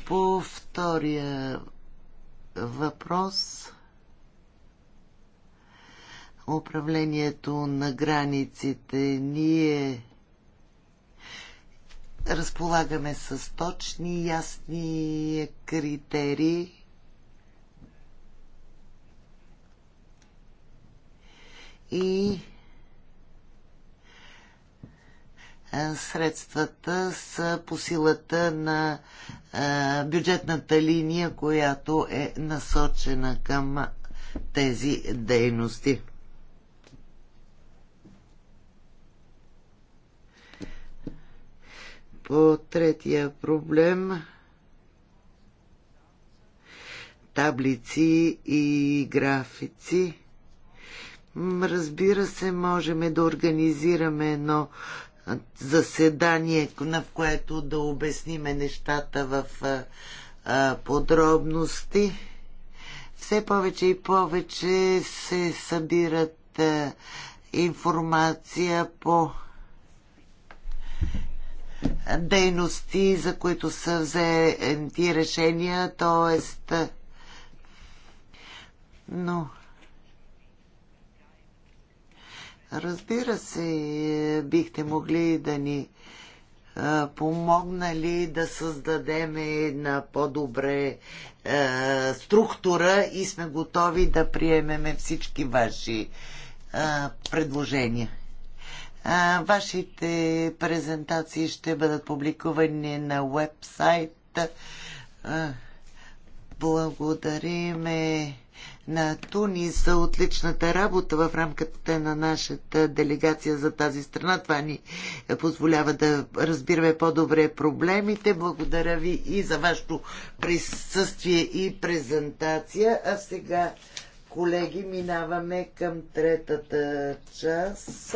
По втория въпрос управлението на границите. Ние разполагаме с точни, ясни критерии. И средствата са по силата на бюджетната линия, която е насочена към тези дейности. По третия проблем таблици и графици. Разбира се, можем да организираме едно заседание, на което да обясниме нещата в подробности. Все повече и повече се събират информация по дейности, за които са взети решения, т.е. Но... Разбира се, бихте могли да ни помогнали да създадем една по-добре структура и сме готови да приемеме всички ваши предложения вашите презентации ще бъдат публикувани на вебсайт. Благодариме на Туни за отличната работа в рамката на нашата делегация за тази страна. Това ни позволява да разбираме по-добре проблемите. Благодаря ви и за вашето присъствие и презентация. А сега, колеги, минаваме към третата част.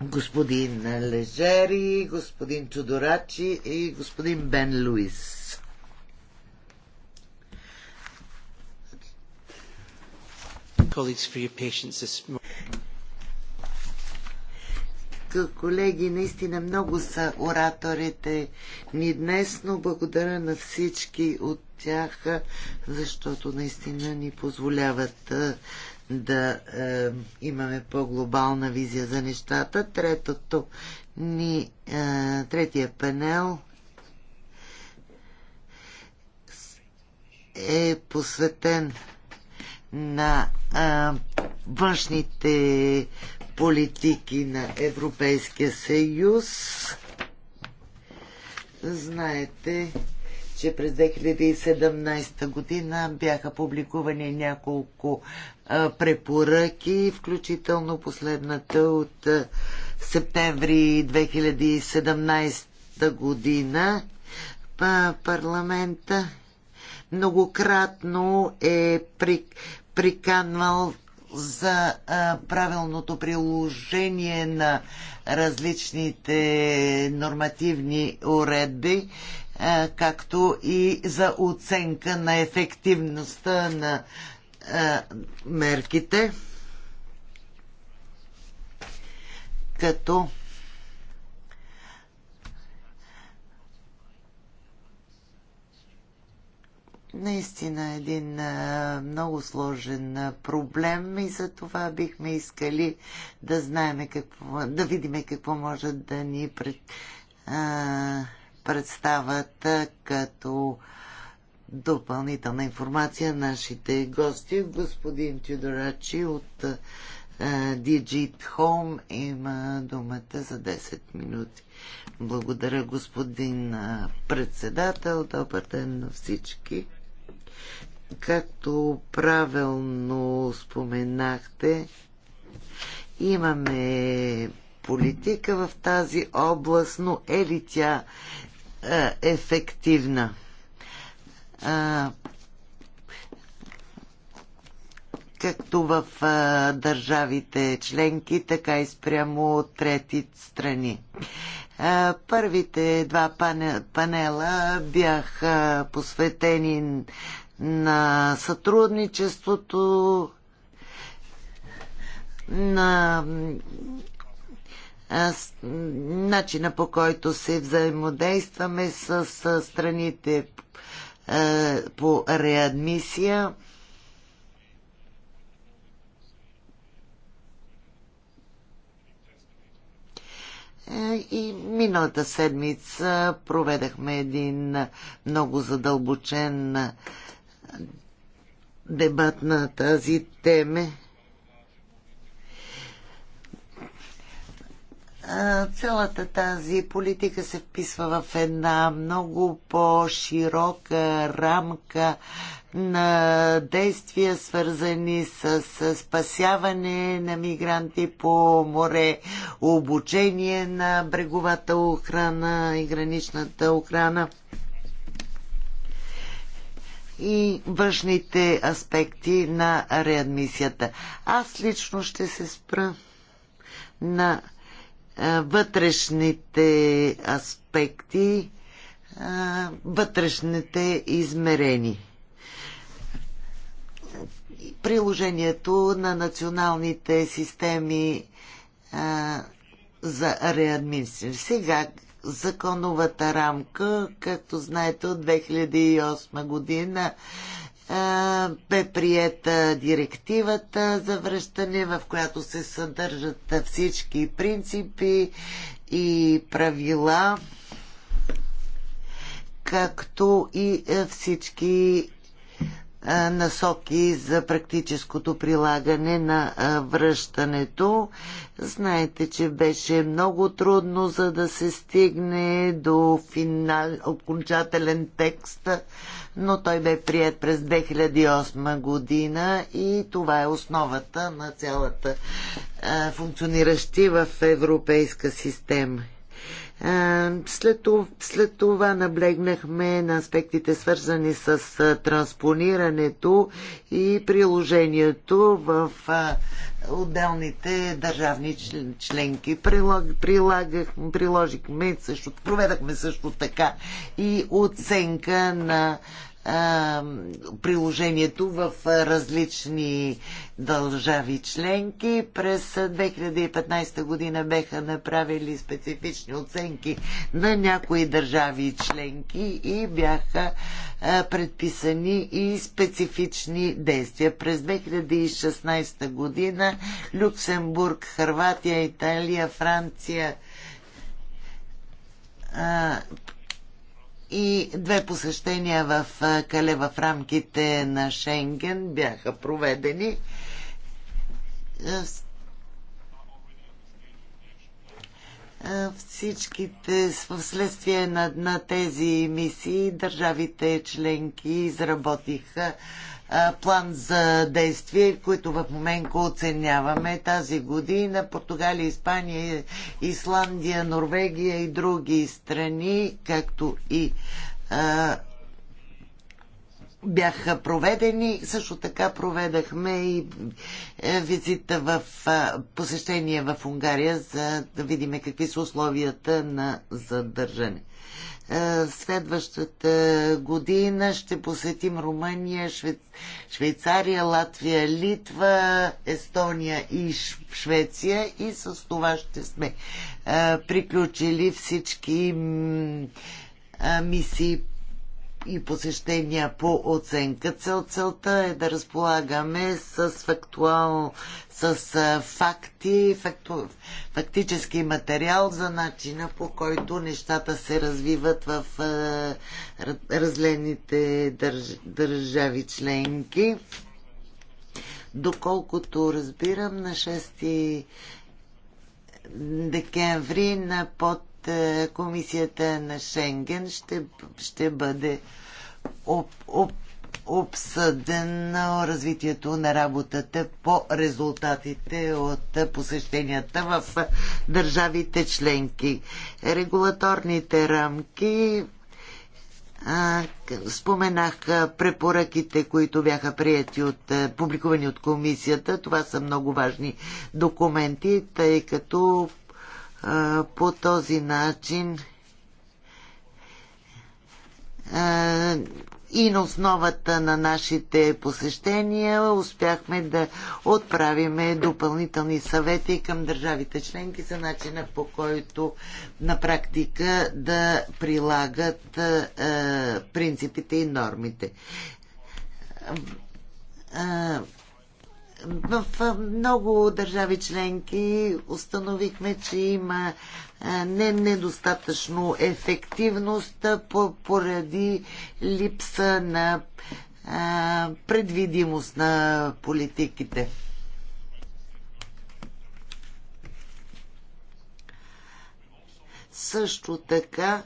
господин Лежери, господин Чудорачи и господин Бен Луис. Колеги, наистина много са ораторите ни днес, но благодаря на всички от тях, защото наистина ни позволяват да е, имаме по-глобална визия за нещата. Третото ни, е, третия панел е посветен на е, външните политики на Европейския съюз. Знаете, че през 2017 година бяха публикувани няколко препоръки, включително последната от септември 2017 година. Парламента многократно е приканвал за правилното приложение на различните нормативни уредби, както и за оценка на ефективността на е, мерките, като наистина един а, е, много сложен а, е, проблем и за това бихме искали да знаем какво, да видим, какво може да ни пред, а, представят а, като допълнителна информация нашите гости. Господин Тюдорачи от е, Digit Home има думата за 10 минути. Благодаря, господин е, председател. Добър ден на всички. Както правилно споменахте, имаме политика в тази област, но е ли тя е, ефективна? а, както в а, държавите членки, така и спрямо от трети страни. А, първите два пане, панела бяха посветени на сътрудничеството, на начина по който се взаимодействаме с страните е, по реадмисия. Е, и миналата седмица проведахме един много задълбочен дебат на тази теме. цялата тази политика се вписва в една много по-широка рамка на действия, свързани с спасяване на мигранти по море, обучение на бреговата охрана и граничната охрана и външните аспекти на реадмисията. Аз лично ще се спра на вътрешните аспекти, вътрешните измерени. Приложението на националните системи за реадмисия. Сега законовата рамка, както знаете, от 2008 година бе приета директивата за връщане, в която се съдържат всички принципи и правила, както и е, всички насоки за практическото прилагане на връщането. Знаете, че беше много трудно за да се стигне до финал, окончателен текст, но той бе прият през 2008 година и това е основата на цялата функциониращи в европейска система. След това, след това наблегнахме на аспектите свързани с транспонирането и приложението в отделните държавни членки. Прилагах, приложихме също, проведахме също така и оценка на приложението в различни държави членки. През 2015 година беха направили специфични оценки на някои държави членки и бяха предписани и специфични действия. През 2016 година Люксембург, Харватия, Италия, Франция и две посещения в Кале в рамките на Шенген бяха проведени. Всичките, вследствие на, на тези мисии, държавите членки изработиха план за действие, които в момента оценяваме тази година. Португалия, Испания, Исландия, Норвегия и други страни, както и а, бяха проведени. Също така проведахме и е, визита в посещение в Унгария, за да видим какви са условията на задържане. Е, следващата година ще посетим Румъния, Швейцария, Латвия, Литва, Естония и Швеция и с това ще сме е, приключили всички е, мисии и посещения по оценка. Цел, целта е да разполагаме с, фактуал, с факти, факту, фактически материал за начина по който нещата се развиват в разлените държ, държави членки. Доколкото разбирам, на 6 декември на под комисията на Шенген ще, ще бъде об, об, обсъден развитието на работата по резултатите от посещенията в държавите членки. Регулаторните рамки споменах препоръките, които бяха прияти от, публикувани от комисията. Това са много важни документи, тъй като по този начин и на основата на нашите посещения успяхме да отправиме допълнителни съвети към държавите членки за начина по който на практика да прилагат принципите и нормите. В много държави членки установихме, че има не недостатъчно ефективност поради липса на предвидимост на политиките. Също така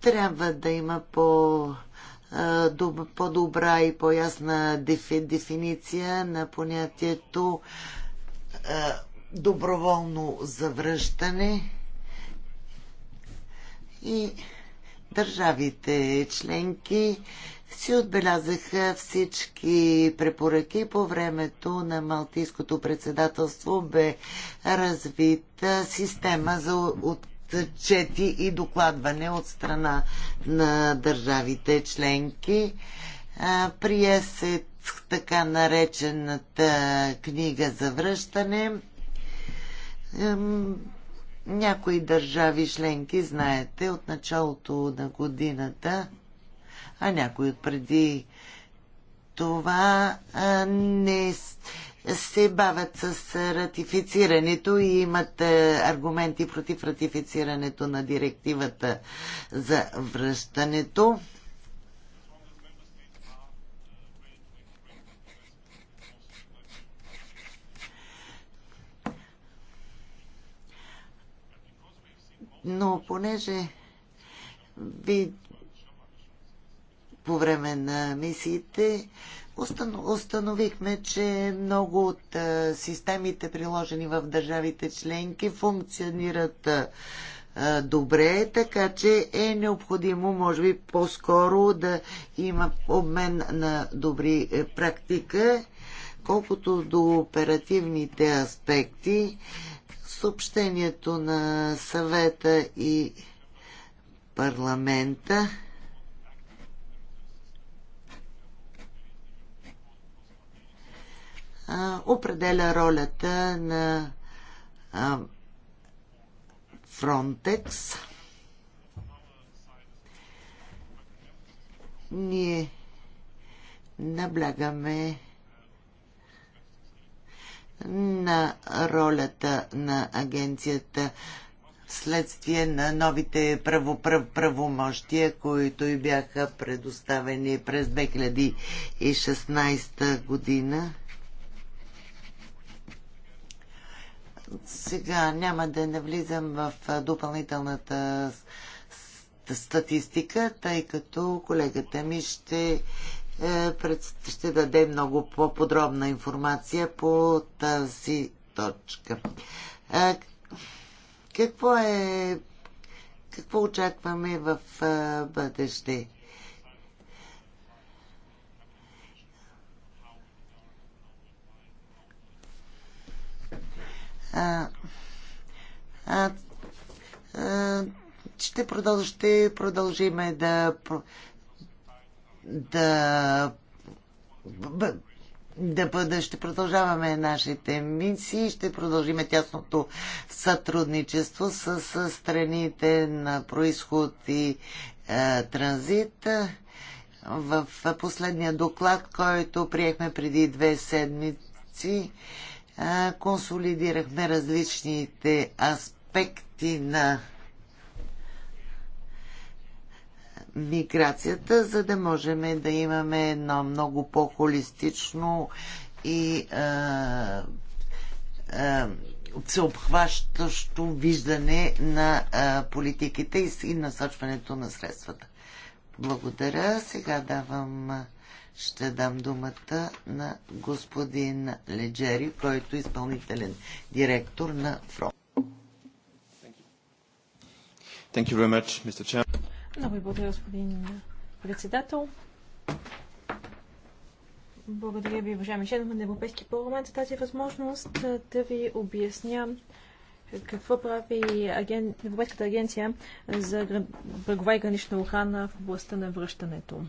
трябва да има по- по-добра и по-ясна дефиниция на понятието доброволно завръщане и държавите членки си отбелязаха всички препоръки. По времето на Малтийското председателство бе развита система за от отчети и докладване от страна на държавите членки. Прие се така наречената книга за връщане. Някои държави членки, знаете, от началото на годината, а някои от преди това не, се бавят с ратифицирането и имат е, аргументи против ратифицирането на директивата за връщането. Но понеже ви по време на мисиите Установихме, че много от системите, приложени в държавите членки, функционират добре, така че е необходимо, може би, по-скоро да има обмен на добри е, практика. Колкото до оперативните аспекти, съобщението на съвета и парламента определя ролята на Фронтекс. Ние наблягаме на ролята на агенцията следствие на новите правомощия, които и бяха предоставени през 2016 година. Сега няма да навлизам в допълнителната статистика, тъй като колегата ми ще, е, ще даде много по-подробна информация по тази точка. Какво е. Какво очакваме в бъдеще? А, а, ще, продъл, ще продължиме да, да да бъде, ще продължаваме нашите мисии, ще продължиме тясното сътрудничество с, с страните на происход и е, транзит. В последния доклад, който приехме преди две седмици, консолидирахме различните аспекти на миграцията, за да можем да имаме едно много по-холистично и всеобхващащо виждане на а, политиките и, и насочването на средствата. Благодаря. Сега давам ще дам думата на господин Леджери, който е изпълнителен директор на ФРО. Much, Много ви благодаря, господин председател. Благодаря ви, уважаеми членове на Европейския парламент, за тази възможност да ви обясня какво прави аген... Европейската агенция за брегова и гранична охрана в областта на връщането.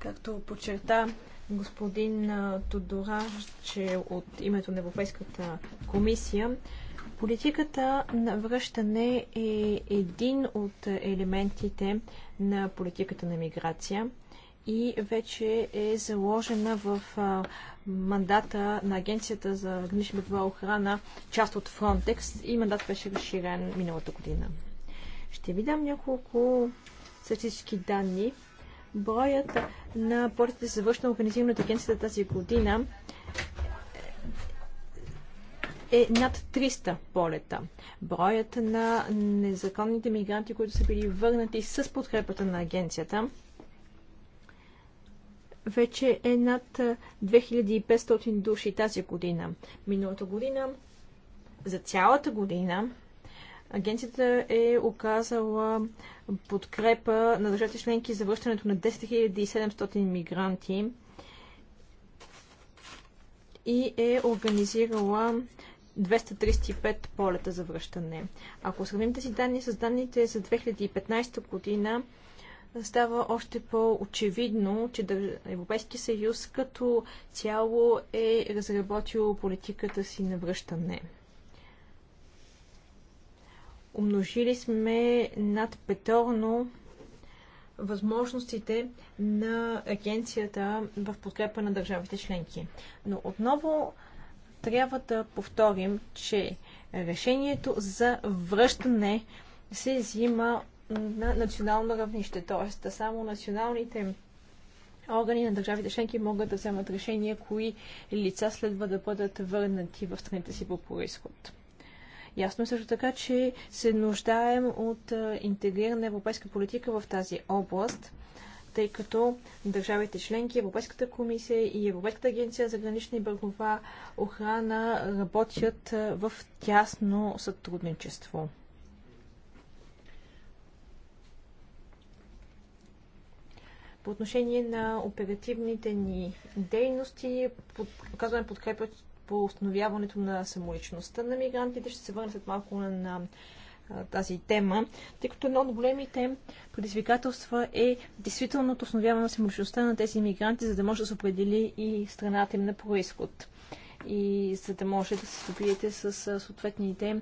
Както подчерта господин Тодора, че от името на Европейската комисия, политиката на връщане е един от елементите на политиката на миграция и вече е заложена в мандата на Агенцията за гранична битова охрана, част от Frontex и мандат беше разширен миналата година. Ще ви дам няколко статистически данни, Броят на портите се външна организирана от агенцията тази година е над 300 полета. Броят на незаконните мигранти, които са били върнати с подкрепата на агенцията, вече е над 2500 души тази година. Миналата година, за цялата година, Агенцията е оказала подкрепа на държавите членки за връщането на 10 700 мигранти и е организирала 235 полета за връщане. Ако сравним тези данни с данните за 2015 година, става още по-очевидно, че Европейския съюз като цяло е разработил политиката си на връщане умножили сме над петорно възможностите на агенцията в подкрепа на държавите членки. Но отново трябва да повторим, че решението за връщане се взима на национално равнище, т.е. само националните органи на държавите членки могат да вземат решение кои лица следва да бъдат върнати в страните си по происход. Ясно е също така, че се нуждаем от интегрирана европейска политика в тази област, тъй като държавите членки, Европейската комисия и Европейската агенция за гранична и бъргова охрана работят в тясно сътрудничество. По отношение на оперативните ни дейности, под, оказваме подкрепа по установяването на самоличността на мигрантите. Ще се върна след малко на, на тази тема, тъй като едно от големите предизвикателства е действителното установяване на самоличността на тези мигранти, за да може да се определи и страната им на происход и за да може да се стопиете с съответните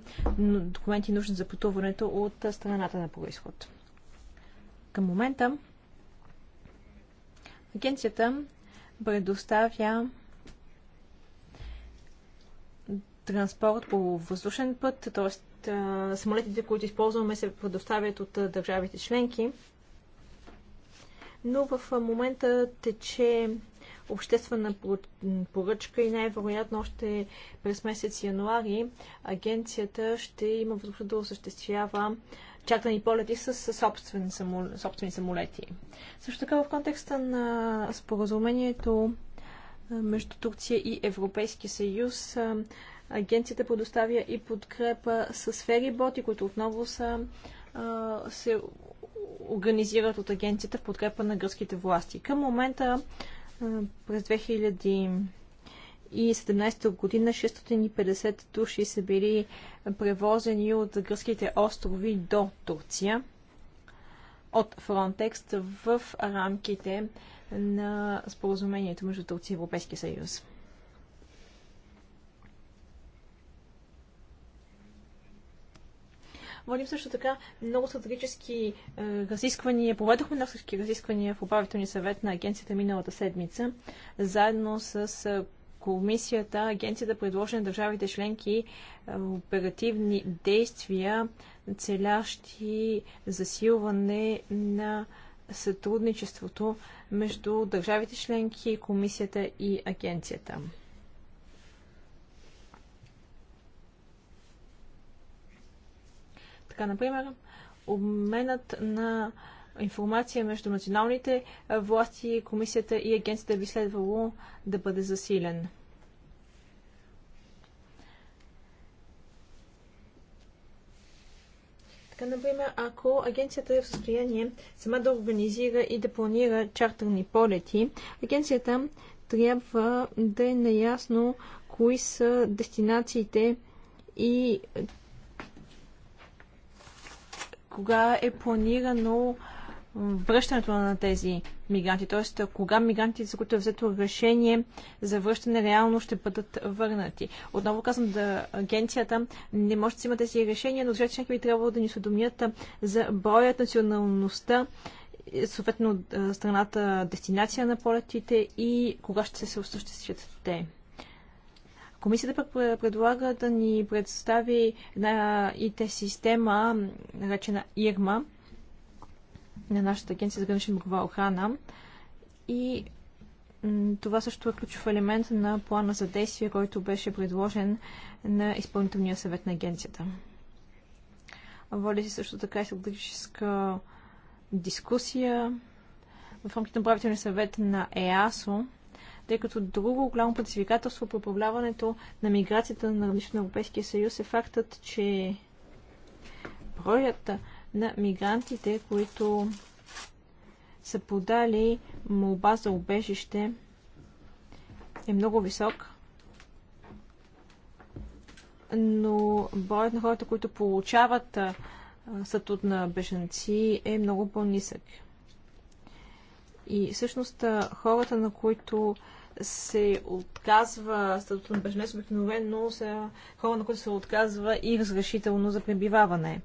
документи нужни за пътуването от страната на происход. Към момента агенцията предоставя транспорт по въздушен път, т.е. самолетите, които използваме, се предоставят от държавите членки. Но в момента тече обществена поръчка и най-вероятно още през месец януари агенцията ще има възможност да осъществява чакани полети с самол... собствени самолети. Също така в контекста на споразумението между Турция и Европейския съюз Агенцията предоставя и подкрепа с фериботи, които отново са, се организират от агенцията в подкрепа на гръцките власти. Към момента през 2017 година 650 души са били превозени от гръцките острови до Турция от Фронтекст в рамките на споразумението между Турция и Европейския съюз. Водим също така много стратегически е, разисквания. Поведохме много стратегически разисквания в управителния съвет на агенцията миналата седмица, заедно с е, комисията, агенцията предложи на държавите членки е, оперативни действия, целящи засилване на сътрудничеството между държавите членки, комисията и агенцията. Така, например, обменът на информация между националните власти, комисията и агенцията би следвало да бъде засилен. Така, например, ако агенцията е в състояние сама да организира и да планира чартерни полети, агенцията трябва да е наясно кои са дестинациите и кога е планирано връщането на тези мигранти, т.е. кога мигрантите, за които е взето решение за връщане, реално ще бъдат върнати. Отново казвам, да, агенцията не може да си има тези решения, но държавите членки би трябвало да ни съдомят за броят, националността, съответно страната, дестинация на полетите и кога ще се осъществят те. Комисията пък предлага да ни представи една ИТ система, наречена ИРМА, на нашата агенция за гранична брегова охрана. И това също е ключов елемент на плана за действие, който беше предложен на изпълнителния съвет на агенцията. Води се също така и стратегическа дискусия в рамките на правителния съвет на ЕАСО тъй като друго голямо предизвикателство по управляването на миграцията на различни Европейския съюз е фактът, че броят на мигрантите, които са подали молба за убежище, е много висок. Но броят на хората, които получават статут на беженци, е много по-нисък. И всъщност хората, на които се отказва статута на беженец, обикновено са хора, на които се отказва и разрешително за пребиваване.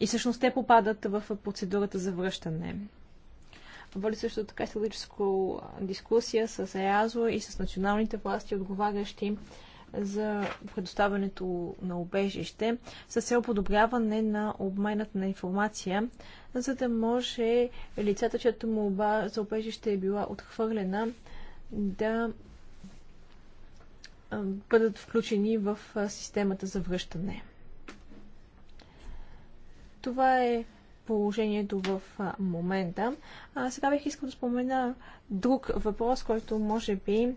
И всъщност те попадат в процедурата за връщане. Води също така историческа дискусия с ЕАЗО и с националните власти, отговарящи за предоставянето на обежище, с цел подобряване на обменът на информация, за да може лицата, чиято му оба за обежище е била отхвърлена, да бъдат включени в системата за връщане. Това е положението в момента. А сега бих искал да спомена друг въпрос, който може би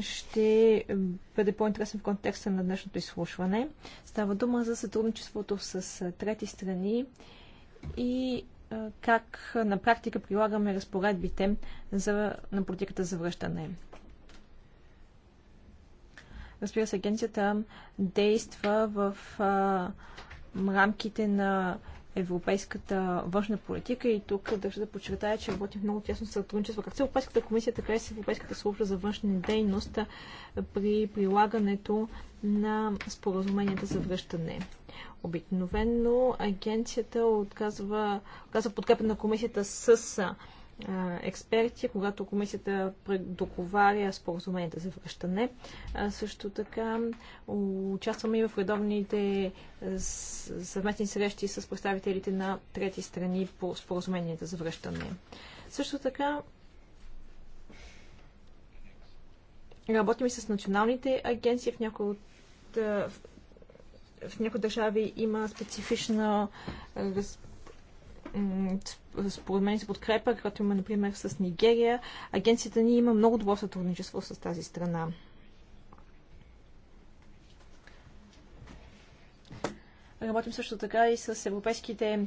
ще бъде по-интересен в контекста на днешното изслушване. Става дума за сътрудничеството с трети страни и как на практика прилагаме разпоредбите за, на политиката за връщане. Разбира се, агенцията действа в а, рамките на европейската външна политика и тук държа да подчертая, че работим много тясно сътрудничество Как с Европейската комисия, така и с Европейската служба за външна дейност при прилагането на споразуменията за връщане. Обикновено агенцията отказва, отказва подкрепа на комисията с експерти, когато комисията предоговаря споразуменията за връщане. Също така участваме и в редовните съвместни срещи с представителите на трети страни по споразуменията за връщане. Също така работим и с националните агенции в някои от в някои държави има специфична според мен се подкрепа, като има, например, с Нигерия. Агенцията ни има много добро сътрудничество с тази страна. Работим също така и с европейските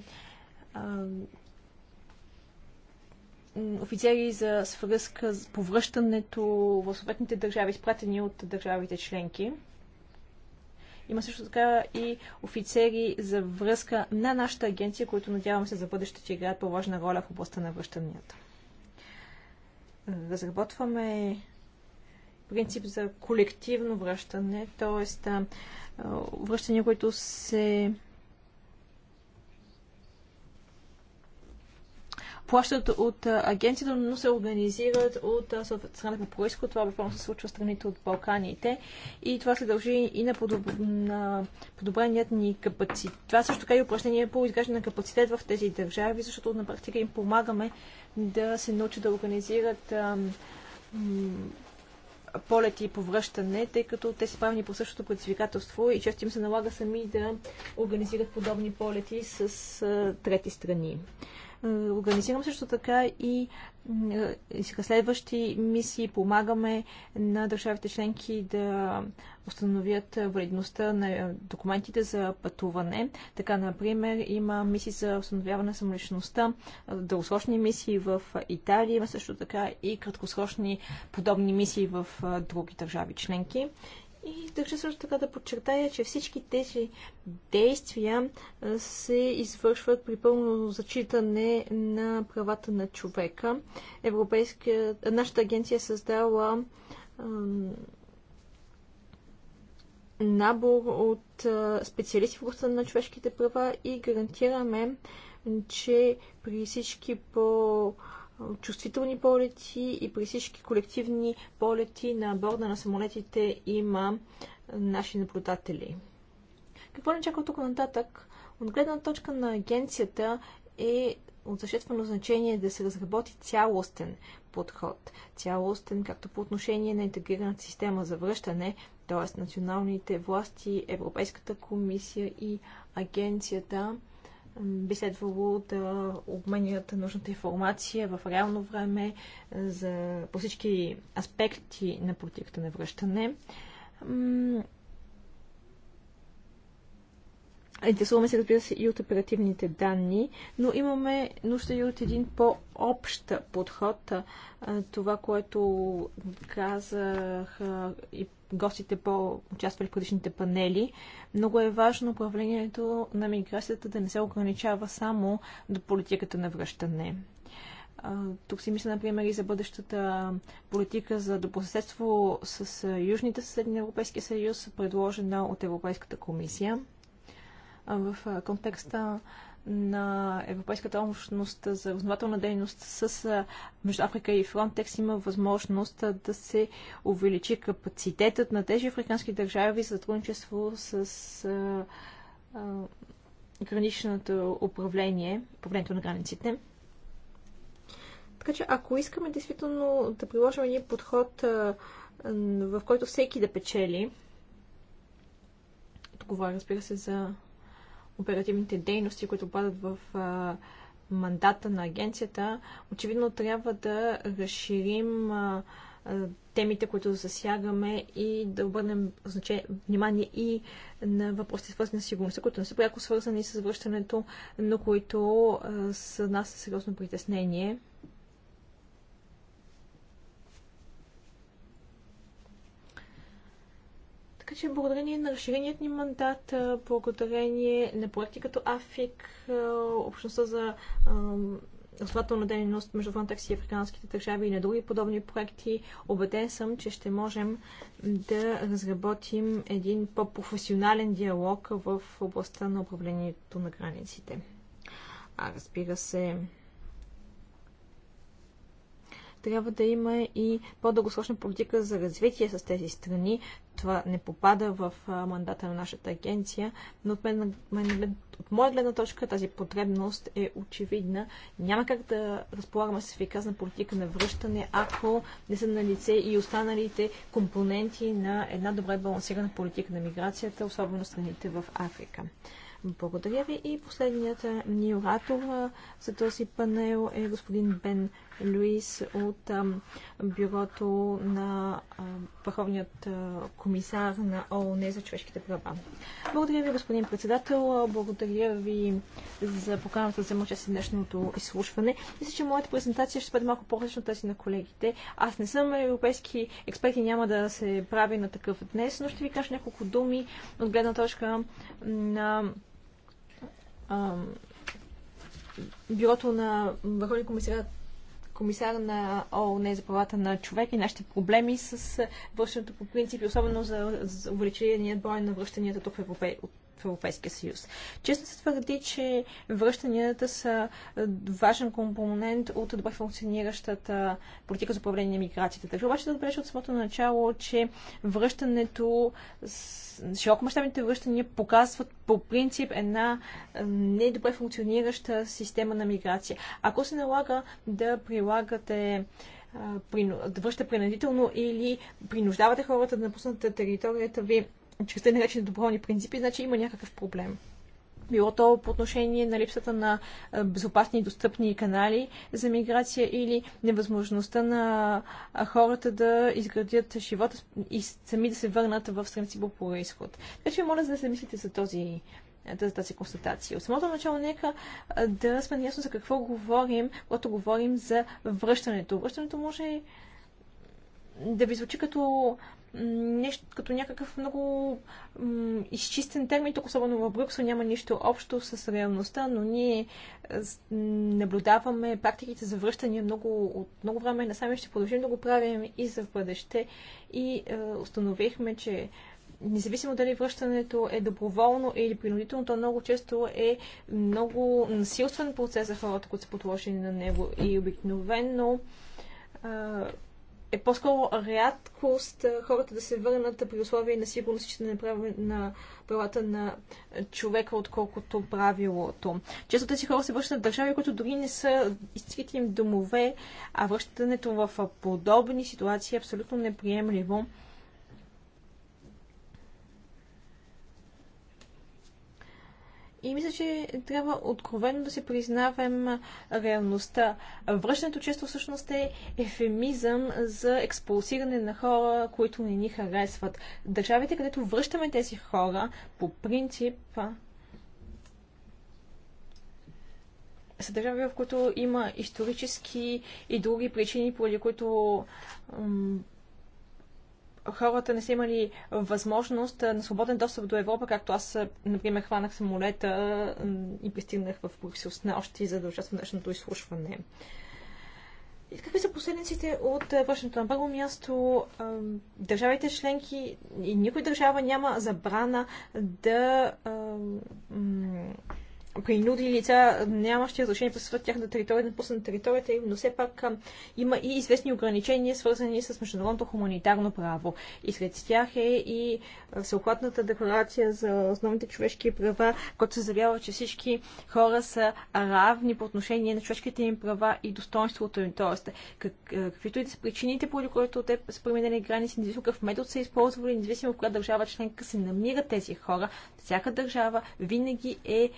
офицери за свръзка с повръщането в съответните държави, изпратени от държавите членки. Има също така и офицери за връзка на нашата агенция, които надявам се за бъдеще ще играят по-важна роля в областта на връщанията. Разработваме принцип за колективно връщане, т.е. връщания, които се плащат от агенцията, но се организират от страната по происход. Това буквално се случва в страните от Балканите. И това се дължи и на, подоб... на подобреният ни капацитет. Това също така е и упражнение по изграждане на капацитет в тези държави, защото на практика им помагаме да се научат да организират ам, полети и повръщане, тъй като те са правени по същото предизвикателство и често им се налага сами да организират подобни полети с а, трети страни. Организирам също така и следващи мисии. Помагаме на държавите членки да установят вредността на е, документите за пътуване. Така, например, има мисии за установяване на самоличността, дългосрочни мисии в Италия, има също така и краткосрочни подобни мисии в други държави членки. И държа също така да подчертая, че всички тези действия се извършват при пълно зачитане на правата на човека. Европейска... Нашата агенция е създала набор от специалисти в областта на човешките права и гарантираме, че при всички по- чувствителни полети и при всички колективни полети на борда на самолетите има наши наблюдатели. Какво ни чака тук нататък? От гледна точка на агенцията е от съществено значение да се разработи цялостен подход. Цялостен, както по отношение на интегрираната система за връщане, т.е. националните власти, Европейската комисия и агенцията би следвало да обменят нужната информация в реално време за, по всички аспекти на политиката на връщане Интересуваме се, разбира се, и от оперативните данни, но имаме нужда и от един по-общ подход. Това, което казах и гостите по участвали в предишните панели, много е важно управлението на миграцията да не се ограничава само до политиката на връщане. Тук си мисля, например, и за бъдещата политика за добросъседство с южните съседни на Европейския съюз, предложена от Европейската комисия в контекста на Европейската общност за основателна дейност с между Африка и Фронтекс има възможност да се увеличи капацитетът на тези африкански държави за сътрудничество с а, а, граничното управление, управлението на границите. Така че, ако искаме действително да приложим един подход, а, в който всеки да печели, тук говоря, разбира се, за оперативните дейности, които падат в а, мандата на агенцията, очевидно трябва да разширим а, темите, които засягаме и да обърнем внимание и на въпроси свързани с сигурността, които не са пряко свързани с връщането, но които а, са нас сериозно притеснение. Така че благодарение на разширеният ни мандат, благодарение на проекти като АФИК, общността за основателна дейност между Фронтекс и африканските държави и на други подобни проекти, убеден съм, че ще можем да разработим един по-професионален диалог в областта на управлението на границите. А разбира се, трябва да има и по-дългосрочна политика за развитие с тези страни. Това не попада в мандата на нашата агенция, но от, мен, мен, от моя гледна точка тази потребност е очевидна. Няма как да разполагаме с ефикасна политика на връщане, ако не са на лице и останалите компоненти на една добре балансирана политика на миграцията, особено страните в Африка. Благодаря ви. И последният ни оратор за този панел е господин Бен Луис от бюрото на Върховният комисар на ООН за човешките права. Благодаря ви, господин председател. Благодаря ви за поканата за участие в днешното изслушване. Мисля, че моята презентация ще бъде малко по-различна от тази на колегите. Аз не съм европейски експерт и няма да се прави на такъв днес, но ще ви кажа няколко думи от гледна точка на бюрото на Върховния комисар комисар на ООН за правата на човек и нашите проблеми с връщането по принцип, особено за, за увеличение брой на връщанията тук в Европей. от в Европейския съюз. Често се твърди, че връщанията са важен компонент от добре функциониращата политика за управление на миграцията. Така обаче да отбележа от самото начало, че връщането, широкомащабните връщания показват по принцип една недобре функционираща система на миграция. Ако се налага да прилагате да връщате принудително или принуждавате хората да напуснат територията ви чрез те наречени доброволни принципи, значи има някакъв проблем. Било то по отношение на липсата на безопасни и достъпни канали за миграция или невъзможността на хората да изградят живота и сами да се върнат в страници по происход. Така че моля да се мислите за този за тази констатация. От самото начало нека да сме ясно за какво говорим, когато говорим за връщането. Връщането може да ви звучи като нещо като някакъв много изчистен термин, тук особено в Брюксел няма нищо общо с реалността, но ние наблюдаваме практиките за връщания много, от много време насам и ще продължим да го правим и за бъдеще. И е, установихме, че независимо дали връщането е доброволно или принудително, то много често е много насилствен процес за хората, които са подложени на него и обикновено е, е по-скоро рядкост хората да се върнат при условия на сигурност, че не прави на правата на човека, отколкото правилото. Често тези хора се връщат в държави, които дори не са изцвите им домове, а връщането в подобни ситуации е абсолютно неприемливо. И мисля, че трябва откровено да се признавам реалността. Връщането често всъщност е ефемизъм за експулсиране на хора, които не ни харесват. Държавите, където връщаме тези хора, по принцип са държави, в които има исторически и други причини, поради които хората не са имали възможност на свободен достъп до Европа, както аз, например, хванах самолета и пристигнах в Брюксел с нощи, за да участвам в днешното изслушване. И какви са последниците от вършенето на първо място? Държавите членки и никой държава няма забрана да принуди лица, нямащи разрешение през тях на да пуснат територията им, но все пак а, има и известни ограничения, свързани с международното хуманитарно право. И сред тях е и Всеохватната декларация за основните човешки права, която се заявява, че всички хора са равни по отношение на човешките им права и достоинството им. Тоест, как, каквито и да са причините, поради които те са променени граници, независимо какъв метод са използвали, независимо в коя държава членка се намират тези хора, всяка държава винаги е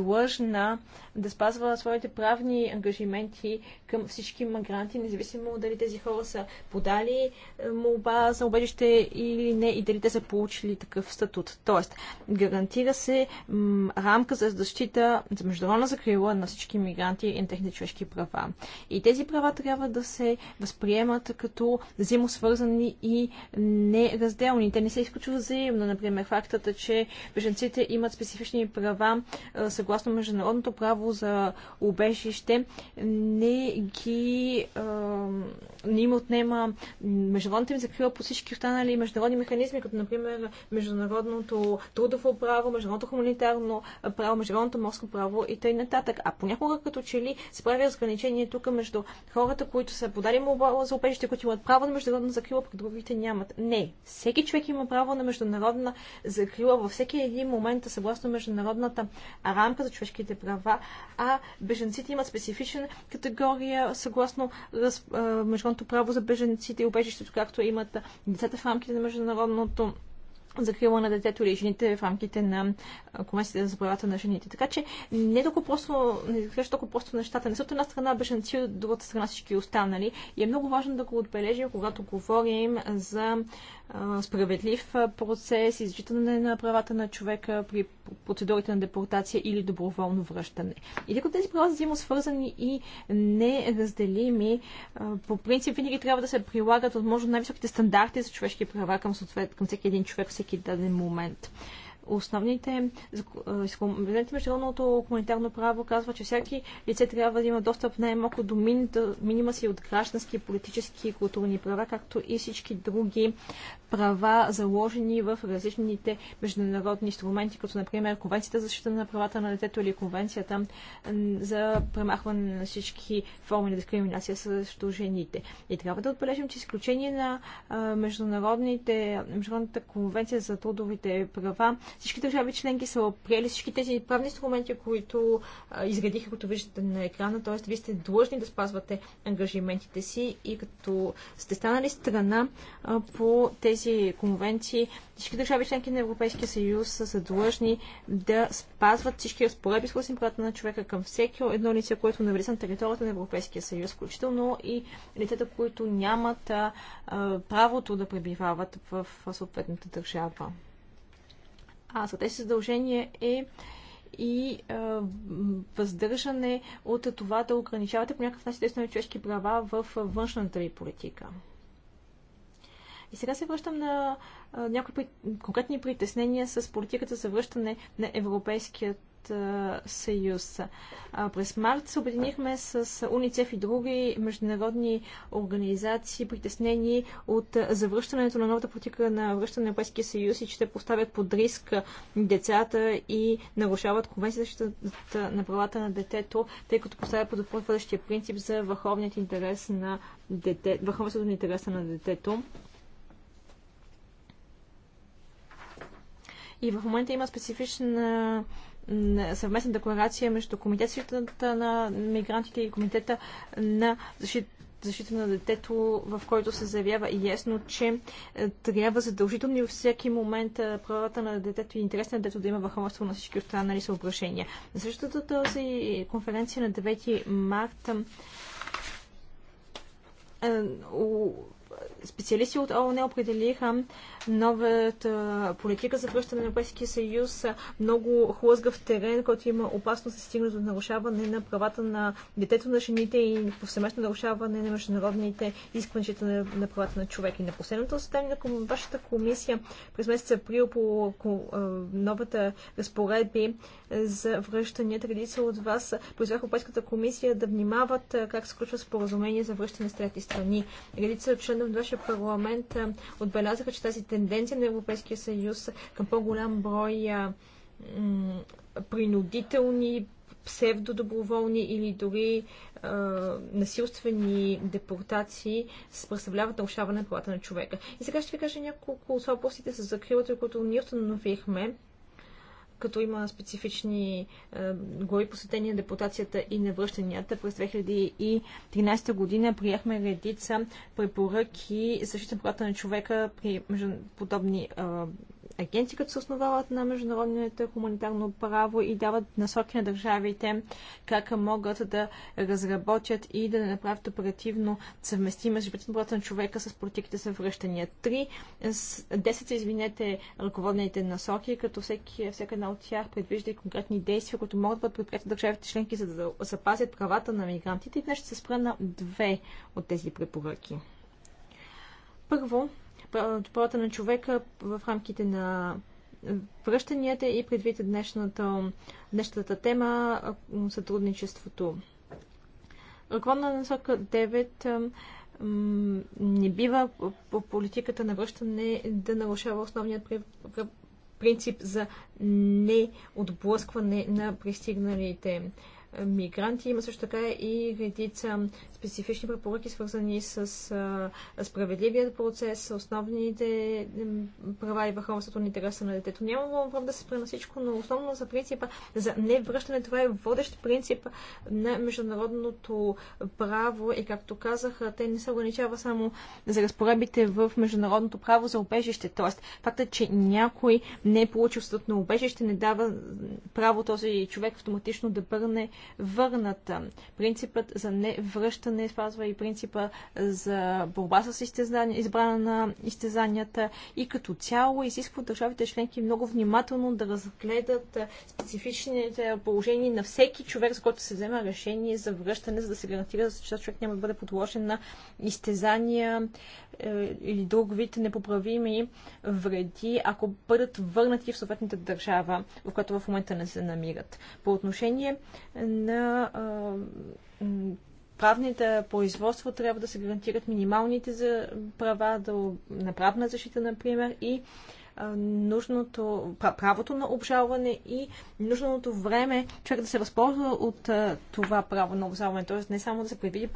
длъжна да спазва своите правни ангажименти към всички мигранти, независимо дали тези хора са подали е, молба за убежище или не и дали те са получили такъв статут. Тоест, гарантира се рамка за защита, за международна закрила на всички мигранти и на техните човешки права. И тези права трябва да се възприемат като взаимосвързани и неразделни. Те не се изключват взаимно. Например, фактата, че беженците имат специфични права, е, са съгласно международното право за убежище не ги а, не им отнема международната им закрила по всички останали международни механизми, като например международното трудово право, международното хуманитарно право, международното морско право и т.н. А понякога като че ли се прави разграничение тук между хората, които са подали му за убежище, които имат право на международна закрила, пък другите нямат. Не. Всеки човек има право на международна закрила във всеки един момент, съгласно международната рамка рамка за човешките права, а беженците имат специфична категория съгласно международното право за беженците и убежището, както имат децата в рамките на международното закрила на детето или жените в рамките на Комисията за правата на жените. Така че не е толкова просто, не кажа толкова просто нещата. Не са от една страна беженци, от другата страна всички останали. И е много важно да го отбележим, когато говорим за справедлив процес, изжитане на правата на човека при процедурите на депортация или доброволно връщане. И тъй като тези права са взаимосвързани и неразделими, по принцип винаги трябва да се прилагат може най-високите стандарти за човешки права към, съответ, към всеки един човек, всеки даден момент. Основните изкомбинати международното хуманитарно право казва, че всяки лице трябва да има достъп най-малко до минима си от граждански, политически и културни права, както и всички други права, заложени в различните международни инструменти, като например Конвенцията за защита на правата на детето или Конвенцията за премахване на всички форми на дискриминация срещу жените. И трябва да отбележим, че изключение на международните, Международната конвенция за трудовите права, всички държави членки са приели всички тези правни инструменти, които изградиха, като виждате на екрана, т.е. вие сте длъжни да спазвате ангажиментите си и като сте станали страна по тези тези конвенции, всички държави членки на Европейския съюз са задължни да спазват всички разпоредби, свързани правата на човека към всеки едно лице, което навлиза на територията на Европейския съюз, включително и лицата, които нямат а, правото да пребивават в, в съответната държава. А за тези задължения е и а, въздържане от това да ограничавате по някакъв начин на човешки права в външната ви политика. И сега се връщам на някои конкретни притеснения с политиката за връщане на Европейският съюз. През март се объединихме с УНИЦЕФ и други международни организации, притеснени от завръщането на новата политика на връщане на Европейския съюз и че те поставят под риск децата и нарушават конвенцията на правата на детето, тъй като поставят под въпрос принцип за върховният интерес на дете, върховенството на интереса на детето. И в момента има специфична съвместна декларация между Комитета на мигрантите и Комитета на защита защита на детето, в който се заявява и ясно, че е, трябва задължително и във всеки момент е, правата на детето и интерес на детето да има върховенство на всички останали съображения. На същата тази конференция на 9 марта е, специалисти от ООН определиха новата политика за връщане на Европейския съюз много хлъзгав терен, който има опасност да стигне до нарушаване на правата на детето на жените и повсеместно нарушаване на международните изкванчета на, на правата на човек. И на последното заседание на вашата комисия през месец април по новата разпоредби за връщане, традиция от вас призвах Европейската комисия да внимават как се включва споразумение за връщане с трети страни. Редица членове членове вашия парламент отбелязаха, че тази тенденция на Европейския съюз към по-голям брой принудителни, псевдодоброволни или дори насилствени депортации представляват нарушаване на правата на човека. И сега ще ви кажа няколко от въпросите с закрилата, които ние установихме като има специфични е, глави посетения на депутацията и на връщанията. През 2013 година приехме редица препоръки за защита правата на човека при подобни е, агенции, като се основават на международното хуманитарно право и дават насоки на държавите как могат да разработят и да направят оперативно съвместима с правата на човека с политиките за връщания. Три, десет, извинете, ръководните насоки, като всеки, всяка една от тях предвижда и конкретни действия, които могат да предприятят държавите членки, за да запазят правата на мигрантите. И днес ще се спра на две от тези препоръки. Първо, правата на човека в рамките на връщанията и предвид днешната, днешната тема сътрудничеството. Ръководна насока 9 не бива по политиката на връщане да нарушава основният принцип за неотблъскване на пристигналите мигранти. Има също така и редица специфични препоръки, свързани с справедливият процес, основните права и върховенството на интереса на детето. Няма прав да се спре на всичко, но основно за принципа за невръщане това е водещ принцип на международното право и както казах, те не се ограничава само за разпоредбите в международното право за обежище. Тоест, факта, че някой не е получил статут на обежище, не дава право този човек автоматично да бърне върната. Принципът за невръщане спазва и принципа за борба с изтезания, избрана на изтезанията и като цяло изисква държавите членки много внимателно да разгледат специфичните положения на всеки човек, за който се взема решение за връщане, за да се гарантира, че човек няма да бъде подложен на изтезания е, или друг вид непоправими вреди, ако бъдат върнати в съответната държава, в която в момента не се намират. По отношение на а, правните производства трябва да се гарантират минималните за права до, на правна защита, например, и нужното, правото на обжалване и нужното време човек да се възползва от това право на обжалване. т.е. не само да се предвиди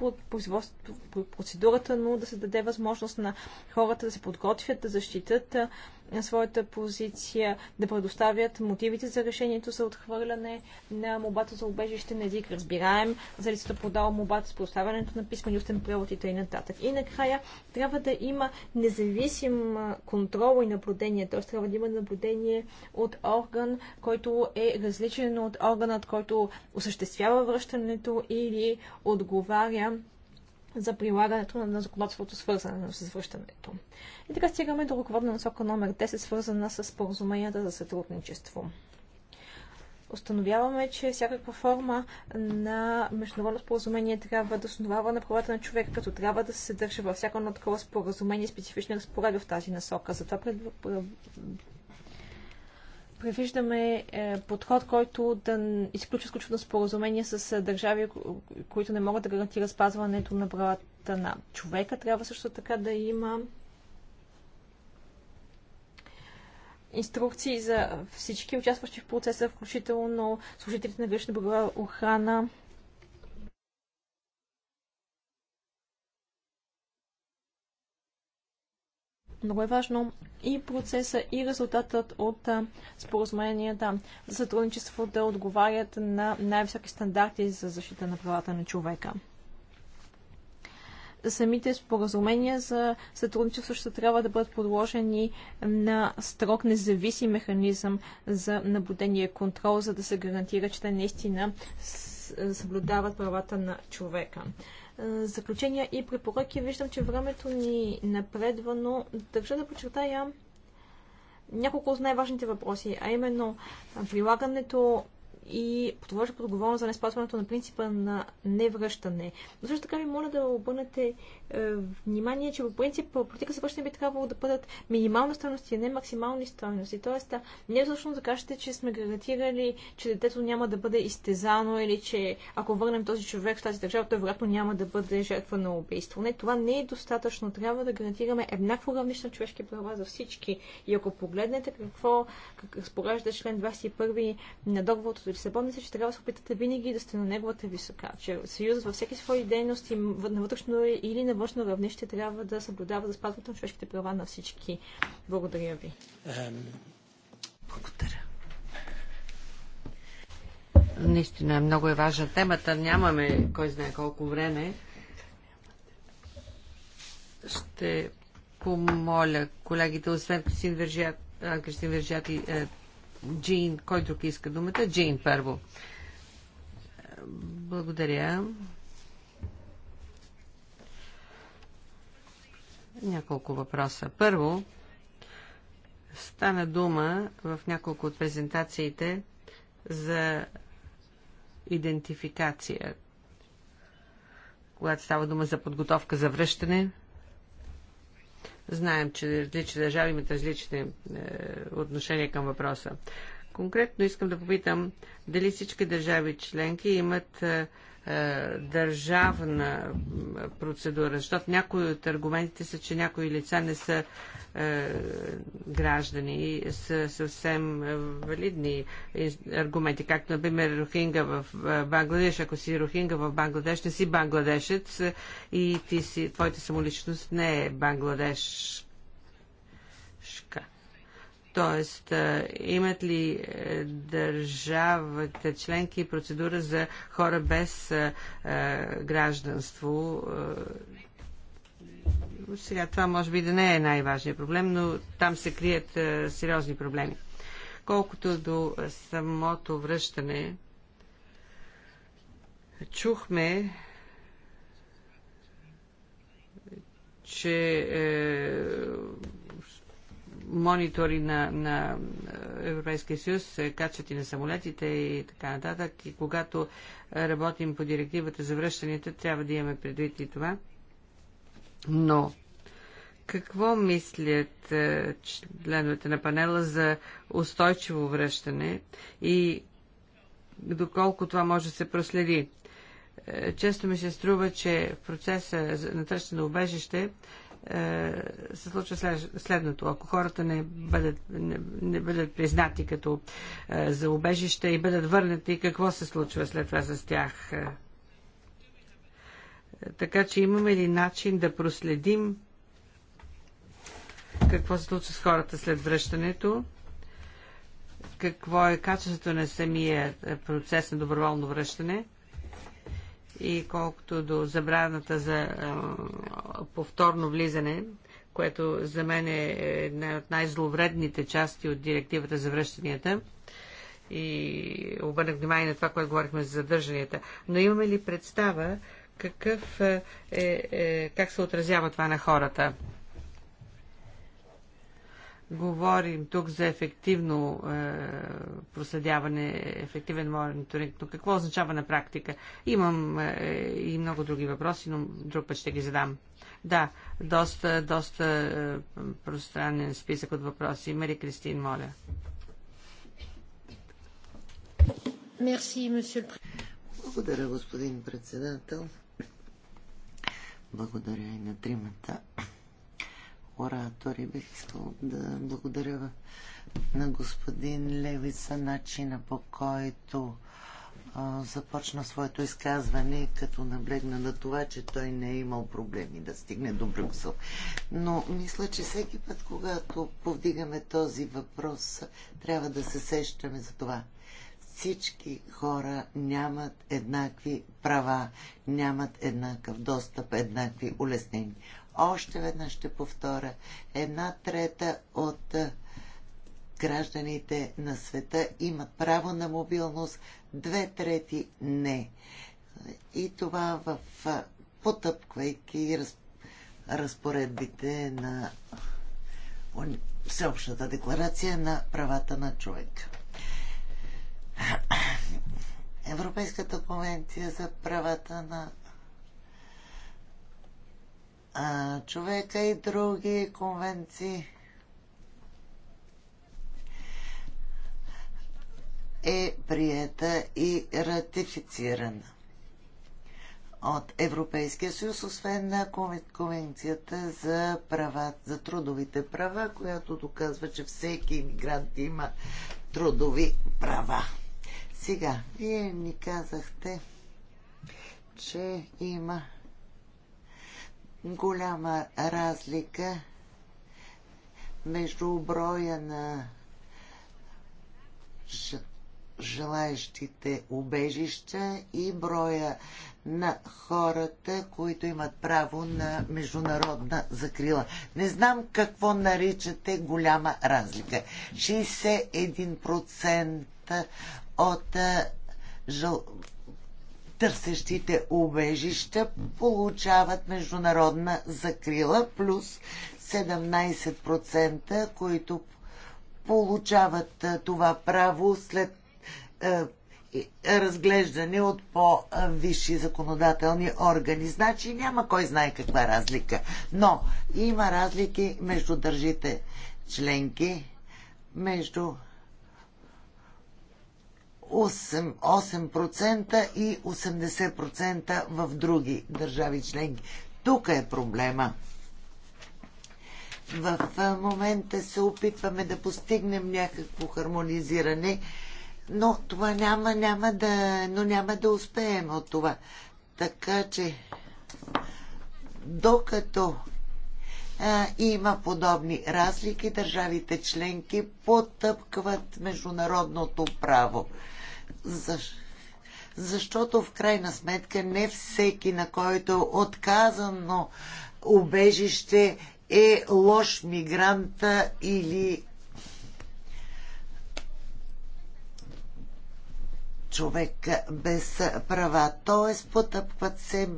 процедурата, но да се даде възможност на хората да се подготвят, да защитат своята позиция, да предоставят мотивите за решението за отхвърляне на мобата за убежище на език, разбираем, за лицата подал мобата с поставянето на писмени устен превод и т.н. И накрая трябва да има независим контрол и наблюдение, т.е. трябва да има наблюдение от орган, който е различен от органът, който осъществява връщането или отговаря за прилагането на законодателството, свързано с връщането. И така стигаме до ръководна насока номер 10, свързана с споразуменията за сътрудничество. Установяваме, че всякаква форма на международно споразумение трябва да основава на правата на човека, като трябва да се съдържа във всяко едно такова споразумение специфични разпоредби в тази насока. Затова пред... Превиждаме е, подход, който да изключва сключване споразумение с е, държави, които не могат да гарантират спазването на правата на човека. Трябва също така да има инструкции за всички участващи в процеса, включително служителите на гранична брегова охрана, Много е важно и процеса, и резултатът от споразуменията за сътрудничество да отговарят на най-високи стандарти за защита на правата на човека. Самите споразумения за сътрудничество ще трябва да бъдат подложени на строг независим механизъм за наблюдение и контрол, за да се гарантира, че те наистина съблюдават правата на човека заключения и препоръки. Виждам, че времето ни напредва, но държа да подчертая няколко от най-важните въпроси, а именно прилагането и подложа под отговорност за неспазването на принципа на невръщане. Но също така ви моля да обърнете е, внимание, че по принцип политика за връщане би трябвало да бъдат минимални стоености, а не максимални стоености. Тоест, не е всъщност да кажете, че сме гарантирали, че детето няма да бъде изтезано или че ако върнем този човек в тази държава, той вероятно няма да бъде жертва на убийство. Не, това не е достатъчно. Трябва да гарантираме еднакво равнище на човешки права за всички. И ако погледнете какво как, споражда член 21 на договорът от Лисабон, че трябва да се опитате винаги да сте на неговата висока. Че Съюзът във всеки свои дейности, на вътрешно или на външно равнище, трябва да съблюдава да спазват на човешките права на всички. Благодаря ви. Благодаря. Наистина, много е важна темата. Нямаме кой знае колко време. Ще помоля колегите, освен Кристин Вержият, Кристин Вержият и е, Джин, кой друг иска думата? Джин първо. Благодаря. Няколко въпроса. Първо, стана дума в няколко от презентациите за идентификация, когато става дума за подготовка за връщане Знаем, че различни държави имат различни е, отношения към въпроса. Конкретно искам да попитам дали всички държави членки имат е, е, държавна процедура, защото някои от аргументите са, че някои лица не са е, граждани и са съвсем е, валидни аргументи, както например Рохинга в е, Бангладеш. Ако си Рохинга в Бангладеш, не си бангладешец и ти си, твоята самоличност не е бангладешка. Тоест, имат ли е, държавата членки процедура за хора без гражданство? Сега това може би да не е най-важният проблем, но там се крият сериозни проблеми. Колкото до самото връщане, чухме, че е, монитори на, на Европейския съюз, е, качват и на самолетите и така нататък. И когато работим по директивата за връщанията, трябва да имаме предвид и това. Но какво мислят е, членовете на панела за устойчиво връщане и доколко това може да се проследи? Е, често ми се струва, че в процеса на търсене убежище е, се случва след, следното. Ако хората не бъдат, не, не бъдат признати като е, за убежище и бъдат върнати, какво се случва след това с тях? Е, така че имаме ли начин да проследим какво се случва с хората след връщането? Какво е качеството на самия е, процес на доброволно връщане? И колкото до забраната за е, повторно влизане, което за мен е една от най-зловредните части от директивата за връщанията, и обърнах внимание на това, което говорихме за задържанията. Но имаме ли представа какъв е, е, как се отразява това на хората? Говорим тук за ефективно е, проследяване, ефективен мониторинг, но какво означава на практика? Имам е, и много други въпроси, но друг път ще ги задам. Да, доста, доста е, пространен списък от въпроси. Мари Кристин, моля. Благодаря, господин председател. Благодаря и на тримата оратори. Бих искал да благодаря на господин Левица начина по който а, започна своето изказване, като наблегна на това, че той не е имал проблеми да стигне до Брюксел. Но мисля, че всеки път, когато повдигаме този въпрос, трябва да се сещаме за това всички хора нямат еднакви права, нямат еднакъв достъп, еднакви улеснения. Още веднъж ще повторя. Една трета от гражданите на света имат право на мобилност, две трети не. И това в потъпквайки разпоредбите на Всеобщата декларация на правата на човека. Европейската конвенция за правата на а, човека и други конвенции. е приета и ратифицирана от Европейския съюз, освен на Конвенцията за, права, за трудовите права, която доказва, че всеки иммигрант има трудови права. Сега, вие ни казахте, че има голяма разлика между броя на желаещите убежища и броя на хората, които имат право на международна закрила. Не знам какво наричате голяма разлика. 61% от жел търсещите убежища получават международна закрила, плюс 17%, които получават това право след разглеждане от по-висши законодателни органи. Значи няма кой знае каква разлика. Но има разлики между държите членки, между 8%, и 80% в други държави членки. Тук е проблема. В момента се опитваме да постигнем някакво хармонизиране, но това няма, няма да, но няма да успеем от това. Така че, докато а, има подобни разлики, държавите членки потъпкват международното право защото в крайна сметка не всеки, на който е отказано убежище, е лош мигрант или човек без права. Тоест потъпват се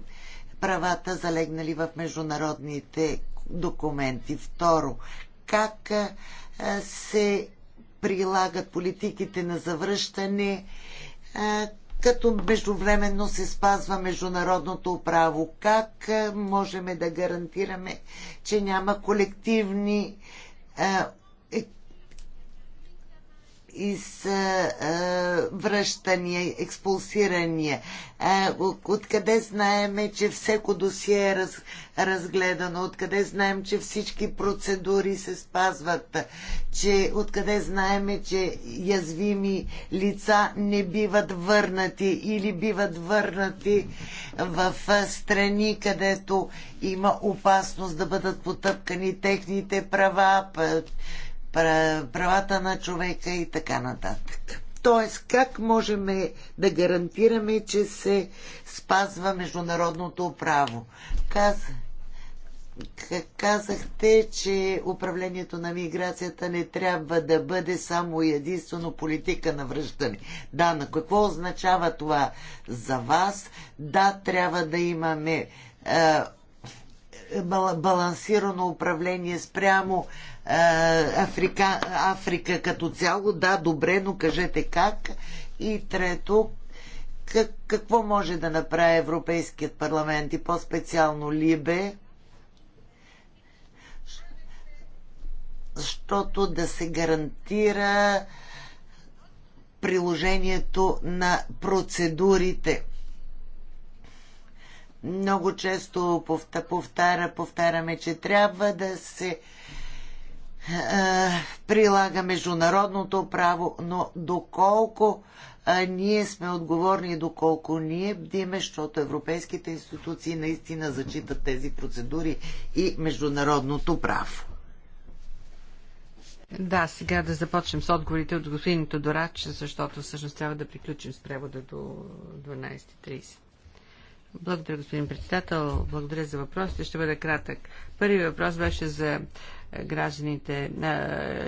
правата, залегнали в международните документи. Второ, как се прилагат политиките на завръщане е, като междувременно се спазва международното право. Как е, можем да гарантираме, че няма колективни е, връщания, експулсирания. Откъде знаеме, че всеко досие е раз, разгледано? Откъде знаем, че всички процедури се спазват? Че, откъде знаеме, че язвими лица не биват върнати или биват върнати в страни, където има опасност да бъдат потъпкани техните права, правата на човека и така нататък. Тоест, как можем да гарантираме, че се спазва международното право? Каз... казахте, че управлението на миграцията не трябва да бъде само единствено политика на връщане. Да, на какво означава това за вас? Да, трябва да имаме балансирано управление спрямо е, Африка, Африка като цяло. Да, добре, но кажете как. И трето, как, какво може да направи Европейският парламент и по-специално Либе, защото да се гарантира приложението на процедурите. Много често повтаря, повтаряме, че трябва да се е, прилага международното право, но доколко а, е, ние сме отговорни и доколко ние бдиме, защото европейските институции наистина зачитат тези процедури и международното право. Да, сега да започнем с отговорите от господин Тодорач, защото всъщност трябва да приключим с превода до 12.30. Благодаря, господин председател. Благодаря за въпросите. Ще бъда кратък. Първи въпрос беше за гражданите,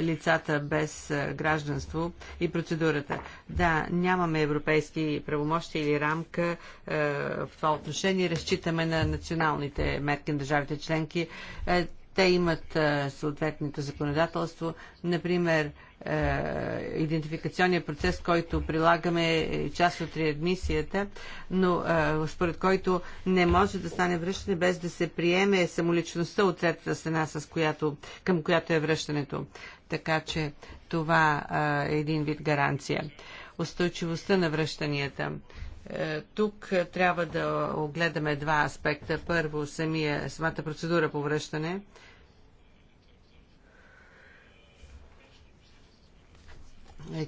лицата без гражданство и процедурата. Да, нямаме европейски правомощи или рамка в това отношение. Разчитаме на националните мерки на държавите членки. Е, те имат съответното законодателство. Например, е, идентификационния процес, който прилагаме е част от реадмисията, но е, според който не може да стане връщане без да се приеме самоличността от третата страна, с която, към която е връщането. Така че това е един вид гаранция. Устойчивостта на връщанията. Тук трябва да огледаме два аспекта. Първо, самия, самата процедура по връщане Е,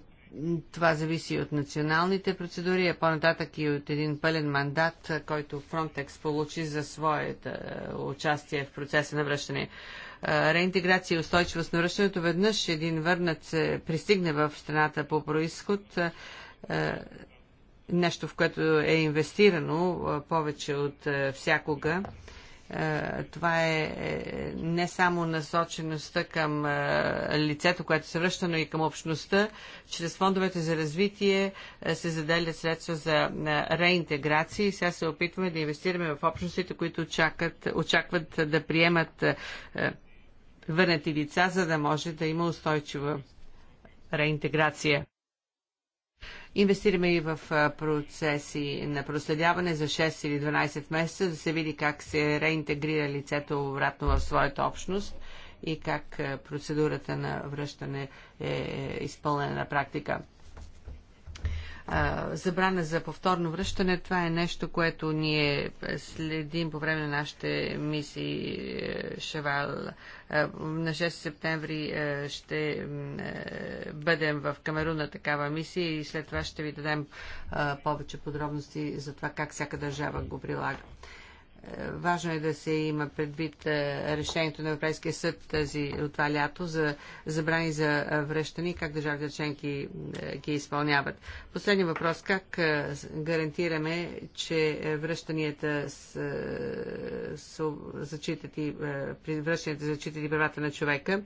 това зависи от националните процедури, а по-нататък и от един пълен мандат, който Frontex получи за своето участие в процеса на връщане. Е, реинтеграция и устойчивост на връщането веднъж един върнат се пристигне в страната по происход, е, нещо в което е инвестирано повече от всякога е, това е, е не само насочеността към е, лицето, което се връща, но и към общността. Чрез фондовете за развитие се заделят средства за реинтеграция и сега се опитваме да инвестираме в общностите, които чакат, очакват да приемат върнати лица, за да може да има устойчива реинтеграция. Инвестираме и в процеси на проследяване за 6 или 12 месеца, да се види как се реинтегрира лицето обратно в своята общност и как процедурата на връщане е, е изпълнена на практика забрана за повторно връщане, това е нещо, което ние следим по време на нашите мисии е, Шевал. На 6 септември е, ще е, бъдем в Камеруна на такава мисия и след това ще ви дадем повече подробности за това как всяка държава го прилага. Важно е да се има предвид е, решението на Европейския съд тази, от това лято за забрани за е, връщане и как държавите членки е, ги изпълняват. Последният въпрос. Как гарантираме, че връщанията с, с, връщанията зачитати правата на човека?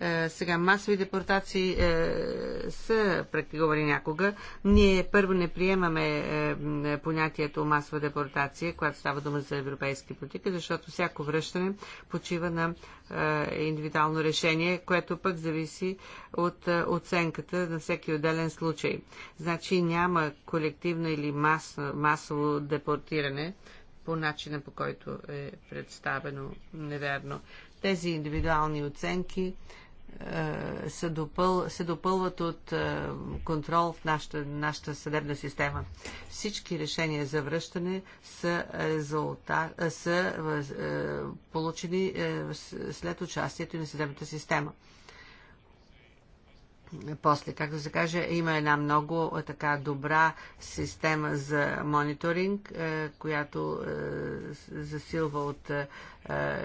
Е, сега масови депортации е, са практикували някога. Ние първо не приемаме е, понятието масова депортация, когато става дума за европейски политика, защото всяко връщане почива на индивидуално решение, което пък зависи от оценката на всеки отделен случай. Значи няма колективно или масово, масово депортиране по начина по който е представено невярно. Тези индивидуални оценки се, допъл, се допълват от е, контрол в нашата, нашата съдебна система. Всички решения за връщане са, е, резулта, са е, получени след участието на съдебната система после, както се каже, има една много е, така добра система за мониторинг, е, която е, засилва от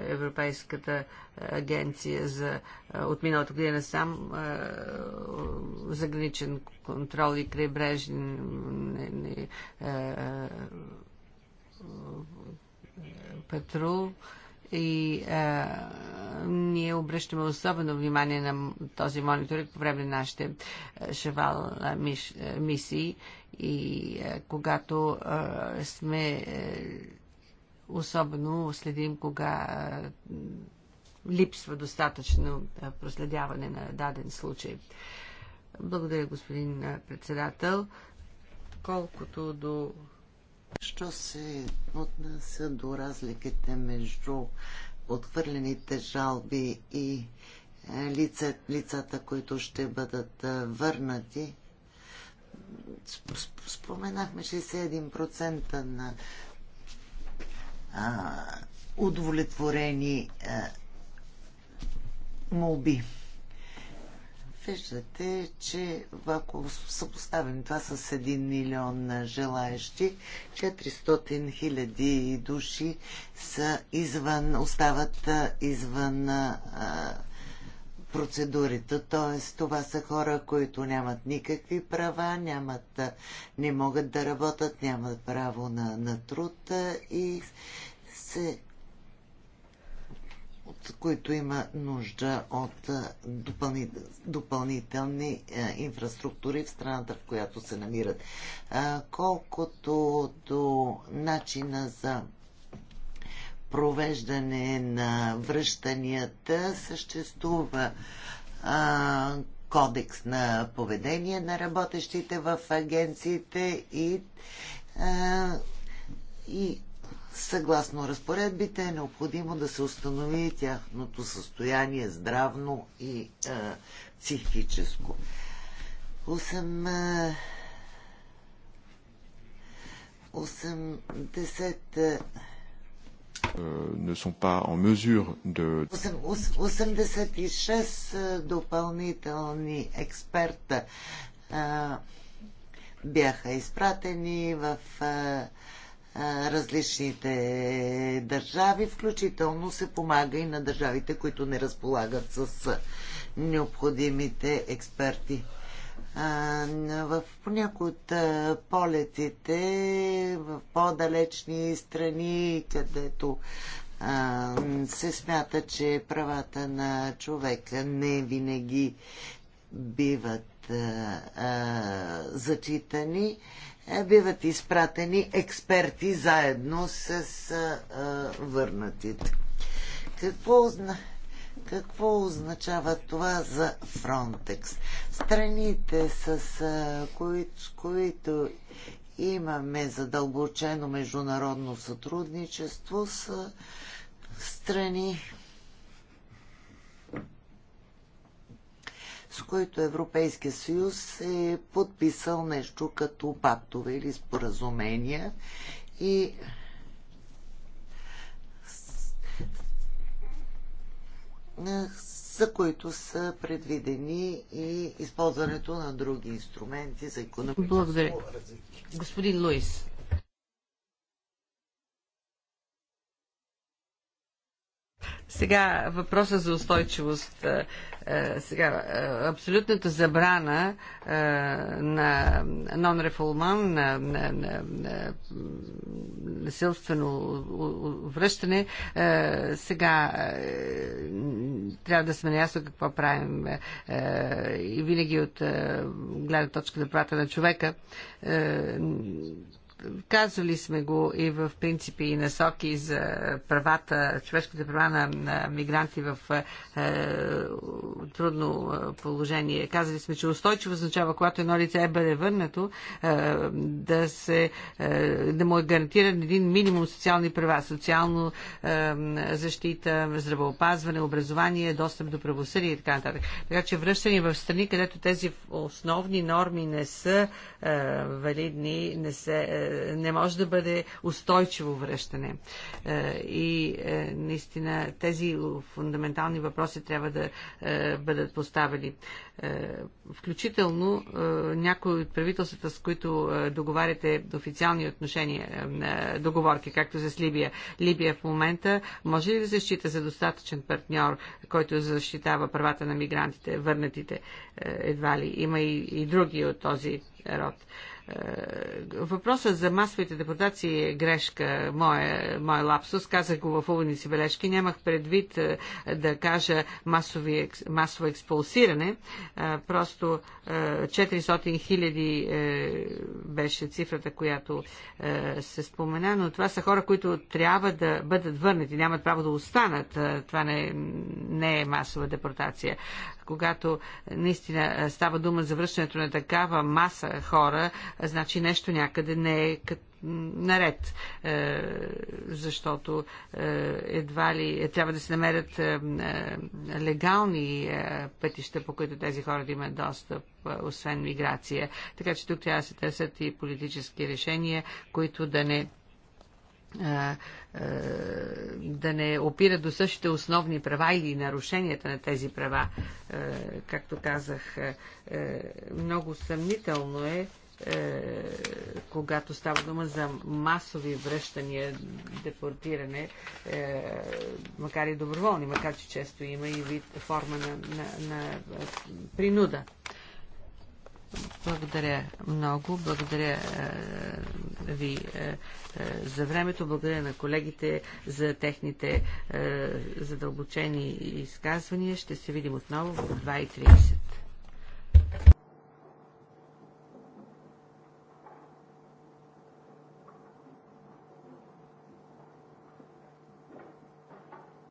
Европейската агенция за от миналото година сам заграничен контрол и крайбрежен патрул и а, ние обръщаме особено внимание на този мониторинг по време на нашите шевал миш, мисии и а, когато а, сме а, е, особено следим кога а, липсва достатъчно а, проследяване на даден случай. Благодаря, господин председател. Колкото до Що се отнася до разликите между отхвърлените жалби и е, лица, лицата, които ще бъдат е, върнати, споменахме 61% на а, удовлетворени а, е, молби. Виждате, че ако съпоставим това с 1 милион желаящи, 400 хиляди души са извън, остават извън а, процедурите. Тоест, това са хора, които нямат никакви права, нямат, не могат да работят, нямат право на, на труд и се от които има нужда от допълни, допълнителни инфраструктури в страната, в която се намират. Колкото до начина за провеждане на връщанията, съществува кодекс на поведение на работещите в агенциите и, и Съгласно разпоредбите е необходимо да се установи тяхното състояние здравно и е, психическо. 8, 80 не са па en mesure de... 86 допълнителни експерта а, бяха изпратени в а, различните държави, включително се помага и на държавите, които не разполагат с необходимите експерти. В някои от полетите в по-далечни страни, където се смята, че правата на човека не винаги биват зачитани, е, биват изпратени експерти заедно с върнатите. Какво Какво означава това за Фронтекс? Страните, с, кои, с които имаме задълбочено международно сътрудничество, са страни, с които Европейския съюз е подписал нещо като пактове или споразумения и за които са предвидени и използването на други инструменти за економическо развитие. Господин Луис. Сега въпроса за устойчивост. Е, е, сега, е, абсолютната забрана на нон-рефулман, на, на, на, на насилствено връщане, сега трябва да сме наясно какво правим и винаги от гледна точка на правата на човека Казвали сме го и в принципи и насоки за правата, човешките права на, на мигранти в е, трудно е, положение. Казали сме, че устойчиво означава, когато едно лице е бъде върнато, е, да, се, е, да му е гарантиран един минимум социални права, социално е, защита, здравеопазване, образование, достъп до правосъдие и така нататък. Така че връщане в страни, където тези основни норми не са е, валидни, не се е, не може да бъде устойчиво връщане. Е, и е, наистина тези фундаментални въпроси трябва да е, бъдат поставени. Включително някои от правителствата, с които договаряте официални отношения, договорки, както за с Либия. Либия в момента може ли да се счита за достатъчен партньор, който защитава правата на мигрантите, върнатите едва ли? Има и, и други от този род. Е, въпросът за масовите депутации е грешка, моя, моя лапсус. Казах го в уводни си бележки. Нямах предвид е, да кажа масови, масово експулсиране. Е, просто 400 хиляди беше цифрата, която се спомена, но това са хора, които трябва да бъдат върнати, нямат право да останат. Това не, не е масова депортация когато наистина става дума за връщането на такава маса хора, значи нещо някъде не е наред, е, защото е, едва ли е, трябва да се намерят легални пътища, по които тези хора да имат достъп, освен миграция. Така че тук трябва да се търсят и политически решения, които да не да не опира до същите основни права или нарушенията на тези права. Както казах, е, много съмнително е, е, когато става дума за масови връщания, депортиране, е, макар и доброволни, макар че често има и вид форма на, на, на принуда. Благодаря много. Благодаря е, ви е, е, за времето. Благодаря на колегите за техните е, задълбочени изказвания. Ще се видим отново в 2.30.